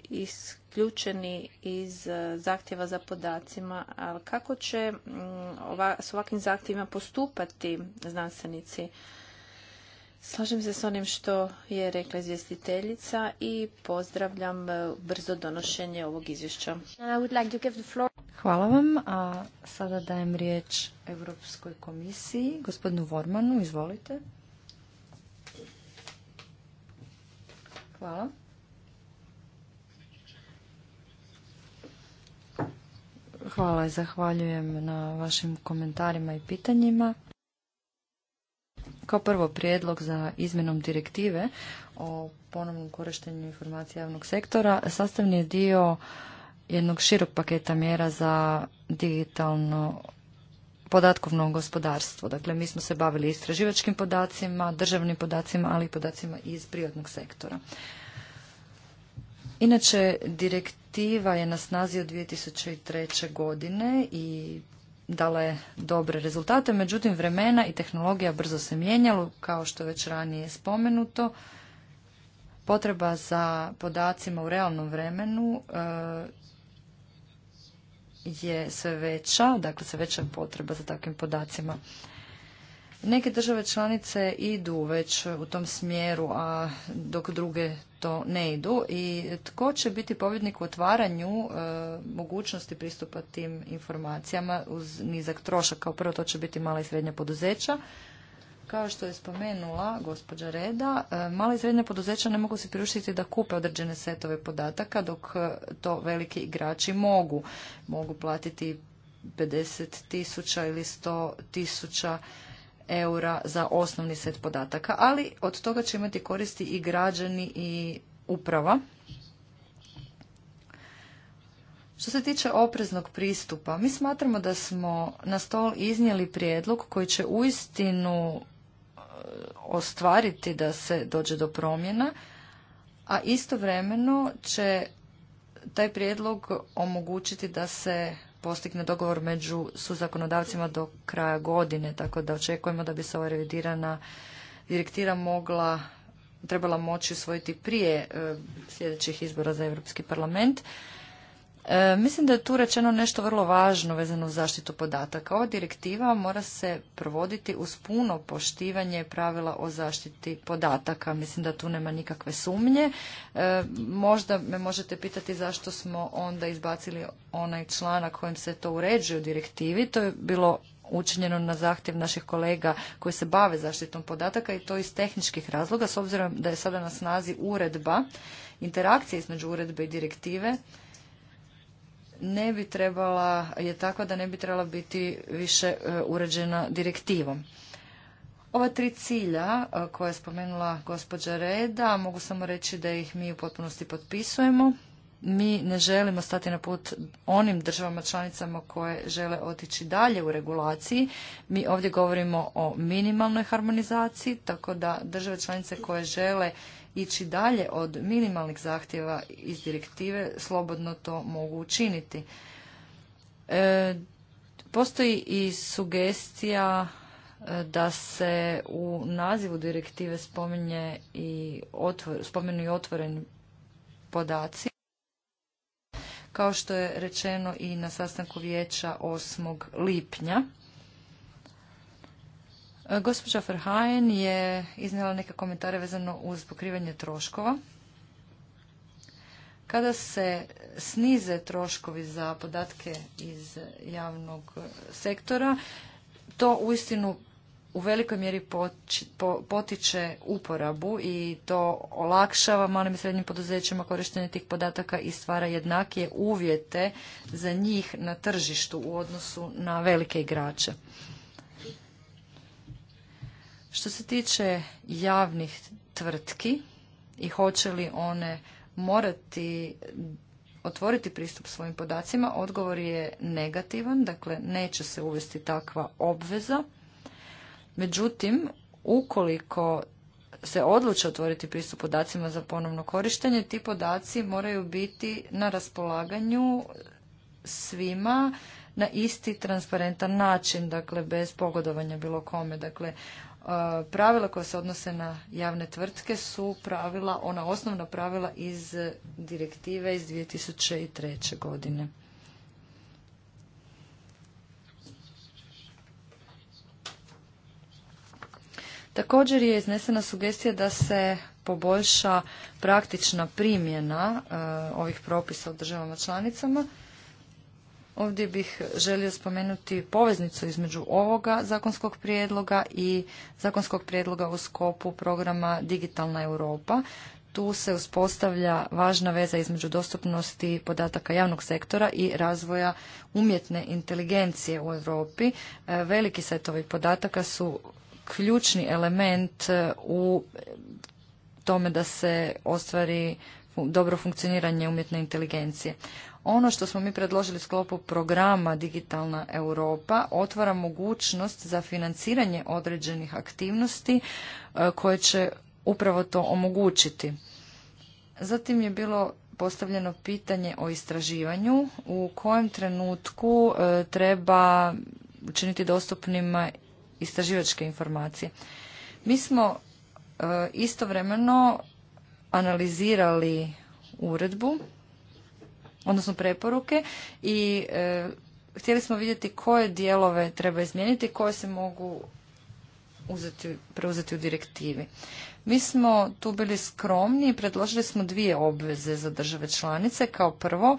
isključeni iz e, zahtjeva za podacima, ali kako će s ovakvim zahtjevima postupati znanstvenici? Slažem se s onim što je rekla izvjestiteljica i pozdravljam e, brzo donošenje ovog izvješća. Hvala vam, a sada dajem riječ Europskoj komisiji, gospodinu Vormanu, izvolite. Hvala. Hvala i zahvaljujem na vašim komentarima i pitanjima. Kao prvo prijedlog za izmjenom direktive o ponovnom korištenju informacija javnog sektora sastavni je dio jednog širog paketa mjera za digitalno podatkovno gospodarstvo. Dakle, mi smo se bavili istraživačkim podacima, državnim podacima, ali i podacima iz privatnog sektora. Inače, direktiva je na snazi od 2003. godine i dala je dobre rezultate, međutim vremena i tehnologija brzo se mijenjalo, kao što je već ranije spomenuto. Potreba za podacima u realnom vremenu e, je sve veća, dakle sve veća potreba za takvim podacima. Neke države članice idu već u tom smjeru, a dok druge to ne idu. I tko će biti pobjednik u otvaranju e, mogućnosti pristupa tim informacijama uz nizak trošak? Kao prvo to će biti mala i srednja poduzeća, kao što je spomenula gospođa Reda, e, mala i srednja poduzeća ne mogu se priuštiti da kupe određene setove podataka, dok e, to veliki igrači mogu. Mogu platiti 50 ili 100 tisuća eura za osnovni set podataka, ali od toga će imati koristi i građani i uprava. Što se tiče opreznog pristupa, mi smatramo da smo na stol iznijeli prijedlog koji će uistinu ostvariti da se dođe do promjena, a istovremeno će taj prijedlog omogućiti da se postigne dogovor među suzakonodavcima do kraja godine, tako da očekujemo da bi se ova revidirana direktiva mogla trebala moći usvojiti prije e, sljedećih izbora za Europski parlament. E, mislim da je tu rečeno nešto vrlo važno vezano uz zaštitu podataka. Ova direktiva mora se provoditi uz puno poštivanje pravila o zaštiti podataka. Mislim da tu nema nikakve sumnje. E, možda me možete pitati zašto smo onda izbacili onaj članak kojim se to uređuje u direktivi. To je bilo učinjeno na zahtjev naših kolega koji se bave zaštitom podataka i to iz tehničkih razloga s obzirom da je sada na snazi uredba, interakcija između uredbe i direktive ne bi trebala, je takva da ne bi trebala biti više e, uređena direktivom. Ova tri cilja e, koje je spomenula gospođa Reda, mogu samo reći da ih mi u potpunosti potpisujemo. Mi ne želimo stati na put onim državama članicama koje žele otići dalje u regulaciji. Mi ovdje govorimo o minimalnoj harmonizaciji, tako da države članice koje žele ići dalje od minimalnih zahtjeva iz direktive, slobodno to mogu učiniti. E, postoji i sugestija e, da se u nazivu direktive spominje i spomenu i otvoreni podaci. Kao što je rečeno i na sastanku vijeća 8. lipnja. E, gospođa Ferhajen je iznijela neke komentare vezano uz pokrivanje troškova. Kada se snize troškovi za podatke iz javnog sektora, to uistinu u velikoj mjeri potiče uporabu i to olakšava malim i srednjim poduzećima korištenje tih podataka i stvara jednakije uvjete za njih na tržištu u odnosu na velike igrače. Što se tiče javnih tvrtki i hoće li one morati otvoriti pristup svojim podacima, odgovor je negativan, dakle neće se uvesti takva obveza. Međutim, ukoliko se odluče otvoriti pristup podacima za ponovno korištenje, ti podaci moraju biti na raspolaganju svima na isti transparentan način, dakle bez pogodovanja bilo kome. Dakle, E, pravila koja se odnose na javne tvrtke su pravila, ona osnovna pravila iz direktive iz 2003. godine. Također je iznesena sugestija da se poboljša praktična primjena e, ovih propisa u državama članicama Ovdje bih želio spomenuti poveznicu između ovoga zakonskog prijedloga i zakonskog prijedloga u skopu programa Digitalna Europa. Tu se uspostavlja važna veza između dostupnosti podataka javnog sektora i razvoja umjetne inteligencije u Europi. E, veliki set ovih podataka su ključni element e, u tome da se ostvari dobro funkcioniranje umjetne inteligencije. Ono što smo mi predložili sklopu programa Digitalna Europa otvara mogućnost za financiranje određenih aktivnosti e, koje će upravo to omogućiti. Zatim je bilo postavljeno pitanje o istraživanju u kojem trenutku e, treba učiniti dostupnima istraživačke informacije. Mi smo e, istovremeno analizirali uredbu, odnosno preporuke i e, htjeli smo vidjeti koje dijelove treba izmijeniti, koje se mogu preuzeti u direktivi. Mi smo tu bili skromni i predložili smo dvije obveze za države članice. Kao prvo,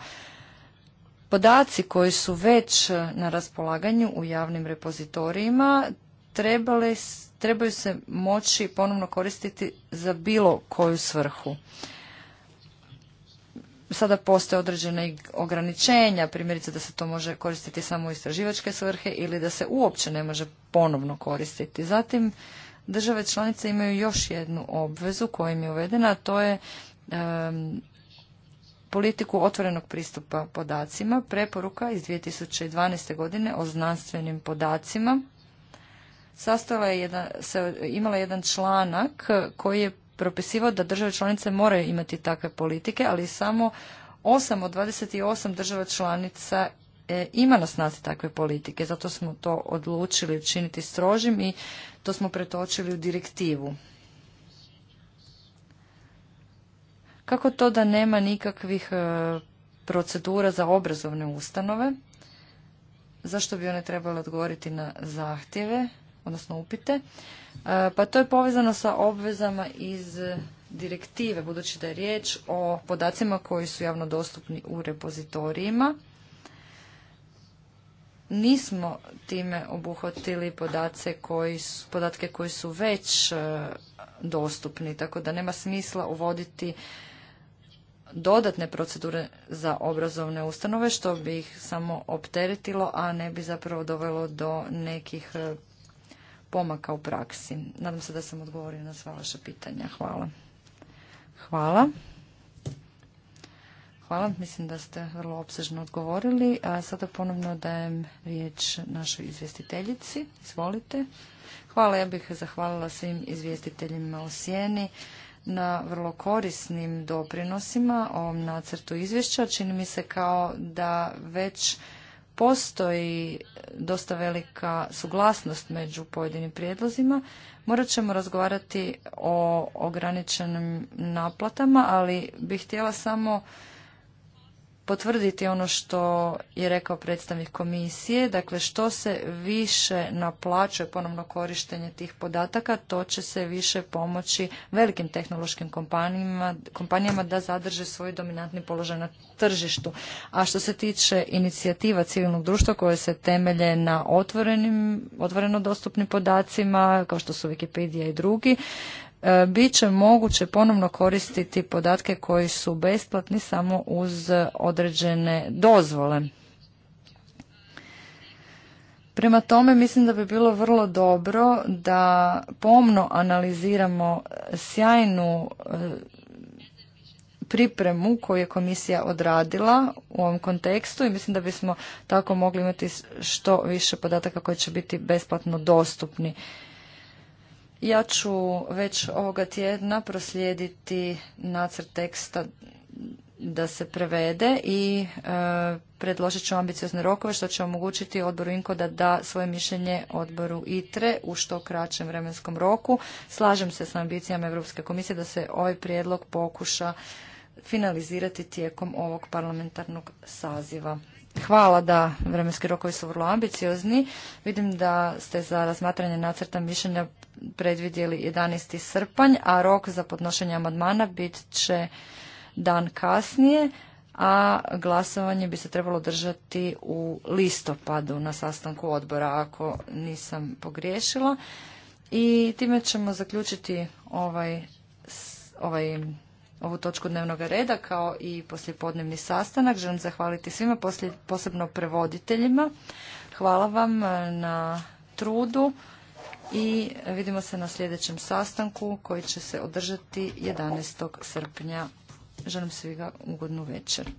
podaci koji su već na raspolaganju u javnim repozitorijima trebaju se moći ponovno koristiti za bilo koju svrhu. Sada postoje određene ograničenja, primjerice da se to može koristiti samo u istraživačke svrhe ili da se uopće ne može ponovno koristiti. Zatim, države članice imaju još jednu obvezu koja im je uvedena, a to je politiku otvorenog pristupa podacima, preporuka iz 2012. godine o znanstvenim podacima sastala je jedan, se, imala jedan članak koji je propisivao da države članice moraju imati takve politike, ali samo 8 od 28 država članica e, ima na snazi takve politike. Zato smo to odlučili učiniti strožim i to smo pretočili u direktivu. Kako to da nema nikakvih e, procedura za obrazovne ustanove? Zašto bi one trebale odgovoriti na zahtjeve? odnosno upite. E, pa to je povezano sa obvezama iz direktive, budući da je riječ o podacima koji su javno dostupni u repozitorijima. Nismo time obuhvatili koji podatke koji su već e, dostupni, tako da nema smisla uvoditi dodatne procedure za obrazovne ustanove, što bi ih samo opteretilo, a ne bi zapravo dovelo do nekih e, pomaka u praksi. Nadam se da sam odgovorio na sva vaša pitanja. Hvala. Hvala. Hvala, mislim da ste vrlo obsežno odgovorili. A sada ponovno dajem riječ našoj izvjestiteljici. Izvolite. Hvala, ja bih zahvalila svim izvjestiteljima u Sijeni na vrlo korisnim doprinosima ovom nacrtu izvješća. Čini mi se kao da već postoji dosta velika suglasnost među pojedinim prijedlozima. Morat ćemo razgovarati o ograničenim naplatama, ali bih htjela samo potvrditi ono što je rekao predstavnik komisije, dakle što se više naplaćuje ponovno korištenje tih podataka, to će se više pomoći velikim tehnološkim kompanijama, kompanijama da zadrže svoj dominantni položaj na tržištu. A što se tiče inicijativa civilnog društva koje se temelje na otvorenim, otvoreno dostupnim podacima, kao što su Wikipedia i drugi, E, bit će moguće ponovno koristiti podatke koji su besplatni samo uz određene dozvole. Prema tome mislim da bi bilo vrlo dobro da pomno analiziramo sjajnu e, pripremu koju je komisija odradila u ovom kontekstu i mislim da bismo tako mogli imati što više podataka koji će biti besplatno dostupni ja ću već ovoga tjedna proslijediti nacrt teksta da se prevede i e, predložit ću ambiciozne rokove što će omogućiti odboru INKO da da svoje mišljenje odboru ITRE u što kraćem vremenskom roku. Slažem se s ambicijama Europske komisije da se ovaj prijedlog pokuša finalizirati tijekom ovog parlamentarnog saziva. Hvala da vremenski rokovi su vrlo ambiciozni. Vidim da ste za razmatranje nacrta mišljenja predvidjeli 11. srpanj, a rok za podnošenje amandmana bit će dan kasnije, a glasovanje bi se trebalo držati u listopadu na sastanku odbora, ako nisam pogriješila. I time ćemo zaključiti ovaj, ovaj ovu točku dnevnog reda kao i poslijepodnevni sastanak. Želim zahvaliti svima, posebno prevoditeljima. Hvala vam e, na trudu i vidimo se na sljedećem sastanku koji će se održati 11. srpnja. Želim svima ugodnu večer.